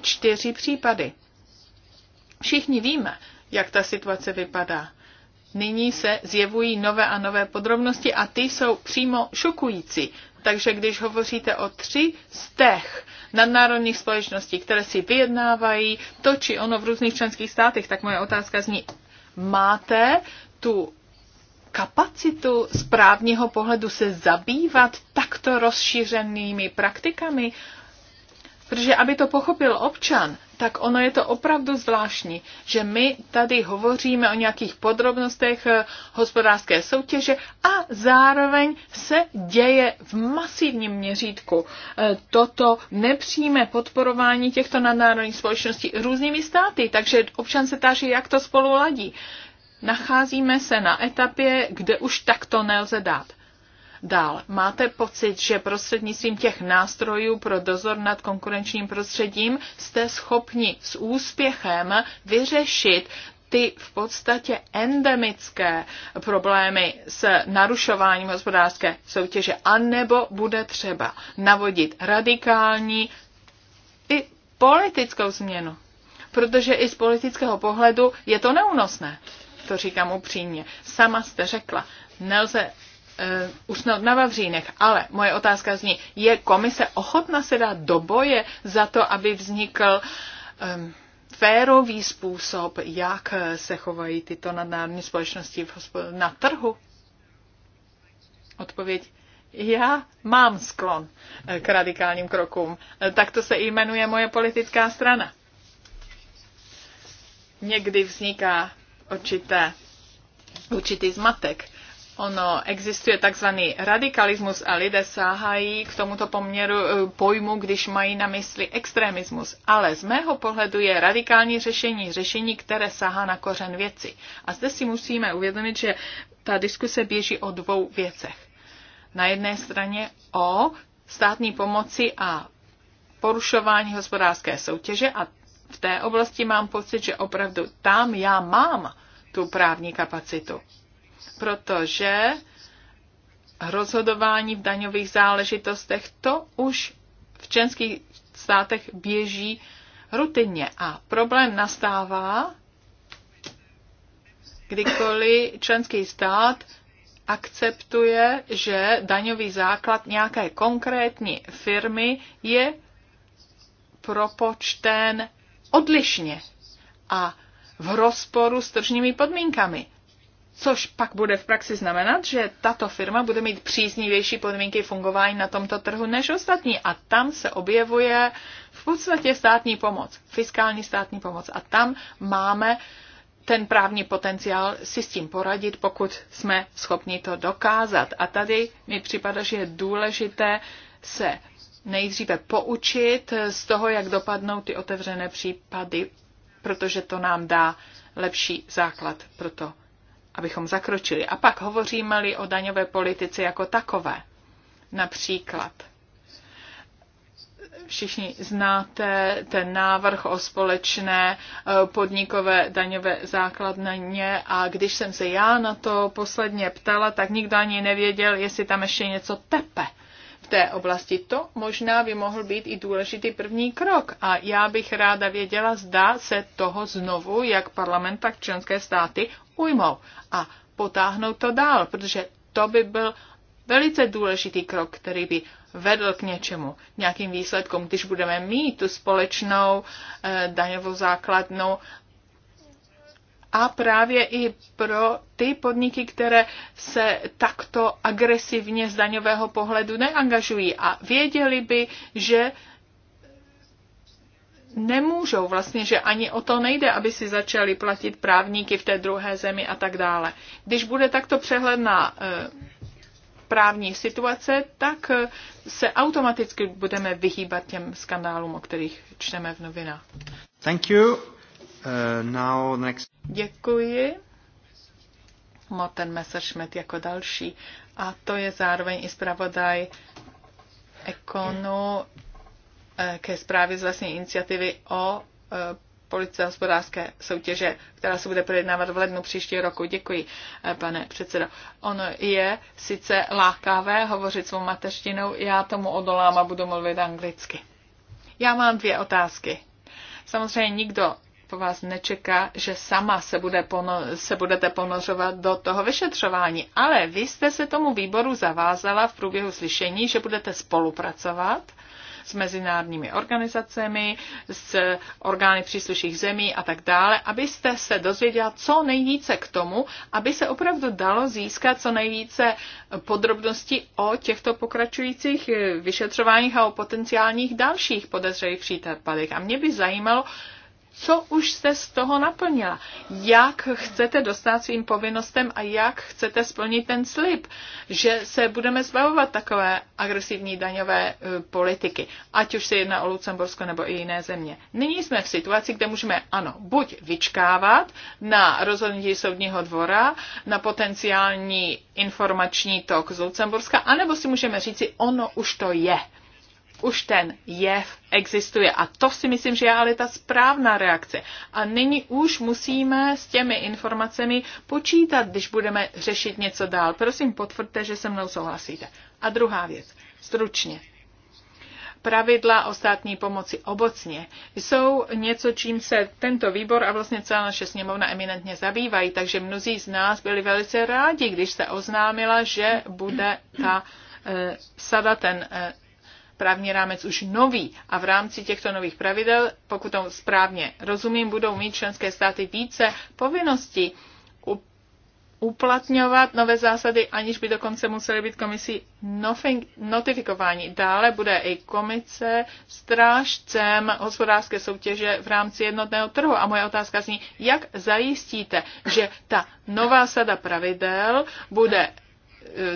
čtyři případy. Všichni víme, jak ta situace vypadá. Nyní se zjevují nové a nové podrobnosti a ty jsou přímo šokující. Takže když hovoříte o tři z těch nadnárodních společností, které si vyjednávají to či ono v různých členských státech, tak moje otázka zní, máte tu kapacitu z právního pohledu se zabývat takto rozšířenými praktikami Protože aby to pochopil občan, tak ono je to opravdu zvláštní, že my tady hovoříme o nějakých podrobnostech eh, hospodářské soutěže a zároveň se děje v masivním měřítku eh, toto nepřímé podporování těchto nadnárodních společností různými státy. Takže občan se táží, jak to spolu ladí. Nacházíme se na etapě, kde už takto nelze dát. Dál, máte pocit, že prostřednictvím těch nástrojů pro dozor nad konkurenčním prostředím jste schopni s úspěchem vyřešit ty v podstatě endemické problémy s narušováním hospodářské soutěže, anebo bude třeba navodit radikální i politickou změnu. Protože i z politického pohledu je to neúnosné. To říkám upřímně. Sama jste řekla, nelze uh, eh, usnout na Vavřínech. Ale moje otázka zní, je komise ochotna se dát do boje za to, aby vznikl um, férový způsob, jak eh, se chovají tyto nadnárodní společnosti v hospod- na trhu? Odpověď. Já mám sklon eh, k radikálním krokům. Tak to se jmenuje moje politická strana. Někdy vzniká určité, určitý zmatek Ono existuje takzvaný radikalismus a lidé sáhají k tomuto poměru eh, pojmu, když mají na mysli extremismus. Ale z mého pohledu je radikální řešení řešení, které sahá na kořen věci. A zde si musíme uvědomit, že ta diskuse běží o dvou věcech. Na jedné straně o státní pomoci a porušování hospodářské soutěže a v té oblasti mám pocit, že opravdu tam já mám tu právní kapacitu protože rozhodování v daňových záležitostech to už v členských státech běží rutinně a problém nastává, kdykoliv členský stát akceptuje, že daňový základ nějaké konkrétní firmy je propočten odlišně a v rozporu s tržními podmínkami. Což pak bude v praxi znamenat, že tato firma bude mít příznivější podmínky fungování na tomto trhu než ostatní. A tam se objevuje v podstatě státní pomoc, fiskální státní pomoc. A tam máme ten právní potenciál si s tím poradit, pokud jsme schopni to dokázat. A tady mi připadá, že je důležité se nejdříve poučit z toho, jak dopadnou ty otevřené případy, protože to nám dá lepší základ pro to abychom zakročili. A pak hovoříme-li o daňové politice jako takové. Například všichni znáte ten návrh o společné eh, podnikové daňové základně a když jsem se já na to posledně ptala, tak nikdo ani nevěděl, jestli tam ještě něco tepe v té oblasti. To možná by mohl být i důležitý první krok a já bych ráda věděla, zda se toho znovu, jak parlament, tak členské státy Ujmou a potáhnout to dál, protože to by byl velice důležitý krok, který by vedl k něčemu, nějakým výsledkům, když budeme mít tu společnou e, daňovou základnu a právě i pro ty podniky, které se takto agresivně z daňového pohledu neangažují a věděli by, že nemůžou vlastně, že ani o to nejde, aby si začali platit právníky v té druhé zemi a tak dále. Když bude takto přehledná e, právní situace, tak e, se automaticky budeme vyhýbat těm skandálům, o kterých čteme v novinách. Thank you. Uh, now next. Děkuji. Moten Messerschmidt jako další. A to je zároveň i zpravodaj Ekonu Eh, ke zprávě z vlastní iniciativy o eh, politice hospodářské soutěže, která se bude projednávat v lednu příštího roku. Děkuji, eh, pane předsedo. Ono je sice lákavé hovořit svou mateřštinou, já tomu odolám a budu mluvit anglicky. Já mám dvě otázky. Samozřejmě nikdo po vás nečeká, že sama se, bude pono- se budete ponořovat do toho vyšetřování, ale vy jste se tomu výboru zavázala v průběhu slyšení, že budete spolupracovat s mezinárodními organizacemi, s orgány příslušných zemí a tak dále, abyste se dozvěděla co nejvíce k tomu, aby se opravdu dalo získat co nejvíce podrobností o těchto pokračujících vyšetřováních a o potenciálních dalších podezřelých případech. A mě by zajímalo, co už jste z toho naplnila, jak chcete dostat svým povinnostem a jak chcete splnit ten slib, že se budeme zbavovat takové agresivní daňové e, politiky, ať už se jedná o Lucembursko nebo i jiné země. Nyní jsme v situaci, kde můžeme, ano, buď vyčkávat na rozhodnutí soudního dvora, na potenciální informační tok z Lucemburska, anebo si můžeme říci, ono už to je už ten jev existuje. A to si myslím, že je ale ta správná reakce. A nyní už musíme s těmi informacemi počítat, když budeme řešit něco dál. Prosím, potvrďte, že se mnou souhlasíte. A druhá věc, stručně. Pravidla o státní pomoci obecně jsou něco, čím se tento výbor a vlastně celá naše sněmovna eminentně zabývají, takže mnozí z nás byli velice rádi, když se oznámila, že bude ta eh, sada ten eh, právní rámec už nový a v rámci těchto nových pravidel, pokud to správně rozumím, budou mít členské státy více povinností uplatňovat nové zásady, aniž by dokonce museli být komisí notifikováni. Dále bude i komise strážcem hospodářské soutěže v rámci jednotného trhu. A moje otázka zní, jak zajistíte, že ta nová sada pravidel bude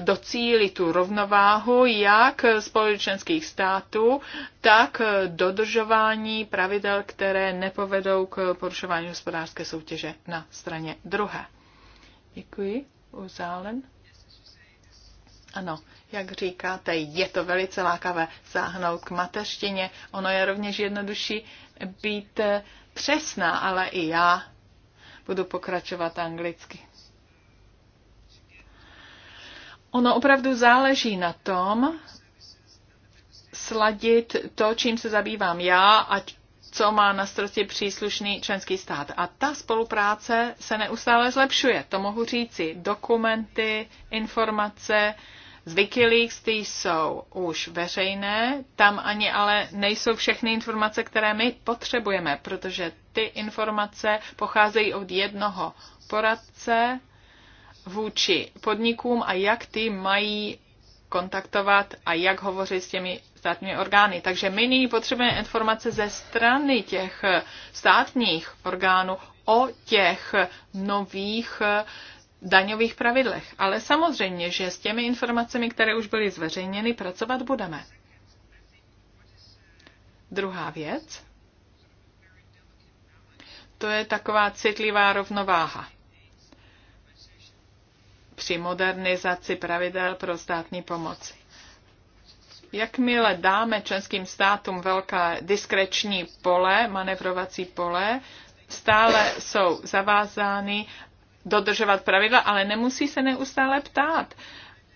docílit tu rovnováhu jak společenských států, tak dodržování pravidel, které nepovedou k porušování hospodářské soutěže na straně druhé. Děkuji. Uzálen. Ano, jak říkáte, je to velice lákavé sáhnout k mateřštině. Ono je rovněž jednodušší být přesná, ale i já budu pokračovat anglicky. Ono opravdu záleží na tom, sladit to, čím se zabývám já a co má na starosti příslušný členský stát. A ta spolupráce se neustále zlepšuje. To mohu říci. Dokumenty, informace z Wikileaks, ty jsou už veřejné, tam ani ale nejsou všechny informace, které my potřebujeme, protože ty informace pocházejí od jednoho poradce, vůči podnikům a jak ty mají kontaktovat a jak hovořit s těmi státními orgány. Takže my nyní potřebujeme informace ze strany těch státních orgánů o těch nových eh, daňových pravidlech. Ale samozřejmě, že s těmi informacemi, které už byly zveřejněny, pracovat budeme. Druhá věc. To je taková citlivá rovnováha při modernizaci pravidel pro státní pomoc. Jakmile dáme členským státům velká diskreční pole, manevrovací pole, stále jsou zavázány dodržovat pravidla, ale nemusí se neustále ptát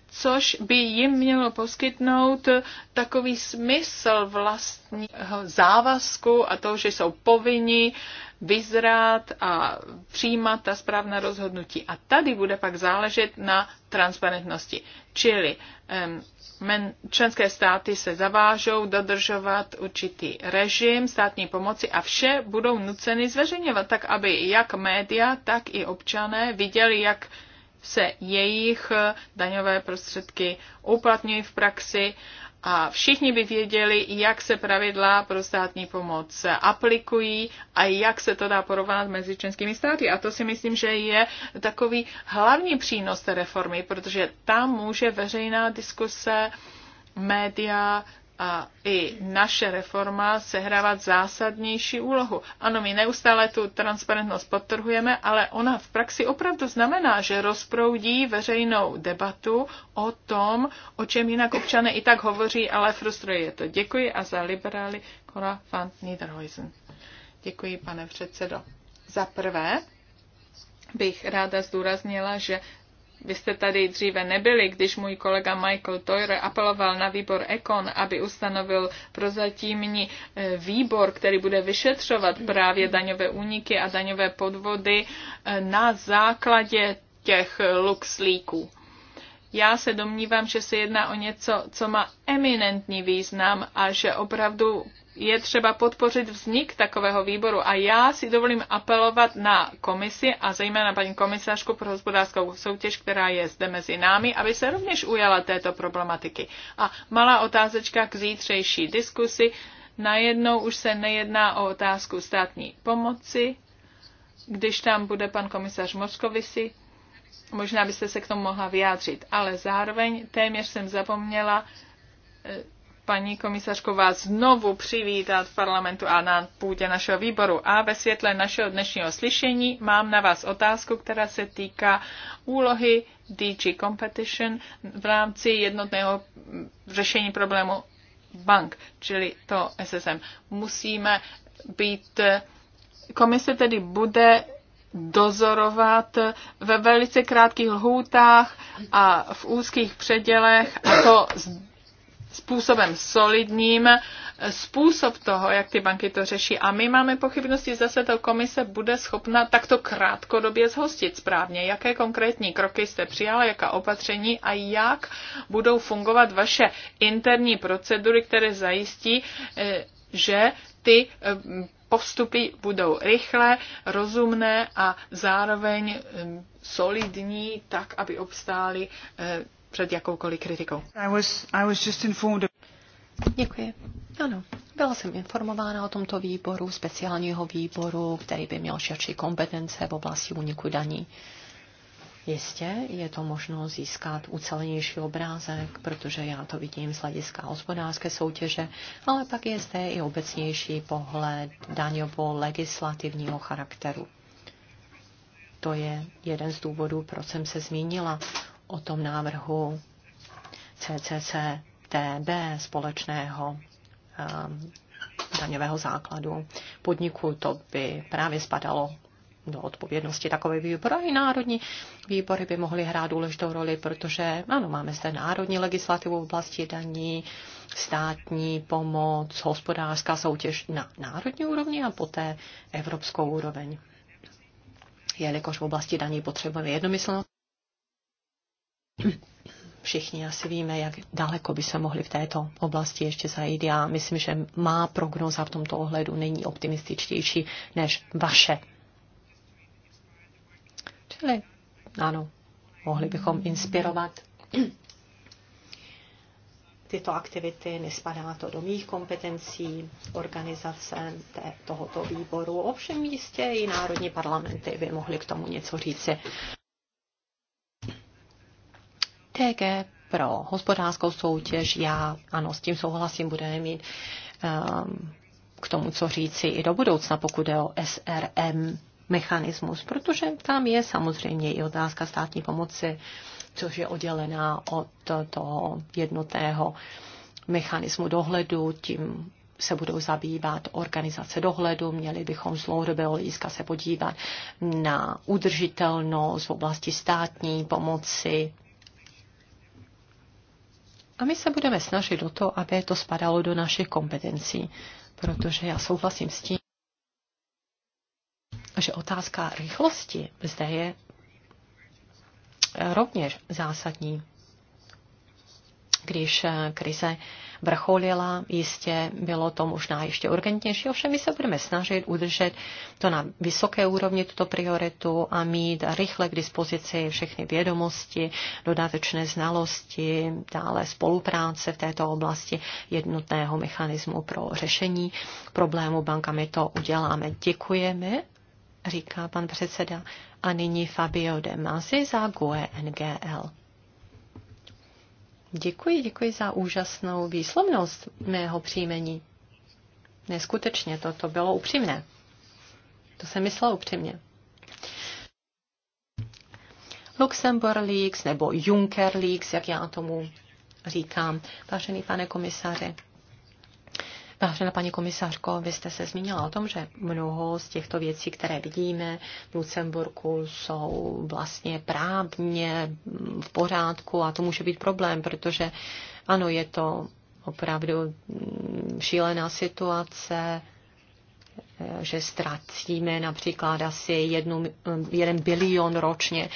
což by jim mělo poskytnout takový smysl vlastního závazku a to, že jsou povinni vyzrát a přijímat ta správná rozhodnutí. A tady bude pak záležet na transparentnosti. Čili men, členské státy se zavážou dodržovat určitý režim státní pomoci a vše budou nuceny zveřejňovat, tak aby jak média, tak i občané viděli, jak se jejich daňové prostředky uplatňují v praxi a všichni by věděli, jak se pravidla pro státní pomoc aplikují a jak se to dá porovnat mezi členskými státy. A to si myslím, že je takový hlavní přínos té reformy, protože tam může veřejná diskuse, média, a i naše reforma sehrávat zásadnější úlohu. Ano, my neustále tu transparentnost podtrhujeme, ale ona v praxi opravdu znamená, že rozproudí veřejnou debatu o tom, o čem jinak občané i tak hovoří, ale frustruje to. Děkuji a za liberály Cora van Niederhuizen. Děkuji, pane předsedo. Za prvé bych ráda zdůraznila, že vy jste tady dříve nebyli, když můj kolega Michael Toyer apeloval na výbor Econ, aby ustanovil prozatímní e, výbor, který bude vyšetřovat právě daňové úniky a daňové podvody e, na základě těch luxlíků. Já se domnívám, že se jedná o něco, co má eminentní význam a že opravdu je třeba podpořit vznik takového výboru. A já si dovolím apelovat na komisi a zejména paní komisařku pro hospodářskou soutěž, která je zde mezi námi, aby se rovněž ujala této problematiky. A malá otázečka k zítřejší diskusi. Najednou už se nejedná o otázku státní pomoci, když tam bude pan komisař Moskovisi. Možná byste se k tomu mohla vyjádřit, ale zároveň téměř jsem zapomněla eh, paní komisařku vás znovu přivítat v parlamentu a na půdě našeho výboru. A ve světle našeho dnešního slyšení mám na vás otázku, která se týká úlohy DG Competition v rámci jednotného řešení problému bank, čili to SSM. Musíme být, komise tedy bude dozorovat ve velice krátkých lhůtách a v úzkých předělech a to z způsobem solidním eh, způsob toho, jak ty banky to řeší. A my máme pochybnosti, zase to komise bude schopna takto krátkodobě zhostit správně. Jaké konkrétní kroky jste přijala, jaká opatření a jak budou fungovat vaše interní procedury, které zajistí, eh, že ty eh, postupy budou rychlé, rozumné a zároveň solidní, tak, aby obstály před jakoukoliv kritikou. I was, I was just informed... Děkuji. Ano, byla jsem informována o tomto výboru, speciálního výboru, který by měl širší kompetence v oblasti úniku daní. Jistě je to možno získat ucelenější obrázek, protože já to vidím z hlediska hospodářské soutěže, ale pak je zde i obecnější pohled daňovo-legislativního charakteru. To je jeden z důvodů, proč jsem se zmínila o tom návrhu CCCTB společného ehm, daňového základu podniku. To by právě spadalo do odpovědnosti takové výbory. I národní výbory by mohly hrát důležitou roli, protože ano, máme zde národní legislativu v oblasti daní, státní pomoc, hospodářská soutěž na národní úrovni a poté evropskou úroveň. Jelikož v oblasti daní potřebujeme jednomyslnost, Všichni asi víme, jak daleko by se mohli v této oblasti ještě zajít. Já myslím, že má prognoza v tomto ohledu není optimističtější než vaše. Čili ano, mohli bychom inspirovat tyto aktivity, nespadá to do mých kompetencí, organizace tohoto výboru. Ovšem jistě i národní parlamenty by mohly k tomu něco říci. TG pro hospodářskou soutěž, já ano, s tím souhlasím, budeme mít um, k tomu, co říci i do budoucna, pokud je o SRM mechanismus, protože tam je samozřejmě i otázka státní pomoci, což je oddělená od toho jednotného mechanismu dohledu, tím se budou zabývat organizace dohledu, měli bychom z dlouhodobého hlediska se podívat na udržitelnost v oblasti státní pomoci, a my se budeme snažit o to, aby to spadalo do našich kompetencí, protože já souhlasím s tím, že otázka rychlosti zde je rovněž zásadní když eh, krize vrcholila, jistě bylo to možná ještě urgentnější, ovšem my se budeme snažit udržet to na vysoké úrovni, tuto prioritu a mít rychle k dispozici všechny vědomosti, dodatečné znalosti, dále spolupráce v této oblasti jednotného mechanismu pro řešení problému bankami. To uděláme. Děkujeme, říká pan předseda. A nyní Fabio De Masi za GUE NGL. Děkuji, děkuji za úžasnou výslovnost mého příjmení. Neskutečně, to, to bylo upřímné. To jsem myslelo upřímně. Luxembourg Leaks nebo Juncker Leaks, jak já tomu říkám. Vážený pane komisáře. Vážená paní komisařko, vy jste se zmínila o tom, že mnoho z těchto věcí, které vidíme v Lucemburku, jsou vlastně právně v pořádku a to může být problém, protože ano, je to opravdu šílená situace, že ztratíme například asi jednu, jeden bilion ročně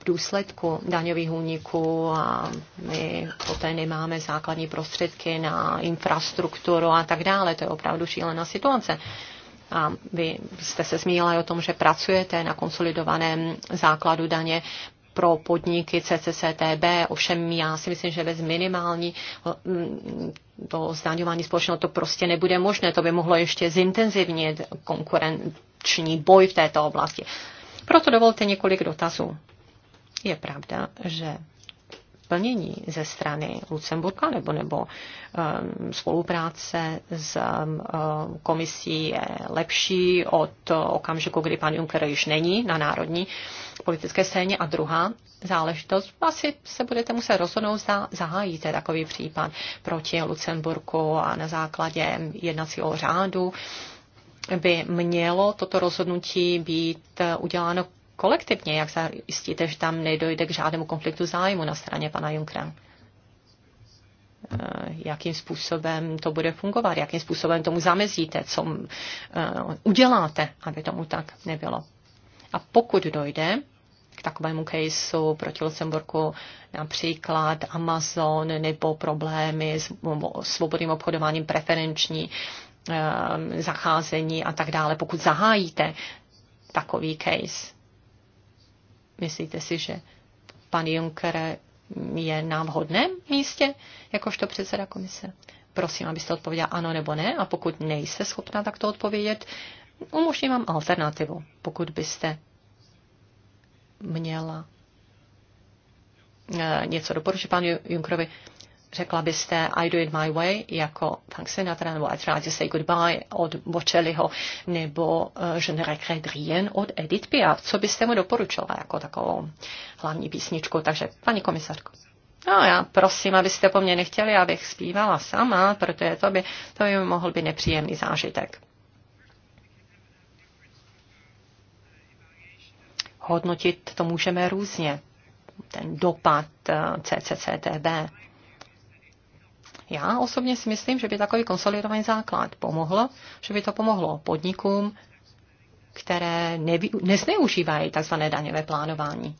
v důsledku daňových úniků a my poté nemáme základní prostředky na infrastrukturu a tak dále. To je opravdu šílená situace. A vy jste se zmínila o tom, že pracujete na konsolidovaném základu daně pro podniky CCCTB, ovšem já si myslím, že bez minimální mm, to zdaňování společného to prostě nebude možné. To by mohlo ještě zintenzivnit konkurenční boj v této oblasti. Proto dovolte několik dotazů. Je pravda, že plnění ze strany Lucemburka nebo, nebo um, spolupráce s um, komisí je lepší od okamžiku, kdy pan Juncker již není na národní politické scéně. A druhá záležitost, asi se budete muset rozhodnout, zda zahájíte takový případ proti Lucemburku a na základě jednacího řádu by mělo toto rozhodnutí být uděláno kolektivně, jak zajistíte, že tam nedojde k žádnému konfliktu zájmu na straně pana Junkra? Eh, jakým způsobem to bude fungovat, jakým způsobem tomu zamezíte, co eh, uděláte, aby tomu tak nebylo. A pokud dojde k takovému caseu proti Lucemburku, například Amazon nebo problémy s svobodným obchodováním preferenční, eh, zacházení a tak dále, pokud zahájíte takový case, Myslíte si, že pan Juncker je na vhodném místě jakožto předseda komise? Prosím, abyste odpověděla ano nebo ne a pokud nejste schopná takto odpovědět, umožním vám alternativu, pokud byste měla eh, něco doporučit panu Junkrovi řekla byste I do it my way, jako Frank Sinatra, nebo try to say goodbye od Bocelliho, nebo uh, Je ne regrette rien od Edith Piaf. Co byste mu doporučila jako takovou hlavní písničku? Takže, paní komisařko. No já prosím, abyste po mně nechtěli, abych zpívala sama, protože to by, to by mohl být nepříjemný zážitek. Hodnotit to můžeme různě. Ten dopad eh, CCCTB. Já osobně si myslím, že by takový konsolidovaný základ pomohl, že by to pomohlo podnikům, které nevy, nezneužívají tzv. daňové plánování.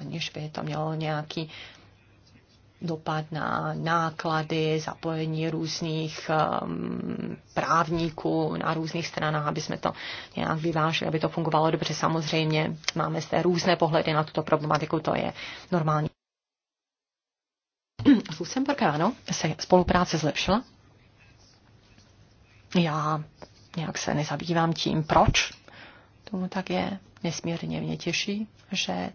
Aniž by to mělo nějaký dopad na náklady, zapojení různých um, právníků na různých stranách, aby jsme to nějak vyvážili, aby to fungovalo dobře. Samozřejmě máme zde různé pohledy na tuto problematiku, to je normální. S Lucemburg, ano, se spolupráce zlepšila. Já nějak se nezabývám tím, proč tomu tak je. Nesmírně mě těší, že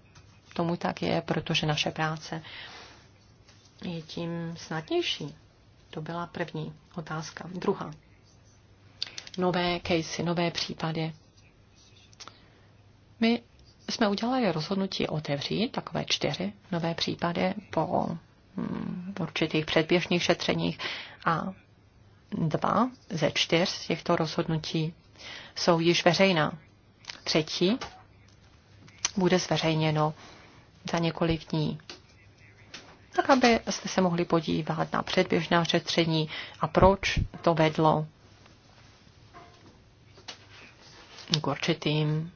tomu tak je, protože naše práce je tím snadnější. To byla první otázka. Druhá. Nové casey, nové případy. My jsme udělali rozhodnutí otevřít takové čtyři nové případy po v určitých předběžných šetřeních a dva ze čtyř z těchto rozhodnutí jsou již veřejná. Třetí bude zveřejněno za několik dní. Tak, jste se mohli podívat na předběžná šetření a proč to vedlo k určitým,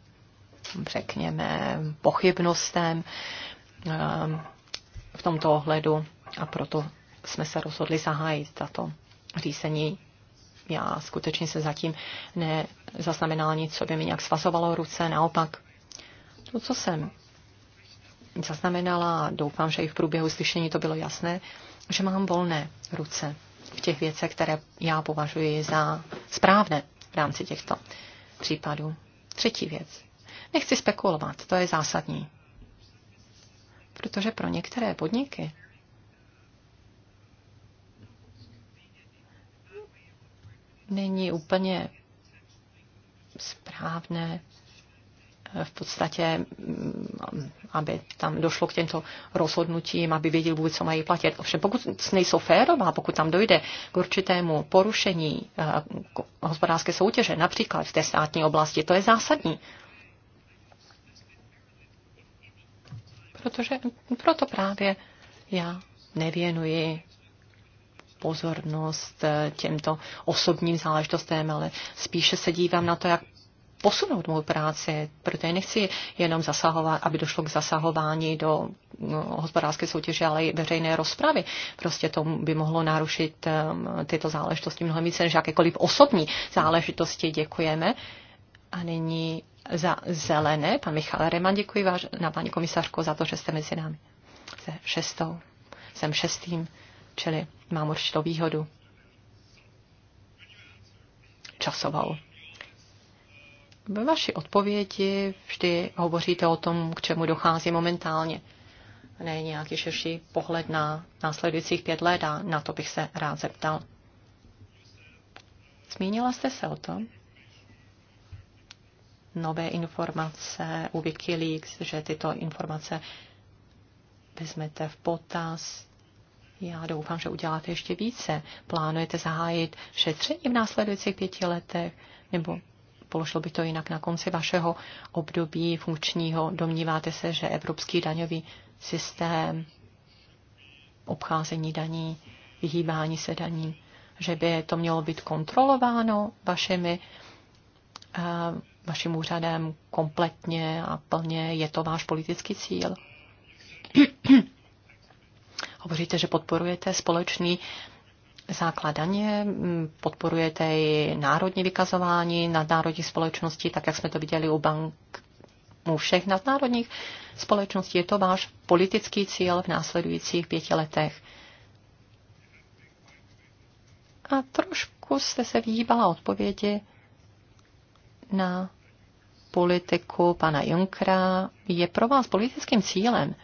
řekněme, pochybnostem v tomto ohledu a proto jsme se rozhodli zahájit tato řízení. Já skutečně se zatím nezaznamenala nic, co by mi nějak svazovalo ruce, naopak to, co jsem zaznamenala, a doufám, že i v průběhu slyšení to bylo jasné, že mám volné ruce v těch věcech, které já považuji za správné v rámci těchto případů. Třetí věc. Nechci spekulovat, to je zásadní. Protože pro některé podniky není úplně správné eh, v podstatě, mm, aby tam došlo k těmto rozhodnutím, aby věděl, vůbec, co mají platit. Ovšem, pokud nejsou férová, pokud tam dojde k určitému porušení eh, hospodářské soutěže, například v té státní oblasti, to je zásadní. Protože proto právě já nevěnuji pozornost eh, těmto osobním záležitostem, ale spíše se dívám na to, jak posunout mou práci, protože nechci jenom zasahovat, aby došlo k zasahování do no, hospodářské soutěže, ale i veřejné rozpravy. Prostě to by mohlo narušit um, tyto záležitosti mnohem více než jakékoliv osobní záležitosti. Děkujeme. A nyní za zelené. Pan Michal Reman, děkuji váš, na paní komisařko za to, že jste mezi námi. Se šestou. Jsem šestým, čili mám určitou výhodu. Časovou. Ve vaší odpovědi vždy hovoříte o tom, k čemu dochází momentálně. Ne nějaký širší pohled na následujících pět let a na to bych se rád zeptal. Zmínila jste se o tom, nové informace u Wikileaks, že tyto informace vezmete v potaz. Já doufám, že uděláte ještě více. Plánujete zahájit šetření v následujících pěti letech, nebo položilo by to jinak na konci vašeho období funkčního. Domníváte se, že evropský daňový systém, obcházení daní, vyhýbání se daní, že by to mělo být kontrolováno vašimi eh, vaším úřadem kompletně a plně. Je to váš politický cíl? Hovoříte, že podporujete společný základaně, podporujete i národní vykazování nadnárodních společností, tak jak jsme to viděli u bank u všech nadnárodních společností. Je to váš politický cíl v následujících pěti letech. A trošku jste se vyhýbala odpovědi na politiku pana Junkra, je pro vás politickým cílem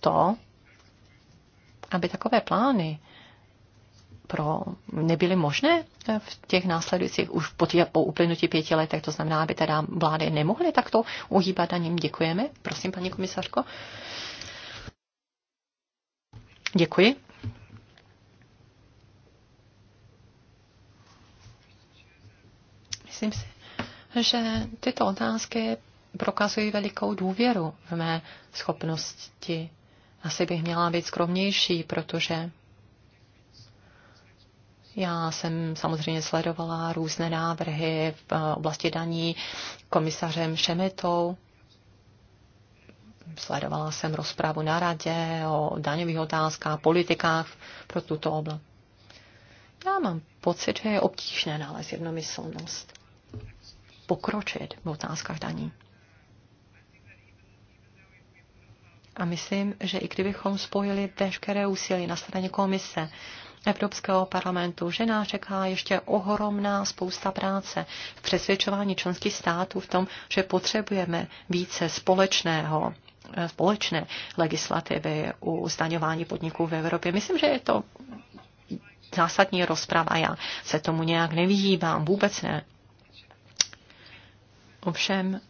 to, aby takové plány pro, nebyly možné v těch následujících, už po, tě, po uplynutí pěti letech, to znamená, aby teda vlády nemohly takto uhýbat ním. Děkujeme. Prosím, paní komisařko. Děkuji. Myslím si, že tyto otázky prokazují velikou důvěru v mé schopnosti. Asi bych měla být skromnější, protože já jsem samozřejmě sledovala různé návrhy v oblasti daní komisařem Šemetou. Sledovala jsem rozpravu na radě o daňových otázkách, politikách pro tuto oblast. Já mám pocit, že je obtížné nalézt jednomyslnost pokročit v otázkách daní. A myslím, že i kdybychom spojili veškeré úsilí na straně komise, Evropského parlamentu, že nás čeká ještě ohromná spousta práce v přesvědčování členských států v tom, že potřebujeme více společného společné legislativy u zdaňování podniků v Evropě. Myslím, že je to zásadní rozprava. Já se tomu nějak nevyhýbám, vůbec ne. Ovšem,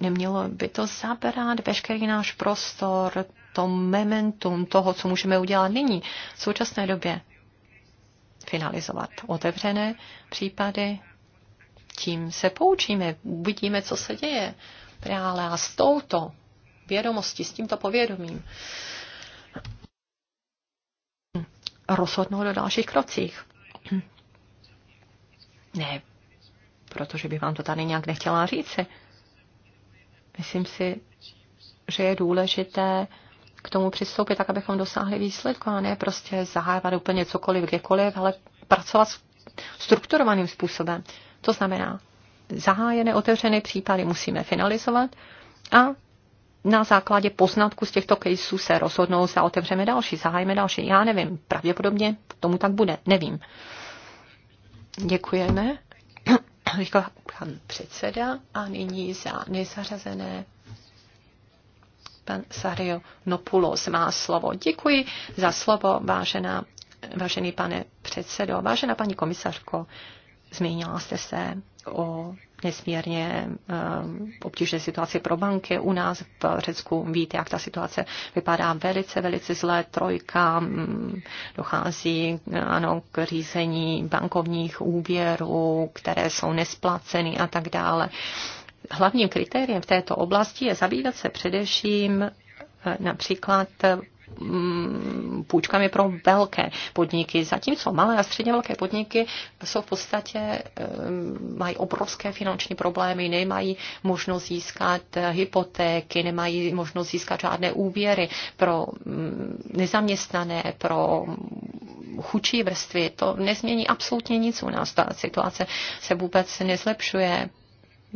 nemělo by to zabrat veškerý náš prostor, to momentum toho, co můžeme udělat nyní, v současné době. Finalizovat otevřené případy, tím se poučíme, uvidíme, co se děje. Ale a s touto vědomostí, s tímto povědomím rozhodnout o dalších krocích. Ne, protože bych vám to tady nějak nechtěla říci. Myslím si, že je důležité k tomu přistoupit tak, abychom dosáhli výsledku a ne prostě zahávat úplně cokoliv, kdekoliv, ale pracovat strukturovaným způsobem. To znamená, zahájené, otevřené případy musíme finalizovat a na základě poznatku z těchto caseů se rozhodnou, za otevřeme další, zahájíme další. Já nevím, pravděpodobně tomu tak bude, nevím. Děkujeme říkal pan předseda a nyní za nezařazené pan Sario Nopulos má slovo. Děkuji za slovo, vážená, vážený pane předsedo. Vážená paní komisařko, zmínila jste se o nesmírně eh, obtížné situaci pro banky. U nás v Řecku víte, jak ta situace vypadá velice, velice zlé. Trojka mm, dochází ano, k řízení bankovních úvěrů, které jsou nesplaceny a tak dále. Hlavním kritériem v této oblasti je zabývat se především eh, například Mm, půjčkami pro velké podniky, zatímco malé a středně velké podniky jsou v podstatě, eh, mají obrovské finanční problémy, nemají možnost získat hypotéky, nemají možnost získat žádné úvěry pro mm, nezaměstnané, pro chučí vrstvy. To nezmění absolutně nic u nás. Ta situace se vůbec nezlepšuje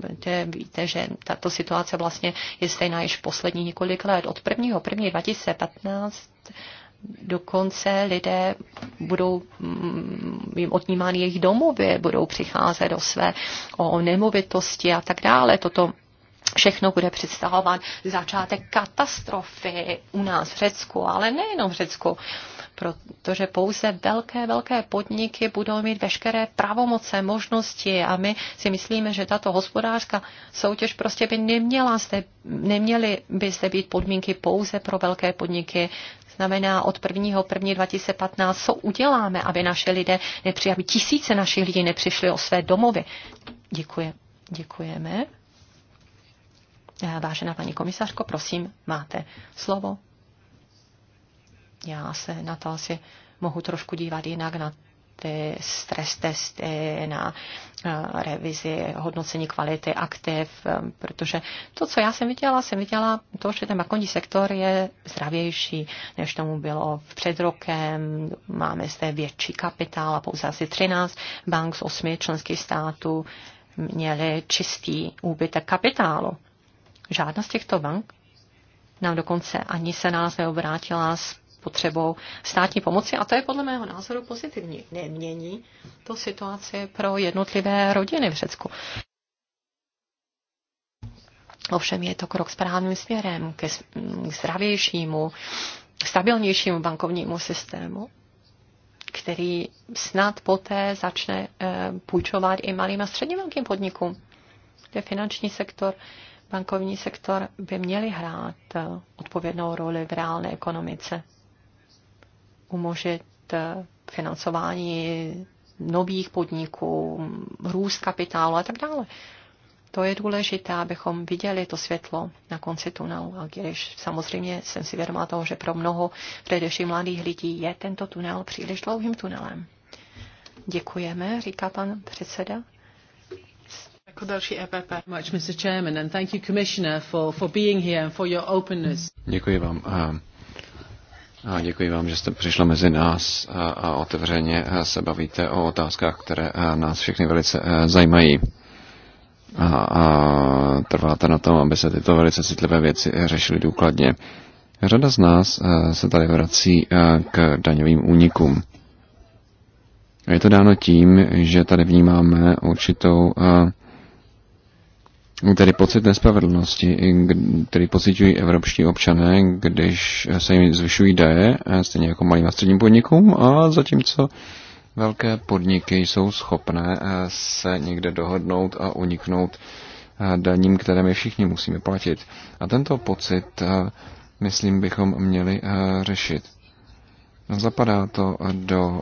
protože víte, že tato situace vlastně je stejná již poslední několik let. Od 1. 1. 2015 dokonce lidé budou mm, jim odnímány jejich domovy, budou přicházet do své o nemovitosti a tak dále. Toto všechno bude představovat začátek katastrofy u nás v Řecku, ale nejenom v Řecku, protože pouze velké, velké podniky budou mít veškeré pravomoce, možnosti a my si myslíme, že tato hospodářská soutěž prostě by neměla zde, neměly by zde být podmínky pouze pro velké podniky, znamená od 1.1.2015, 2015, co uděláme, aby naše lidé nepřijali, tisíce našich lidí nepřišli o své domovy. Děkuji. Děkujeme. Eh, vážená paní komisařko, prosím, máte slovo. Já se na to asi mohu trošku dívat jinak na ty stres testy, na eh, revizi, hodnocení kvality aktiv, eh, protože to, co já jsem viděla, jsem viděla to, že ten bankovní sektor je zdravější, než tomu bylo před rokem. Máme zde větší kapitál a pouze asi 13 bank z 8 členských států měli čistý úbytek kapitálu. Žádná z těchto bank nám dokonce ani se nás neobrátila s potřebou státní pomoci a to je podle mého názoru pozitivní. Nemění to situaci pro jednotlivé rodiny v Řecku. Ovšem je to krok správným směrem ke zdravějšímu, stabilnějšímu bankovnímu systému, který snad poté začne eh, půjčovat i malým a středně velkým podnikům. To je finanční sektor, bankovní sektor by měly hrát odpovědnou roli v reálné ekonomice. Umožit eh, financování nových podniků, růst kapitálu a tak dále. To je důležité, abychom viděli to světlo na konci tunelu. A když samozřejmě jsem si vědomá toho, že pro mnoho především mladých lidí je tento tunel příliš dlouhým tunelem. Děkujeme, říká pan předseda. Jako další EPP. Děkuji vám. A děkuji vám, že jste přišla mezi nás a otevřeně se bavíte o otázkách, které nás všechny velice zajímají. A, a trváte na tom, aby se tyto velice citlivé věci řešily důkladně. Řada z nás se tady vrací k daňovým únikům. Je to dáno tím, že tady vnímáme určitou tedy pocit nespravedlnosti, který pocitují evropští občané, když se jim zvyšují daje, eh, stejně jako malým a středním podnikům, a zatímco velké podniky jsou schopné eh, se někde dohodnout a uniknout eh, daním, které my všichni musíme platit. A tento pocit, myslím, bychom měli řešit. Zapadá to do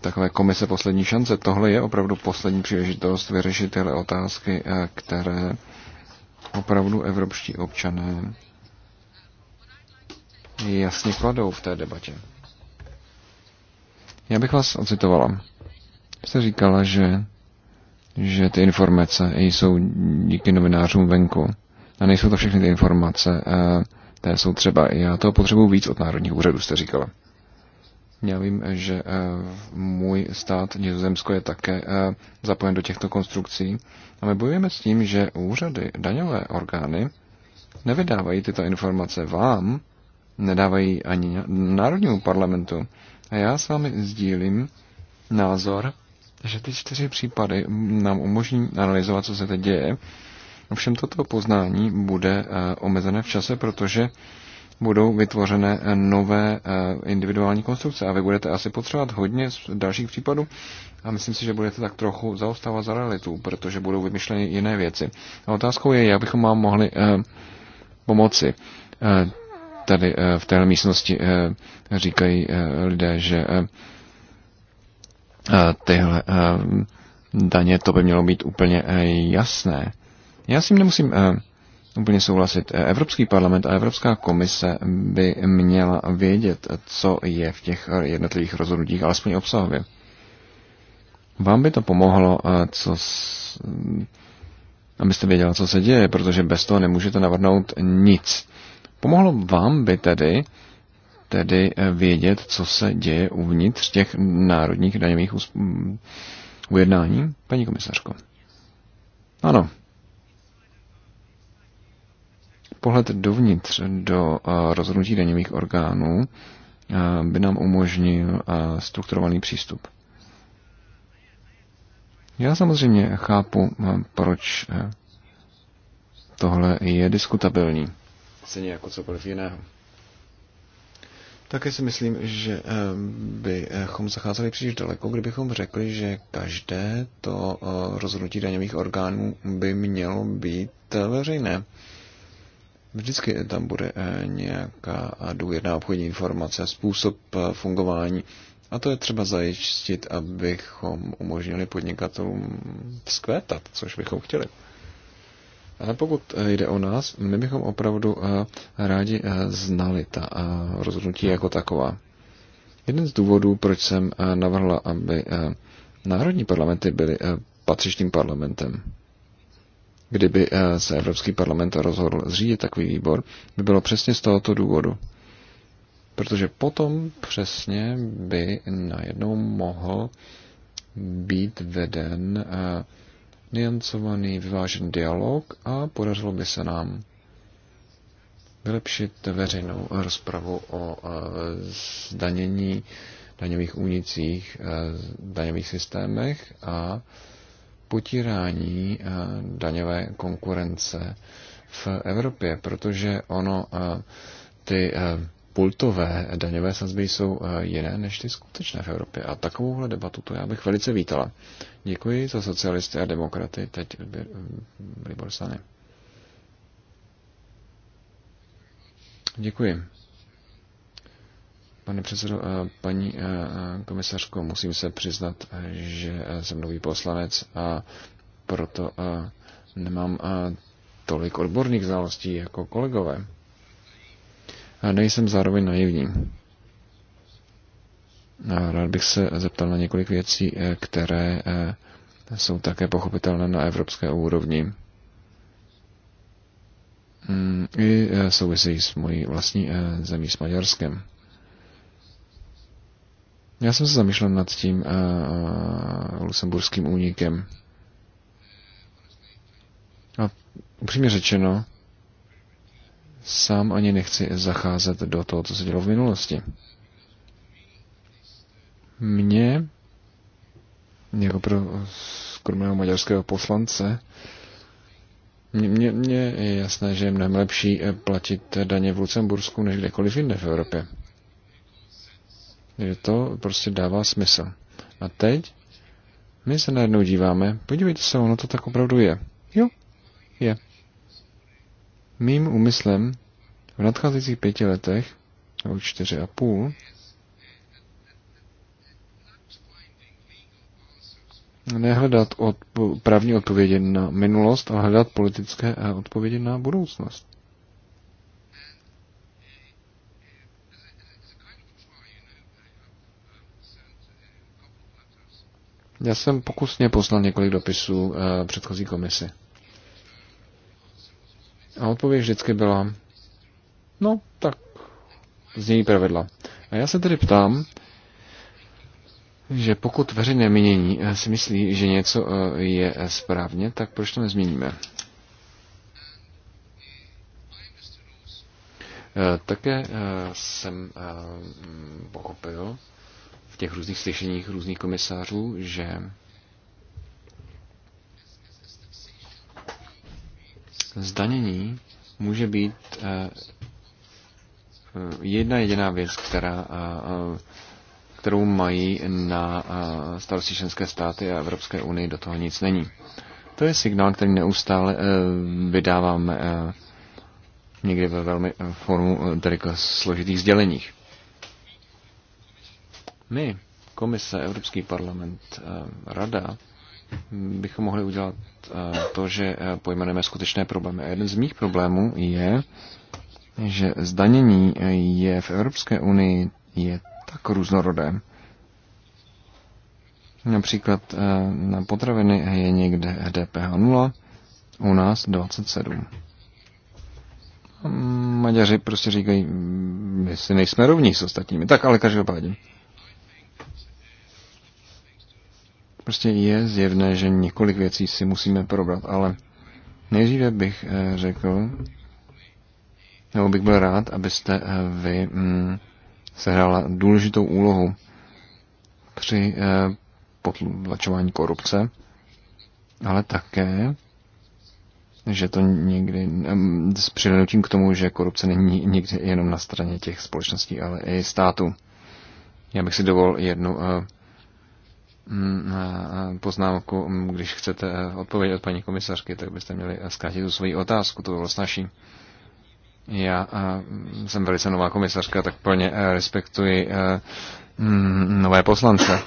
takové komise poslední šance. Tohle je opravdu poslední příležitost vyřešit tyhle otázky, eh, které opravdu evropští občané jasně kladou v té debatě. Já bych vás ocitovala. Jste říkala, že, že ty informace jsou díky novinářům venku. A nejsou to všechny ty informace, eh, které jsou třeba. Já to potřebuji víc od národních úřadů, jste říkala. Já vím, že eh, můj stát Nizozemsko je také eh, zapojen do těchto konstrukcí a my bojujeme s tím, že úřady, daňové orgány nevydávají tyto informace vám, nedávají ani Národnímu parlamentu. A já s vámi sdílím názor, že ty čtyři případy nám umožní analyzovat, co se teď děje. Ovšem toto poznání bude eh, omezené v čase, protože budou vytvořené eh, nové eh, individuální konstrukce a vy budete asi potřebovat hodně dalších případů a myslím si, že budete tak trochu zaostávat za realitu, protože budou vymyšleny jiné věci. A otázkou je, jak bychom vám mohli eh, pomoci. Tady v téhle místnosti říkají lidé, že tyhle daně, to by mělo být úplně jasné. Já si nemusím úplně souhlasit. Evropský parlament a Evropská komise by měla vědět, co je v těch jednotlivých rozhodnutích, alespoň obsahově. Vám by to pomohlo, co s, abyste věděla, co se děje, protože bez toho nemůžete navrhnout nic. Pomohlo vám by tedy, tedy eh, vědět, co se děje uvnitř těch národních daňových mm, ujednání, paní komisařko? Ano, pohled dovnitř do eh, rozhodnutí daňových orgánů eh, by nám umožnil eh, strukturovaný přístup. Já samozřejmě chápu, proč tohle je diskutabilní. Stejně jako cokoliv jiného. Také si myslím, že bychom zacházeli příliš daleko, kdybychom řekli, že každé to rozhodnutí daňových orgánů by mělo být veřejné. Vždycky tam bude eh, nějaká důvěrná obchodní informace, způsob eh, fungování. A to je třeba zajistit, abychom umožnili podnikatelům vzkvétat, což bychom chtěli. Ale pokud eh, jde o nás, my bychom opravdu rádi znali ta rozhodnutí jako taková. Jeden z důvodů, proč jsem navrhla, aby národní parlamenty byly patřičným parlamentem, kdyby eh, se Evropský parlament rozhodl zřídit takový výbor, by bylo přesně z tohoto důvodu. Protože potom přesně by najednou mohl být veden eh, niancovaný, vyvážen dialog a podařilo by se nám vylepšit veřejnou rozpravu o eh, zdanění, daňových únicích, daňových systémech a potírání eh, daňové konkurence v Evropě, protože ono eh, ty eh, pultové daňové sazby jsou jiné než ty skutečné v Evropě. A takovouhle debatu to já bych velice vítala. Děkuji za socialisty a demokraty. Teď Libor Sany. Děkuji. Pane předsedo, eh, paní eh, eh, komisařko, musím se přiznat, že jsem nový poslanec a proto nemám tolik odborných znalostí jako kolegové. A nejsem zároveň naivní. A rád bych se zeptal na několik věcí, které jsou také pochopitelné na evropské úrovni. Mm, I souvisejí s mojí vlastní zemí, s Maďarskem. Já jsem se zamýšlel nad tím uh, eh, eh, lusemburským únikem. A upřímně řečeno, sám ani nechci zacházet do toho, co se dělo v minulosti. Mně, jako pro skromného maďarského poslance, mně je jasné, že je mnohem lepší eh, platit daně v Lucembursku než kdekoliv jinde v Evropě že to prostě dává smysl. A teď my se najednou díváme, podívejte se, ono to tak opravdu je. Jo, je. Mým úmyslem v nadcházejících pěti letech, nebo čtyři a půl, nehledat odpo- právní odpovědi na minulost, ale hledat politické eh, odpovědi na budoucnost. Já jsem pokusně poslal několik dopisů eh, předchozí komisi. A odpověď vždycky byla, no tak z něj pravidla. A já se tedy ptám, že pokud veřejné mínění eh, si myslí, že něco eh, je správně, tak proč to nezměníme? Také jsem pochopil, těch různých slyšeních různých komisářů, že zdanění může být eh, eh, jedna jediná věc, která, eh, kterou mají na starosti členské státy a Evropské unii, do toho nic není. To je signál, který neustále vydáváme někdy ve velmi formu tedy složitých sděleních. My, komise, Evropský parlament, eh, rada, bychom mohli udělat eh, to, že eh, pojmenujeme skutečné problémy. A jeden z mých problémů je, že zdanění je v Evropské unii je tak různorodé. Například na potraviny je někde DPH 0, u nás 27. Maďaři prostě říkají, my si nejsme rovní s ostatními. Tak ale každopádně. Prostě je zjevné, že několik věcí si musíme probrat, ale nejdříve bych eh, řekl, nebo bych byl rád, abyste eh, vy mm, sehrála důležitou úlohu při eh, potlačování korupce, ale také, že to někdy s přihlednutím k tomu, že korupce není nikdy jenom na straně těch společností, ale i státu. Já bych si dovolil jednu Mm, eh, poznámku, mm, když chcete eh, odpovědět od paní komisařky, tak byste měli zkrátit tu svoji otázku, to bylo snažší. Já eh, jsem velice nová komisařka, tak plně respektuji mm, nové poslance.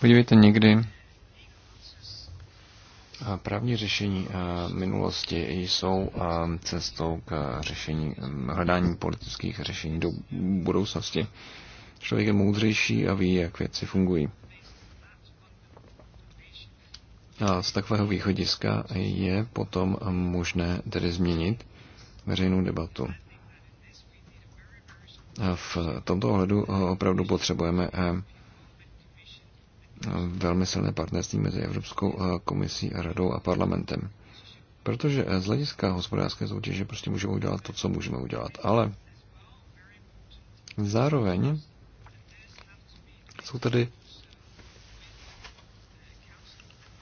Podívejte někdy. Právní řešení minulosti jsou cestou k řešení, hm, hledání politických řešení do budoucnosti. Člověk je moudřejší a ví, jak věci fungují. A z takového východiska je potom možné tedy změnit veřejnou debatu. A V tomto ohledu opravdu potřebujeme eh, velmi silné partnerství mezi Evropskou eh, komisí a radou a parlamentem. Protože eh, z hlediska hospodářské soutěže prostě můžeme udělat to, co můžeme udělat. Ale zároveň jsou tady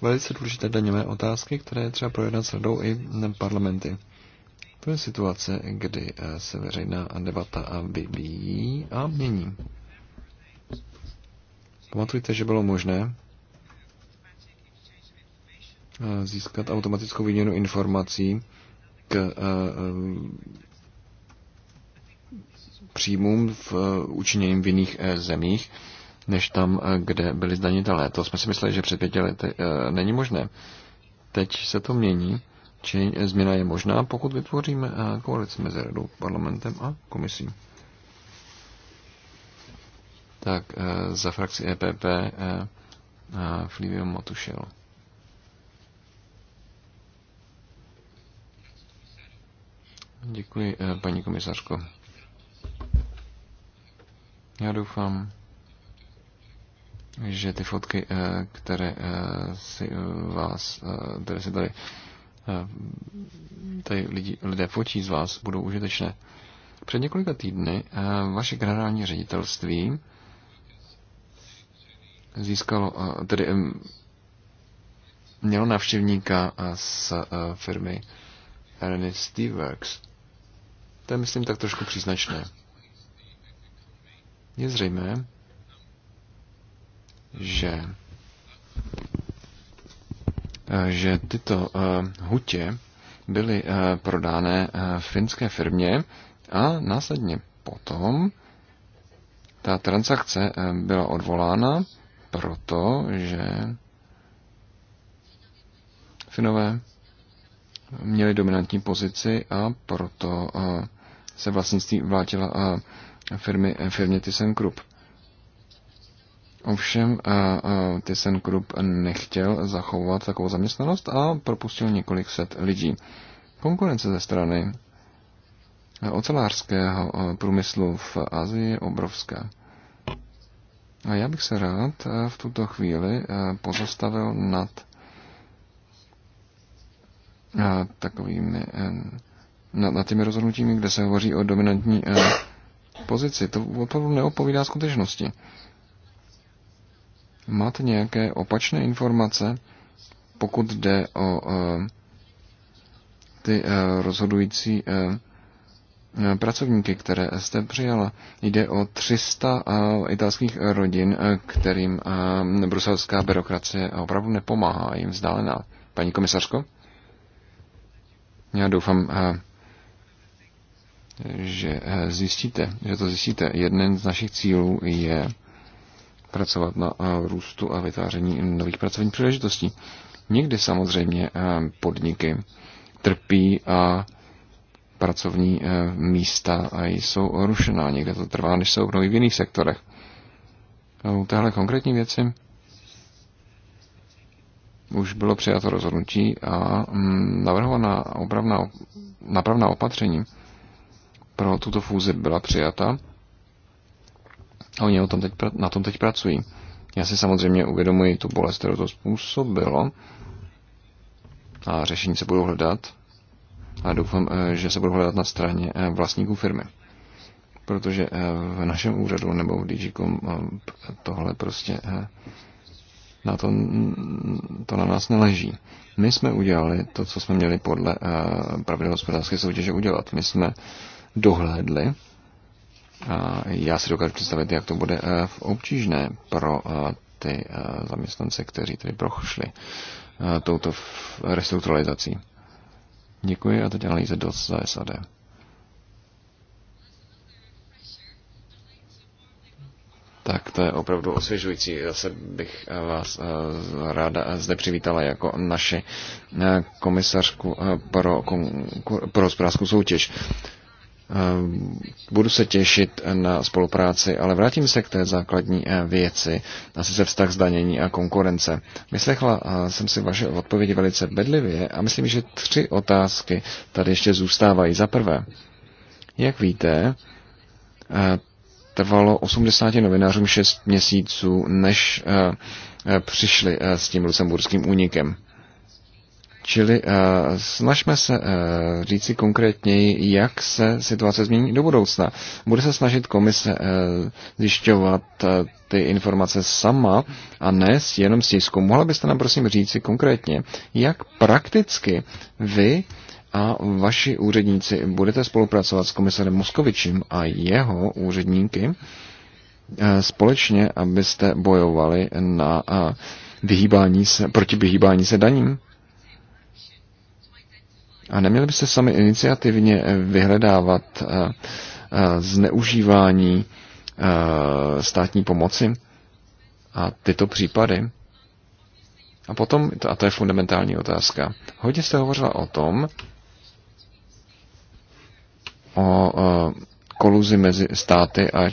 velice důležité daňové otázky, které je třeba projednat s radou i parlamenty. To je situace, kdy eh, se veřejná debata vyvíjí a mění. Pamatujte, že bylo možné eh, získat automatickou výměnu informací k eh, příjmům v učiněním v jiných zemích než tam, eh, kde byli zdanitelé. To jsme si mysleli, že před pěti lety eh, není možné. Teď se to mění, či změna je možná, pokud vytvoříme eh, koalici mezi radou, parlamentem a komisí. Tak za frakci EPP Flivio Matušel. Děkuji, paní komisařko. Já doufám, že ty fotky, eh, které eh, si eh, vás, které si tady, tady lidi, lidé fotí z vás, budou užitečné. Před několika týdny vaše generální ředitelství získalo, tedy mělo návštěvníka z firmy RNST Works. To je, myslím, tak trošku příznačné. Je zřejmé, že eh, že tyto eh, hutě byly eh, prodány finské firmě a následně potom ta transakce byla odvolána, protože Finové měli dominantní pozici a proto se vlastnictví vlátila firmy, firmě ThyssenKrupp. Ovšem eh, eh, Krupp nechtěl zachovat takovou zaměstnanost a propustil několik set lidí. Konkurence ze strany ocelářského eh, průmyslu v Asii je obrovská. A já bych se rád v tuto chvíli pozastavil nad takovými, nad, nad těmi rozhodnutími, kde se hovoří o dominantní pozici. To opravdu neopovídá skutečnosti. Máte nějaké opačné informace, pokud jde o eh, ty eh, rozhodující eh, pracovníky, které jste přijala. Jde o 300 italských rodin, kterým bruselská byrokracie opravdu nepomáhá, jim vzdálená. Paní komisařko? Já doufám, že zjistíte, že to zjistíte. Jeden z našich cílů je pracovat na eh, růstu a vytváření nových pracovních příležitostí. Někdy samozřejmě eh, podniky trpí a pracovní eh, místa a jsou rušená. Někde to trvá, než jsou obnoví v jiných sektorech. U téhle konkrétní věci už bylo přijato rozhodnutí a mm, navrhovaná opravná, napravná opatření pro tuto fúzi byla přijata a oni o tom teď, na tom teď pracují. Já si samozřejmě uvědomuji tu bolest, kterou to způsobilo. A řešení se budou hledat. A doufám, eh, že se budou hledat na straně eh, vlastníků firmy. Protože eh, v našem úřadu nebo v DigiCom tohle prostě na to, to na nás neleží. My jsme udělali to, co jsme měli podle pravidel hospodářské soutěže udělat. My jsme dohlédli já si dokážu představit, jak to bude eh, obtížné pro eh, ty eh, zaměstnance, kteří tedy prošli touto restrukturalizací. Děkuji a teď analýze DOS za SAD. Tak to je opravdu osvěžující. Zase bych vás ráda zde přivítala jako naši komisařku pro, pro hospodářskou soutěž. Eh, budu se těšit na spolupráci, ale vrátím se k té základní eh, věci, asi se vztah zdanění a konkurence. Vyslechla eh, jsem si vaše odpovědi velice bedlivě a myslím, že tři otázky tady ještě zůstávají. Za prvé, jak víte, trvalo 80 novinářům 6 měsíců, než přišli s tím lucemburským únikem. Čili uh, snažme se uh, říci konkrétněji, jak se situace změní do budoucna. Bude se snažit komise uh, zjišťovat uh, ty informace sama a ne jenom s tiskou. Mohla byste nám prosím říci konkrétně, jak prakticky vy a vaši úředníci budete spolupracovat s komisarem Moskovičem a jeho úředníky uh, společně, abyste bojovali na uh, vyhýbání se, proti vyhýbání se daním? A neměli byste sami iniciativně eh, vyhledávat eh, eh, zneužívání státní pomoci a tyto případy? A potom, a to je fundamentální otázka, hodně jste hovořila o tom, o koluzi mezi státy a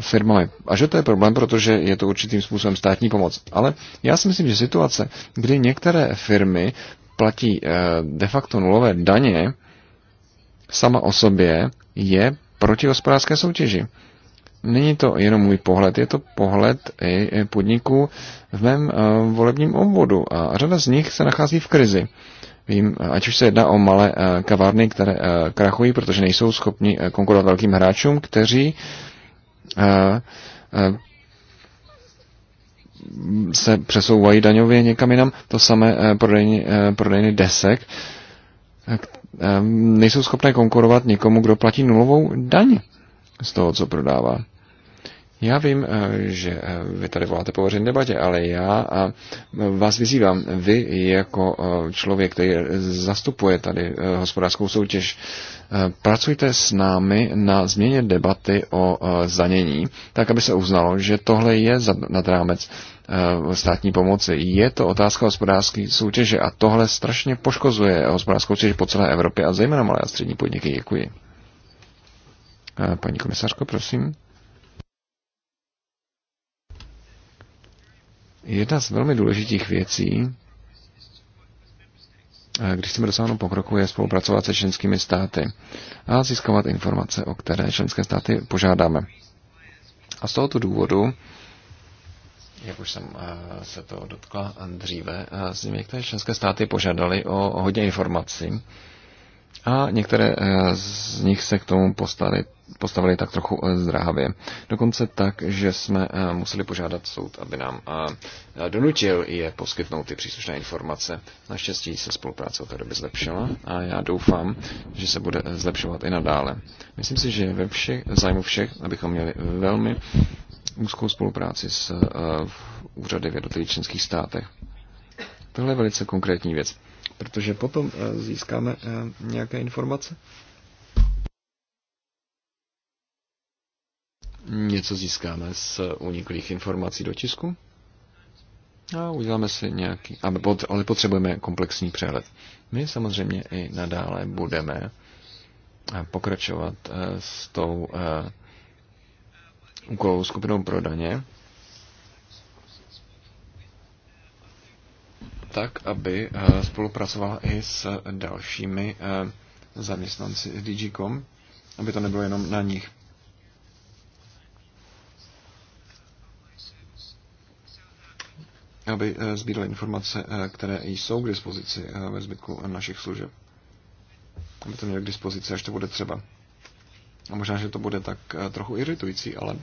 firmami. A že to je problém, protože je to určitým způsobem státní pomoc. Ale já si myslím, že situace, kdy některé firmy platí eh, de facto nulové daně sama o sobě, je proti hospodářské soutěži. Není to jenom můj pohled, je to pohled i podniků v mém eh, volebním obvodu a řada z nich se nachází v krizi. Vím, eh, ať už se jedná o malé kavárny, které krachují, protože nejsou schopni konkurovat velkým hráčům, kteří se přesouvají daňově někam jinam. To samé eh, prodejny, eh, prodejny desek eh, nejsou schopné konkurovat někomu, kdo platí nulovou daň z toho, co prodává. Já vím, eh, že eh, vy tady voláte po veřejné debatě, ale já eh, vás vyzývám, vy jako člověk, který zastupuje tady hospodářskou soutěž, pracujte s námi na změně debaty o zanění, tak aby se uznalo, že tohle je nad rámec státní pomoci. Je to otázka hospodářské soutěže a tohle strašně poškozuje hospodářskou soutěž po celé Evropě a zejména malé a střední podniky. Děkuji. Paní komisařko, prosím. Jedna z velmi důležitých věcí, když chceme dosáhnout pokroku, je spolupracovat se členskými státy a získávat informace, o které členské státy požádáme. A z tohoto důvodu, jak už jsem eh, se to dotkla dříve, eh, z některé členské státy požádali o hodně informací a některé eh, z nich se k tomu postali postavili tak trochu eh, zdráhavě. Dokonce tak, že jsme eh, museli požádat soud, aby nám eh, donutil je poskytnout ty příslušné informace. Naštěstí se spolupráce od té doby zlepšila a já doufám, že se bude zlepšovat i nadále. Myslím si, že ve všech, zájmu všech, abychom měli velmi úzkou spolupráci s úřady v jednotlivých členských státech. Tohle je velice konkrétní věc, protože potom získáme nějaké informace něco získáme z uniklých informací do tisku a uděláme si nějaký, ale potřebujeme komplexní přehled. My samozřejmě i nadále budeme eh, pokračovat eh, s tou eh, úkolovou skupinou pro daně, tak, aby spolupracovala i s dalšími zaměstnanci DG.com, aby to nebylo jenom na nich. aby eh, sbírali informace, eh, které jsou k dispozici eh, ve zbytku našich služeb. Aby to měli k dispozici, až to bude třeba. A možná, že to bude tak trochu iritující, ale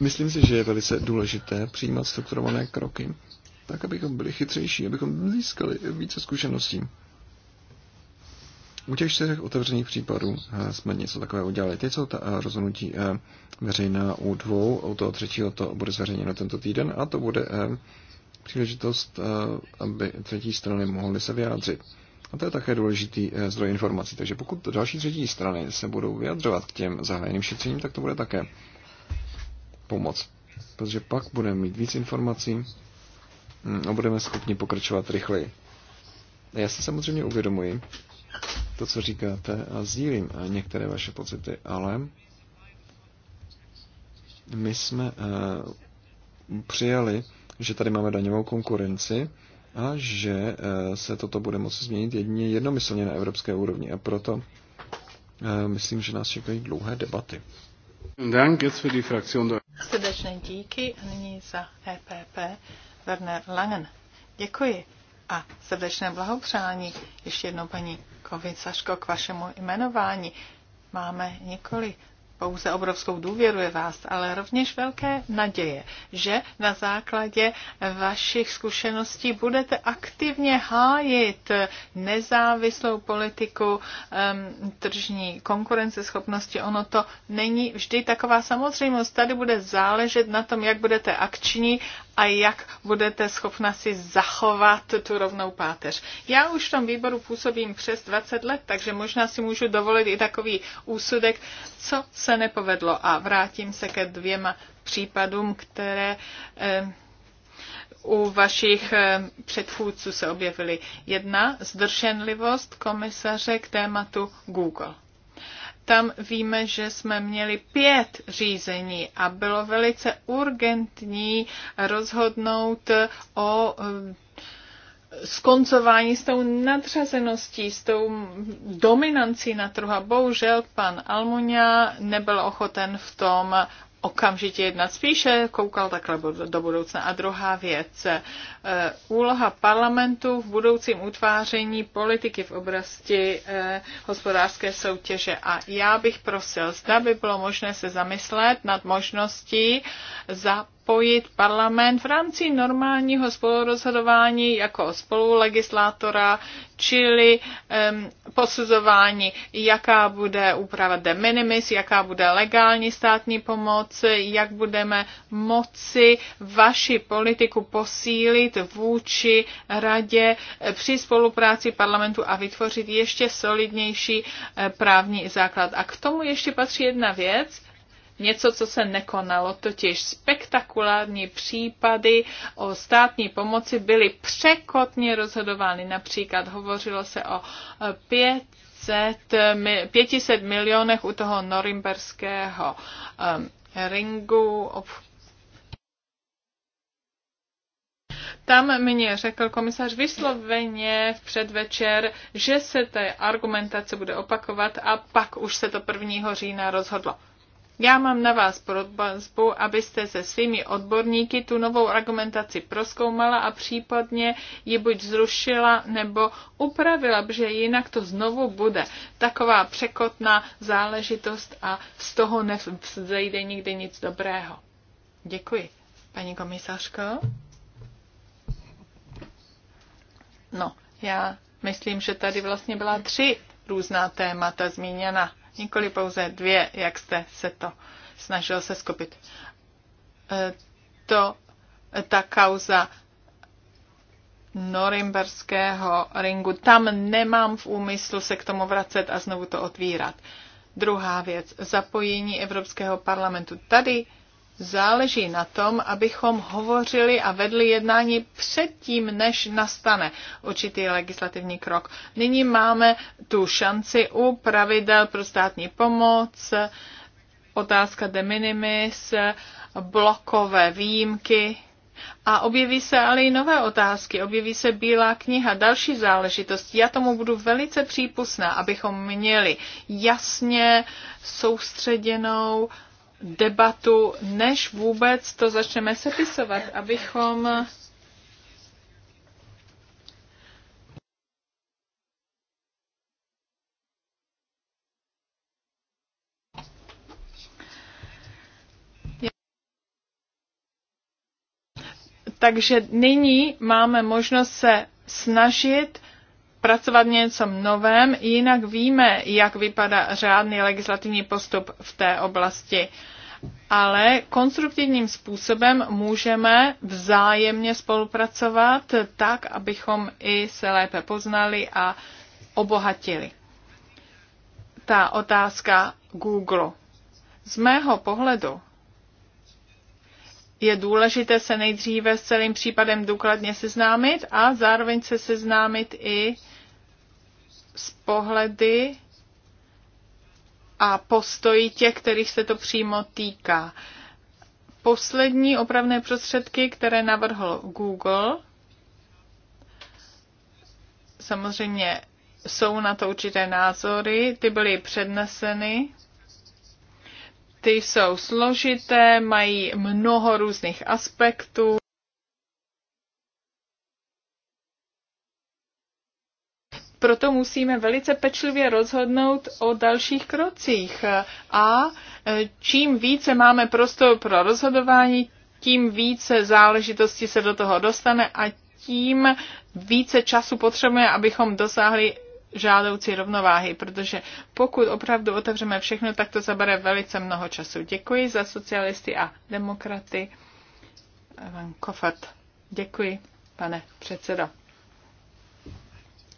myslím si, že je velice důležité přijímat strukturované kroky, tak abychom byli chytřejší, abychom získali více zkušeností. U těch čtyřech otevřených případů eh, jsme něco takové udělali. Teď jsou ta eh, rozhodnutí eh, veřejná u dvou, u toho třetího to bude zveřejněno tento týden a to bude příležitost, aby třetí strany mohly se vyjádřit. A to je také důležitý zdroj informací. Takže pokud další třetí strany se budou vyjadřovat k těm zahájeným šetřením, tak to bude také pomoc. Protože pak budeme mít víc informací hm, a budeme schopni pokračovat rychleji. Já si samozřejmě uvědomuji, to, co říkáte, a sdílím eh, některé vaše pocity, ale my jsme eh, přijali, že tady máme daňovou konkurenci a že eh, se toto bude moci změnit jedině jednomyslně na evropské úrovni. A proto myslím, že nás čekají dlouhé debaty. Srdečné díky a nyní za EPP Werner Langen. Děkuji a srdečné blahopřání ještě jednou paní Saško, k vašemu jmenování. Máme nikoli pouze obrovskou důvěru je vás, ale rovněž velké naděje, že na základě vašich zkušeností budete aktivně hájit nezávislou politiku um, tržní konkurenceschopnosti. Ono to není vždy taková samozřejmost. Tady bude záležet na tom, jak budete akční a jak budete schopna si zachovat tu rovnou páteř. Já už v tom výboru působím přes 20 let, takže možná si můžu dovolit i takový úsudek, co se nepovedlo. A vrátím se ke dvěma případům, které eh, u vašich eh, předchůdců se objevily. Jedna, zdrženlivost komisaře k tématu Google tam víme, že jsme měli pět řízení a bylo velice urgentní rozhodnout o um, skoncování s tou nadřazeností, s tou dominancí na trhu. A bohužel pan Almunia nebyl ochoten v tom okamžitě jednat. Spíše koukal takhle do budoucna. A druhá věc, Eh, úloha parlamentu v budoucím utváření politiky v oblasti eh, hospodářské soutěže. A já bych prosil, zda by bylo možné se zamyslet nad možností zapojit parlament v rámci normálního spolurozhodování jako spolulegislátora, čili um, posuzování, jaká bude úprava de minimis, jaká bude legální státní pomoc, jak budeme moci vaši politiku posílit posílit vůči radě při spolupráci parlamentu a vytvořit ještě solidnější eh, právní základ. A k tomu ještě patří jedna věc, něco, co se nekonalo, totiž spektakulární případy o státní pomoci byly překotně rozhodovány. Například hovořilo se o 500, eh, 500 milionech u toho norimberského um, ringu, Tam mě řekl komisař vysloveně v předvečer, že se té argumentace bude opakovat a pak už se to 1. října rozhodlo. Já mám na vás prozbu, abyste se svými odborníky tu novou argumentaci proskoumala a případně ji buď zrušila nebo upravila, protože jinak to znovu bude taková překotná záležitost a z toho nevzejde nikdy nic dobrého. Děkuji, paní komisařko. No, já myslím, že tady vlastně byla tři různá témata zmíněna, nikoli pouze dvě, jak jste se to snažil se skopit. E, to, e, ta kauza norimberského ringu, tam nemám v úmyslu se k tomu vracet a znovu to otvírat. Druhá věc, zapojení Evropského parlamentu. Tady záleží na tom, abychom hovořili a vedli jednání předtím, než nastane určitý legislativní krok. Nyní máme tu šanci u pravidel pro státní pomoc, otázka de minimis, blokové výjimky. A objeví se ale i nové otázky, objeví se bílá kniha, další záležitosti. Já tomu budu velice přípustná, abychom měli jasně soustředěnou debatu, než vůbec to začneme sepisovat, abychom Takže nyní máme možnost se snažit pracovat něco novém, jinak víme, jak vypadá řádný legislativní postup v té oblasti. Ale konstruktivním způsobem můžeme vzájemně spolupracovat tak, abychom i se lépe poznali a obohatili. Ta otázka Google. Z mého pohledu je důležité se nejdříve s celým případem důkladně seznámit a zároveň se seznámit i s pohledy a postoji těch, kterých se to přímo týká. Poslední opravné prostředky, které navrhl Google, samozřejmě jsou na to určité názory, ty byly předneseny, ty jsou složité, mají mnoho různých aspektů. Proto musíme velice pečlivě rozhodnout o dalších krocích. A e, čím více máme prostor pro rozhodování, tím více záležitostí se do toho dostane a tím více času potřebujeme, abychom dosáhli žádoucí rovnováhy, protože pokud opravdu otevřeme všechno, tak to zabere velice mnoho času. Děkuji za socialisty a demokraty. Van Kofat. Děkuji, pane předsedo.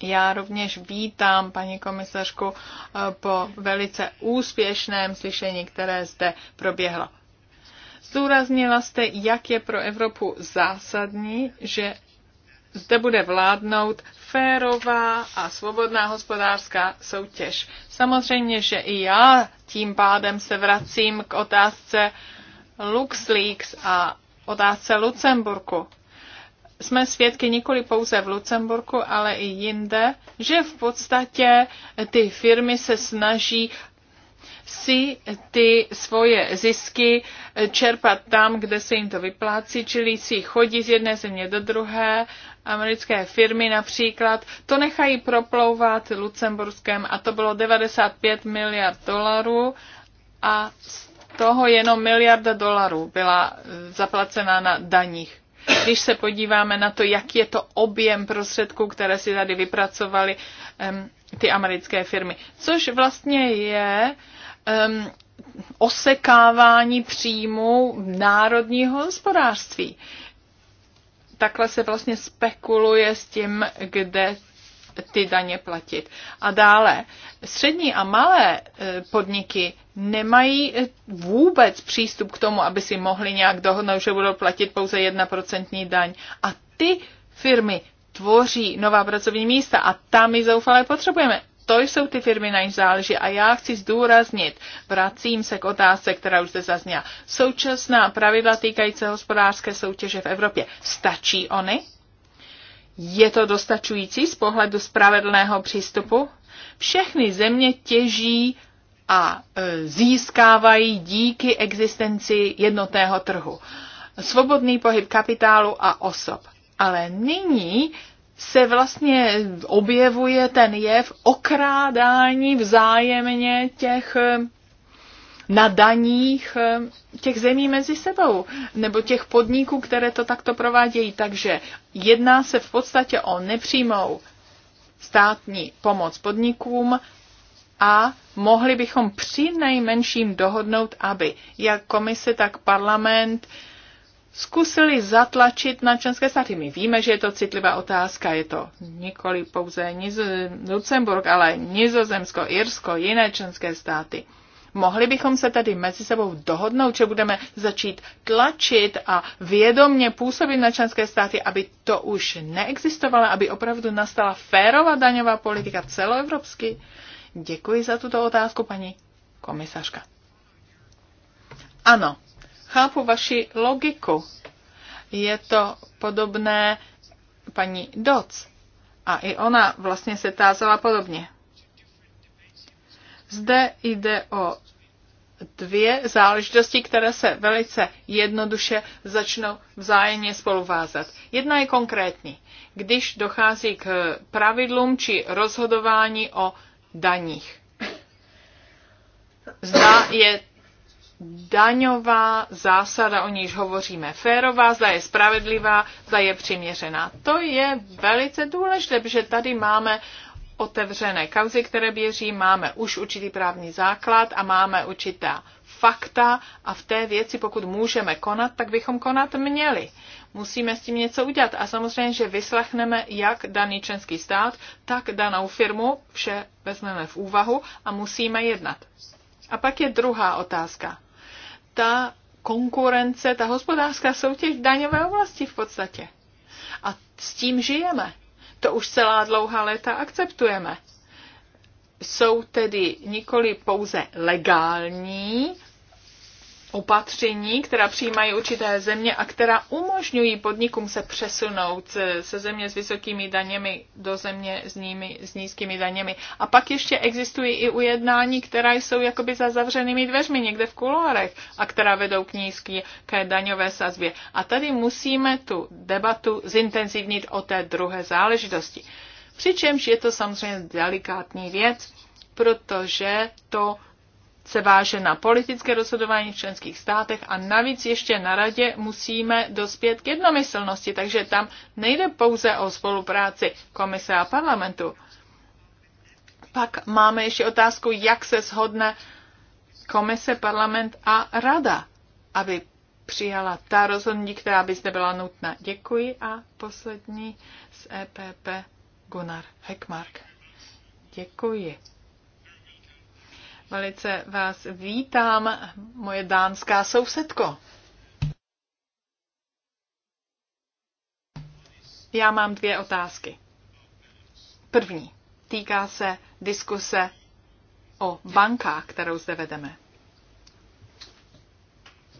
Já rovněž vítám paní komisařku eh, po velice úspěšném slyšení, které zde proběhlo. Zdůraznila jste, jak je pro Evropu zásadní, že zde bude vládnout férová a svobodná hospodářská soutěž. Samozřejmě, že i já tím pádem se vracím k otázce LuxLeaks a otázce Lucemburku jsme svědky nikoli pouze v Lucemburku, ale i jinde, že v podstatě ty firmy se snaží si ty svoje zisky čerpat tam, kde se jim to vyplácí, čili si chodí z jedné země do druhé, americké firmy například, to nechají proplouvat Lucemburskem a to bylo 95 miliard dolarů a z toho jenom miliarda dolarů byla zaplacena na daních. Když se podíváme na to, jak je to objem prostředků, které si tady vypracovaly um, ty americké firmy, což vlastně je um, osekávání příjmů národního hospodářství. Takhle se vlastně spekuluje s tím, kde ty daně platit. A dále, střední a malé e, podniky nemají vůbec přístup k tomu, aby si mohli nějak dohodnout, že budou platit pouze 1% daň. A ty firmy tvoří nová pracovní místa a tam my zoufale potřebujeme. To jsou ty firmy, na záleží. A já chci zdůraznit, vracím se k otázce, která už zde zazněla. Současná pravidla týkající hospodářské soutěže v Evropě, stačí ony? Je to dostačující z pohledu spravedlného přístupu? Všechny země těží a e, získávají díky existenci jednotného trhu. Svobodný pohyb kapitálu a osob. Ale nyní se vlastně objevuje ten jev okrádání vzájemně těch e, na daních e, těch zemí mezi sebou, nebo těch podniků, které to takto provádějí. Takže jedná se v podstatě o nepřímou státní pomoc podnikům a mohli bychom při nejmenším dohodnout, aby jak komise, tak parlament zkusili zatlačit na členské státy. My víme, že je to citlivá otázka, je to nikoli pouze Niz- Lucemburg, ale Nizozemsko, Irsko, jiné členské státy. Mohli bychom se tady mezi sebou dohodnout, že budeme začít tlačit a vědomně působit na členské státy, aby to už neexistovalo, aby opravdu nastala férová daňová politika celoevropsky. Děkuji za tuto otázku, paní komisařka. Ano, chápu vaši logiku. Je to podobné paní Doc. A i ona vlastně se tázala podobně. Zde jde o dvě záležitosti, které se velice jednoduše začnou vzájemně spoluvázat. Jedna je konkrétní. Když dochází k pravidlům či rozhodování o daních. Zda je daňová zásada, o níž hovoříme, férová, zda je spravedlivá, zda je přiměřená. To je velice důležité, protože tady máme otevřené kauzy, které běží, máme už určitý právní základ a máme určitá fakta a v té věci, pokud můžeme konat, tak bychom konat měli musíme s tím něco udělat. A samozřejmě, že vyslechneme jak daný členský stát, tak danou firmu, vše vezmeme v úvahu a musíme jednat. A pak je druhá otázka. Ta konkurence, ta hospodářská soutěž v daňové oblasti v podstatě. A s tím žijeme. To už celá dlouhá léta akceptujeme. Jsou tedy nikoli pouze legální opatření, která přijímají určité země a která umožňují podnikům se přesunout eh, se země s vysokými daněmi do země s, nimi, s nízkými daněmi. A pak ještě existují i ujednání, která jsou jakoby za zavřenými dveřmi někde v kulorech a která vedou k nízké daňové sazbě. A tady musíme tu debatu zintenzivnit o té druhé záležitosti. Přičemž je to samozřejmě delikátní věc, protože to se váže na politické rozhodování v členských státech a navíc ještě na radě musíme dospět k jednomyslnosti, takže tam nejde pouze o spolupráci komise a parlamentu. Pak máme ještě otázku, jak se shodne komise, parlament a rada, aby přijala ta rozhodnutí, která by zde byla nutná. Děkuji a poslední z EPP Gunnar Heckmark. Děkuji. Velice vás vítám, moje dánská sousedko. Já mám dvě otázky. První týká se diskuse o bankách, kterou zde vedeme.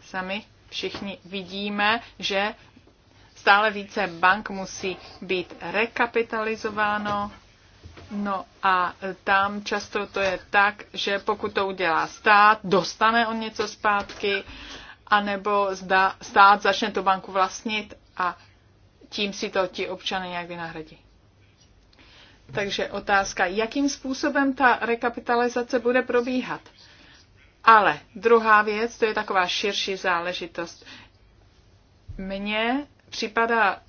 Sami všichni vidíme, že stále více bank musí být rekapitalizováno, No a tam často to je tak, že pokud to udělá stát, dostane on něco zpátky, anebo zda, stát začne tu banku vlastnit a tím si to ti občany nějak vynahradí. Takže otázka, jakým způsobem ta rekapitalizace bude probíhat. Ale druhá věc, to je taková širší záležitost. Mně připadá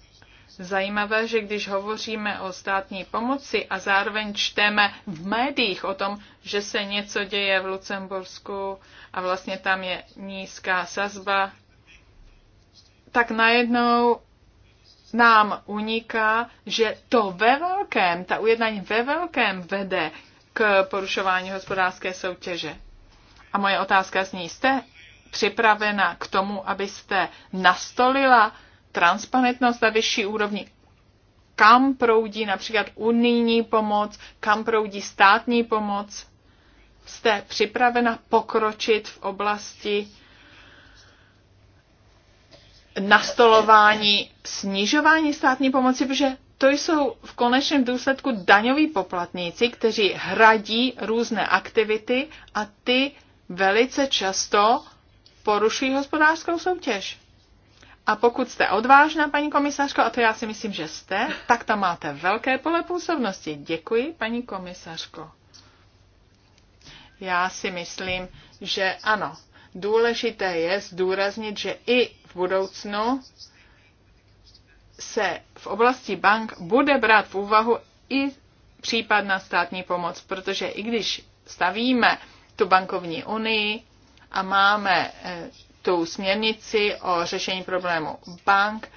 zajímavé, že když hovoříme o státní pomoci a zároveň čteme v médiích o tom, že se něco děje v Lucembursku a vlastně tam je nízká sazba, tak najednou nám uniká, že to ve velkém, ta ujednání ve velkém vede k porušování hospodářské soutěže. A moje otázka zní, jste připravena k tomu, abyste nastolila transparentnost na vyšší úrovni. Kam proudí například unijní pomoc, kam proudí státní pomoc? Jste připravena pokročit v oblasti nastolování, snižování státní pomoci, protože to jsou v konečném důsledku daňoví poplatníci, kteří hradí různé aktivity a ty velice často porušují hospodářskou soutěž. A pokud jste odvážná, paní komisařko, a to já si myslím, že jste, tak tam máte velké pole působnosti. Děkuji, paní komisařko. Já si myslím, že ano, důležité je zdůraznit, že i v budoucnu se v oblasti bank bude brát v úvahu i případná státní pomoc, protože i když stavíme tu bankovní unii a máme eh, tu směrnici o řešení problému bank,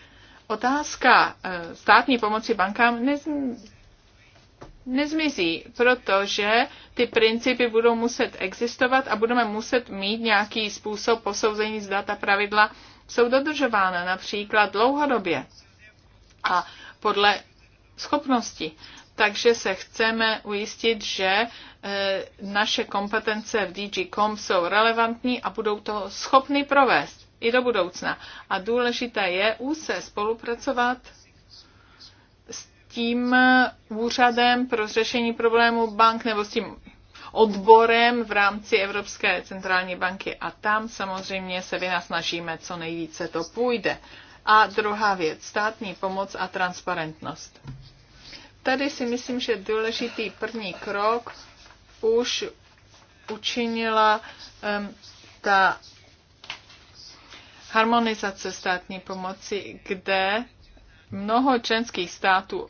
otázka eh, státní pomoci bankám nez, nezmizí, protože ty principy budou muset existovat a budeme muset mít nějaký způsob posouzení, zda ta pravidla jsou dodržována, například dlouhodobě a podle schopnosti takže se chceme ujistit, že eh, naše kompetence v DG.com jsou relevantní a budou to schopny provést i do budoucna. A důležité je úse spolupracovat s tím eh, úřadem pro řešení problémů bank nebo s tím odborem v rámci Evropské centrální banky a tam samozřejmě se vynasnažíme, co nejvíce to půjde. A druhá věc, státní pomoc a transparentnost. Tady si myslím, že důležitý první krok už učinila um, ta harmonizace státní pomoci, kde mnoho členských států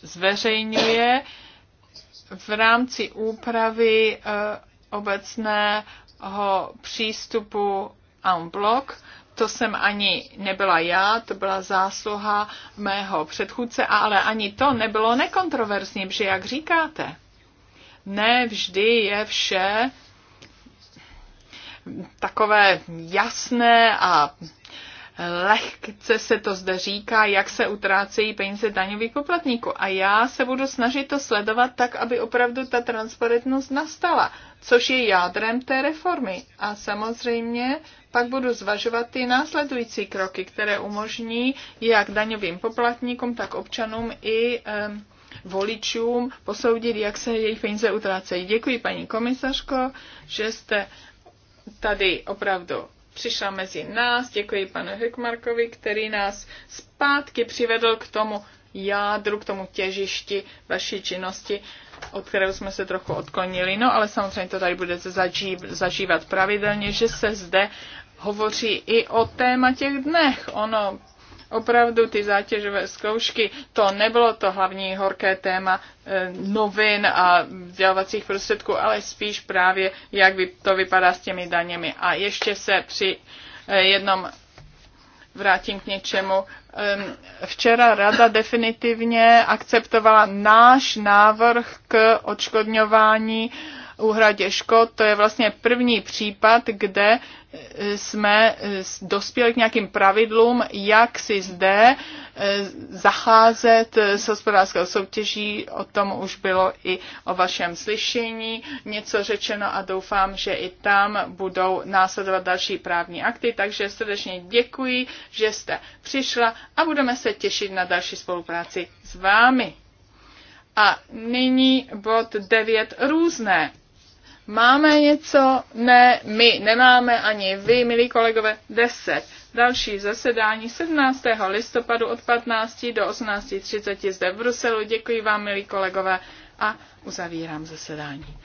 zveřejňuje v rámci úpravy eh, obecného přístupu en bloc to jsem ani nebyla já, to byla zásluha mého předchůdce, ale ani to nebylo nekontroverzní, protože jak říkáte, ne vždy je vše takové jasné a lehce se to zde říká, jak se utrácejí peníze daňových poplatníků. A já se budu snažit to sledovat tak, aby opravdu ta transparentnost nastala, což je jádrem té reformy. A samozřejmě pak budu zvažovat ty následující kroky, které umožní jak daňovým poplatníkům, tak občanům i um, voličům posoudit, jak se jejich peníze utrácejí. Děkuji, paní komisařko, že jste tady opravdu přišla mezi nás. Děkuji panu Hekmarkovi, který nás zpátky přivedl k tomu jádru, k tomu těžišti vaší činnosti, od kterého jsme se trochu odklonili. No ale samozřejmě to tady budete zažívat pravidelně, že se zde hovoří i o téma těch dnech. Ono opravdu ty zátěžové zkoušky, to nebylo to hlavní horké téma eh, novin a vzdělávacích prostředků, ale spíš právě, jak to vypadá s těmi daněmi. A ještě se při eh, jednom vrátím k něčemu. Ehm, včera rada definitivně akceptovala náš návrh k odškodňování úhradě škod. To je vlastně první případ, kde jsme eh, dospěli k nějakým pravidlům, jak si zde eh, zacházet eh, s hospodářskou soutěží. O tom už bylo i o vašem slyšení něco řečeno a doufám, že i tam budou následovat další právní akty. Takže srdečně děkuji, že jste přišla a budeme se těšit na další spolupráci s vámi. A nyní bod 9 různé. Máme něco? Ne, my nemáme ani vy, milí kolegové, 10. Další zasedání 17. listopadu od 15. do 18.30 zde v Bruselu. Děkuji vám, milí kolegové, a uzavírám zasedání.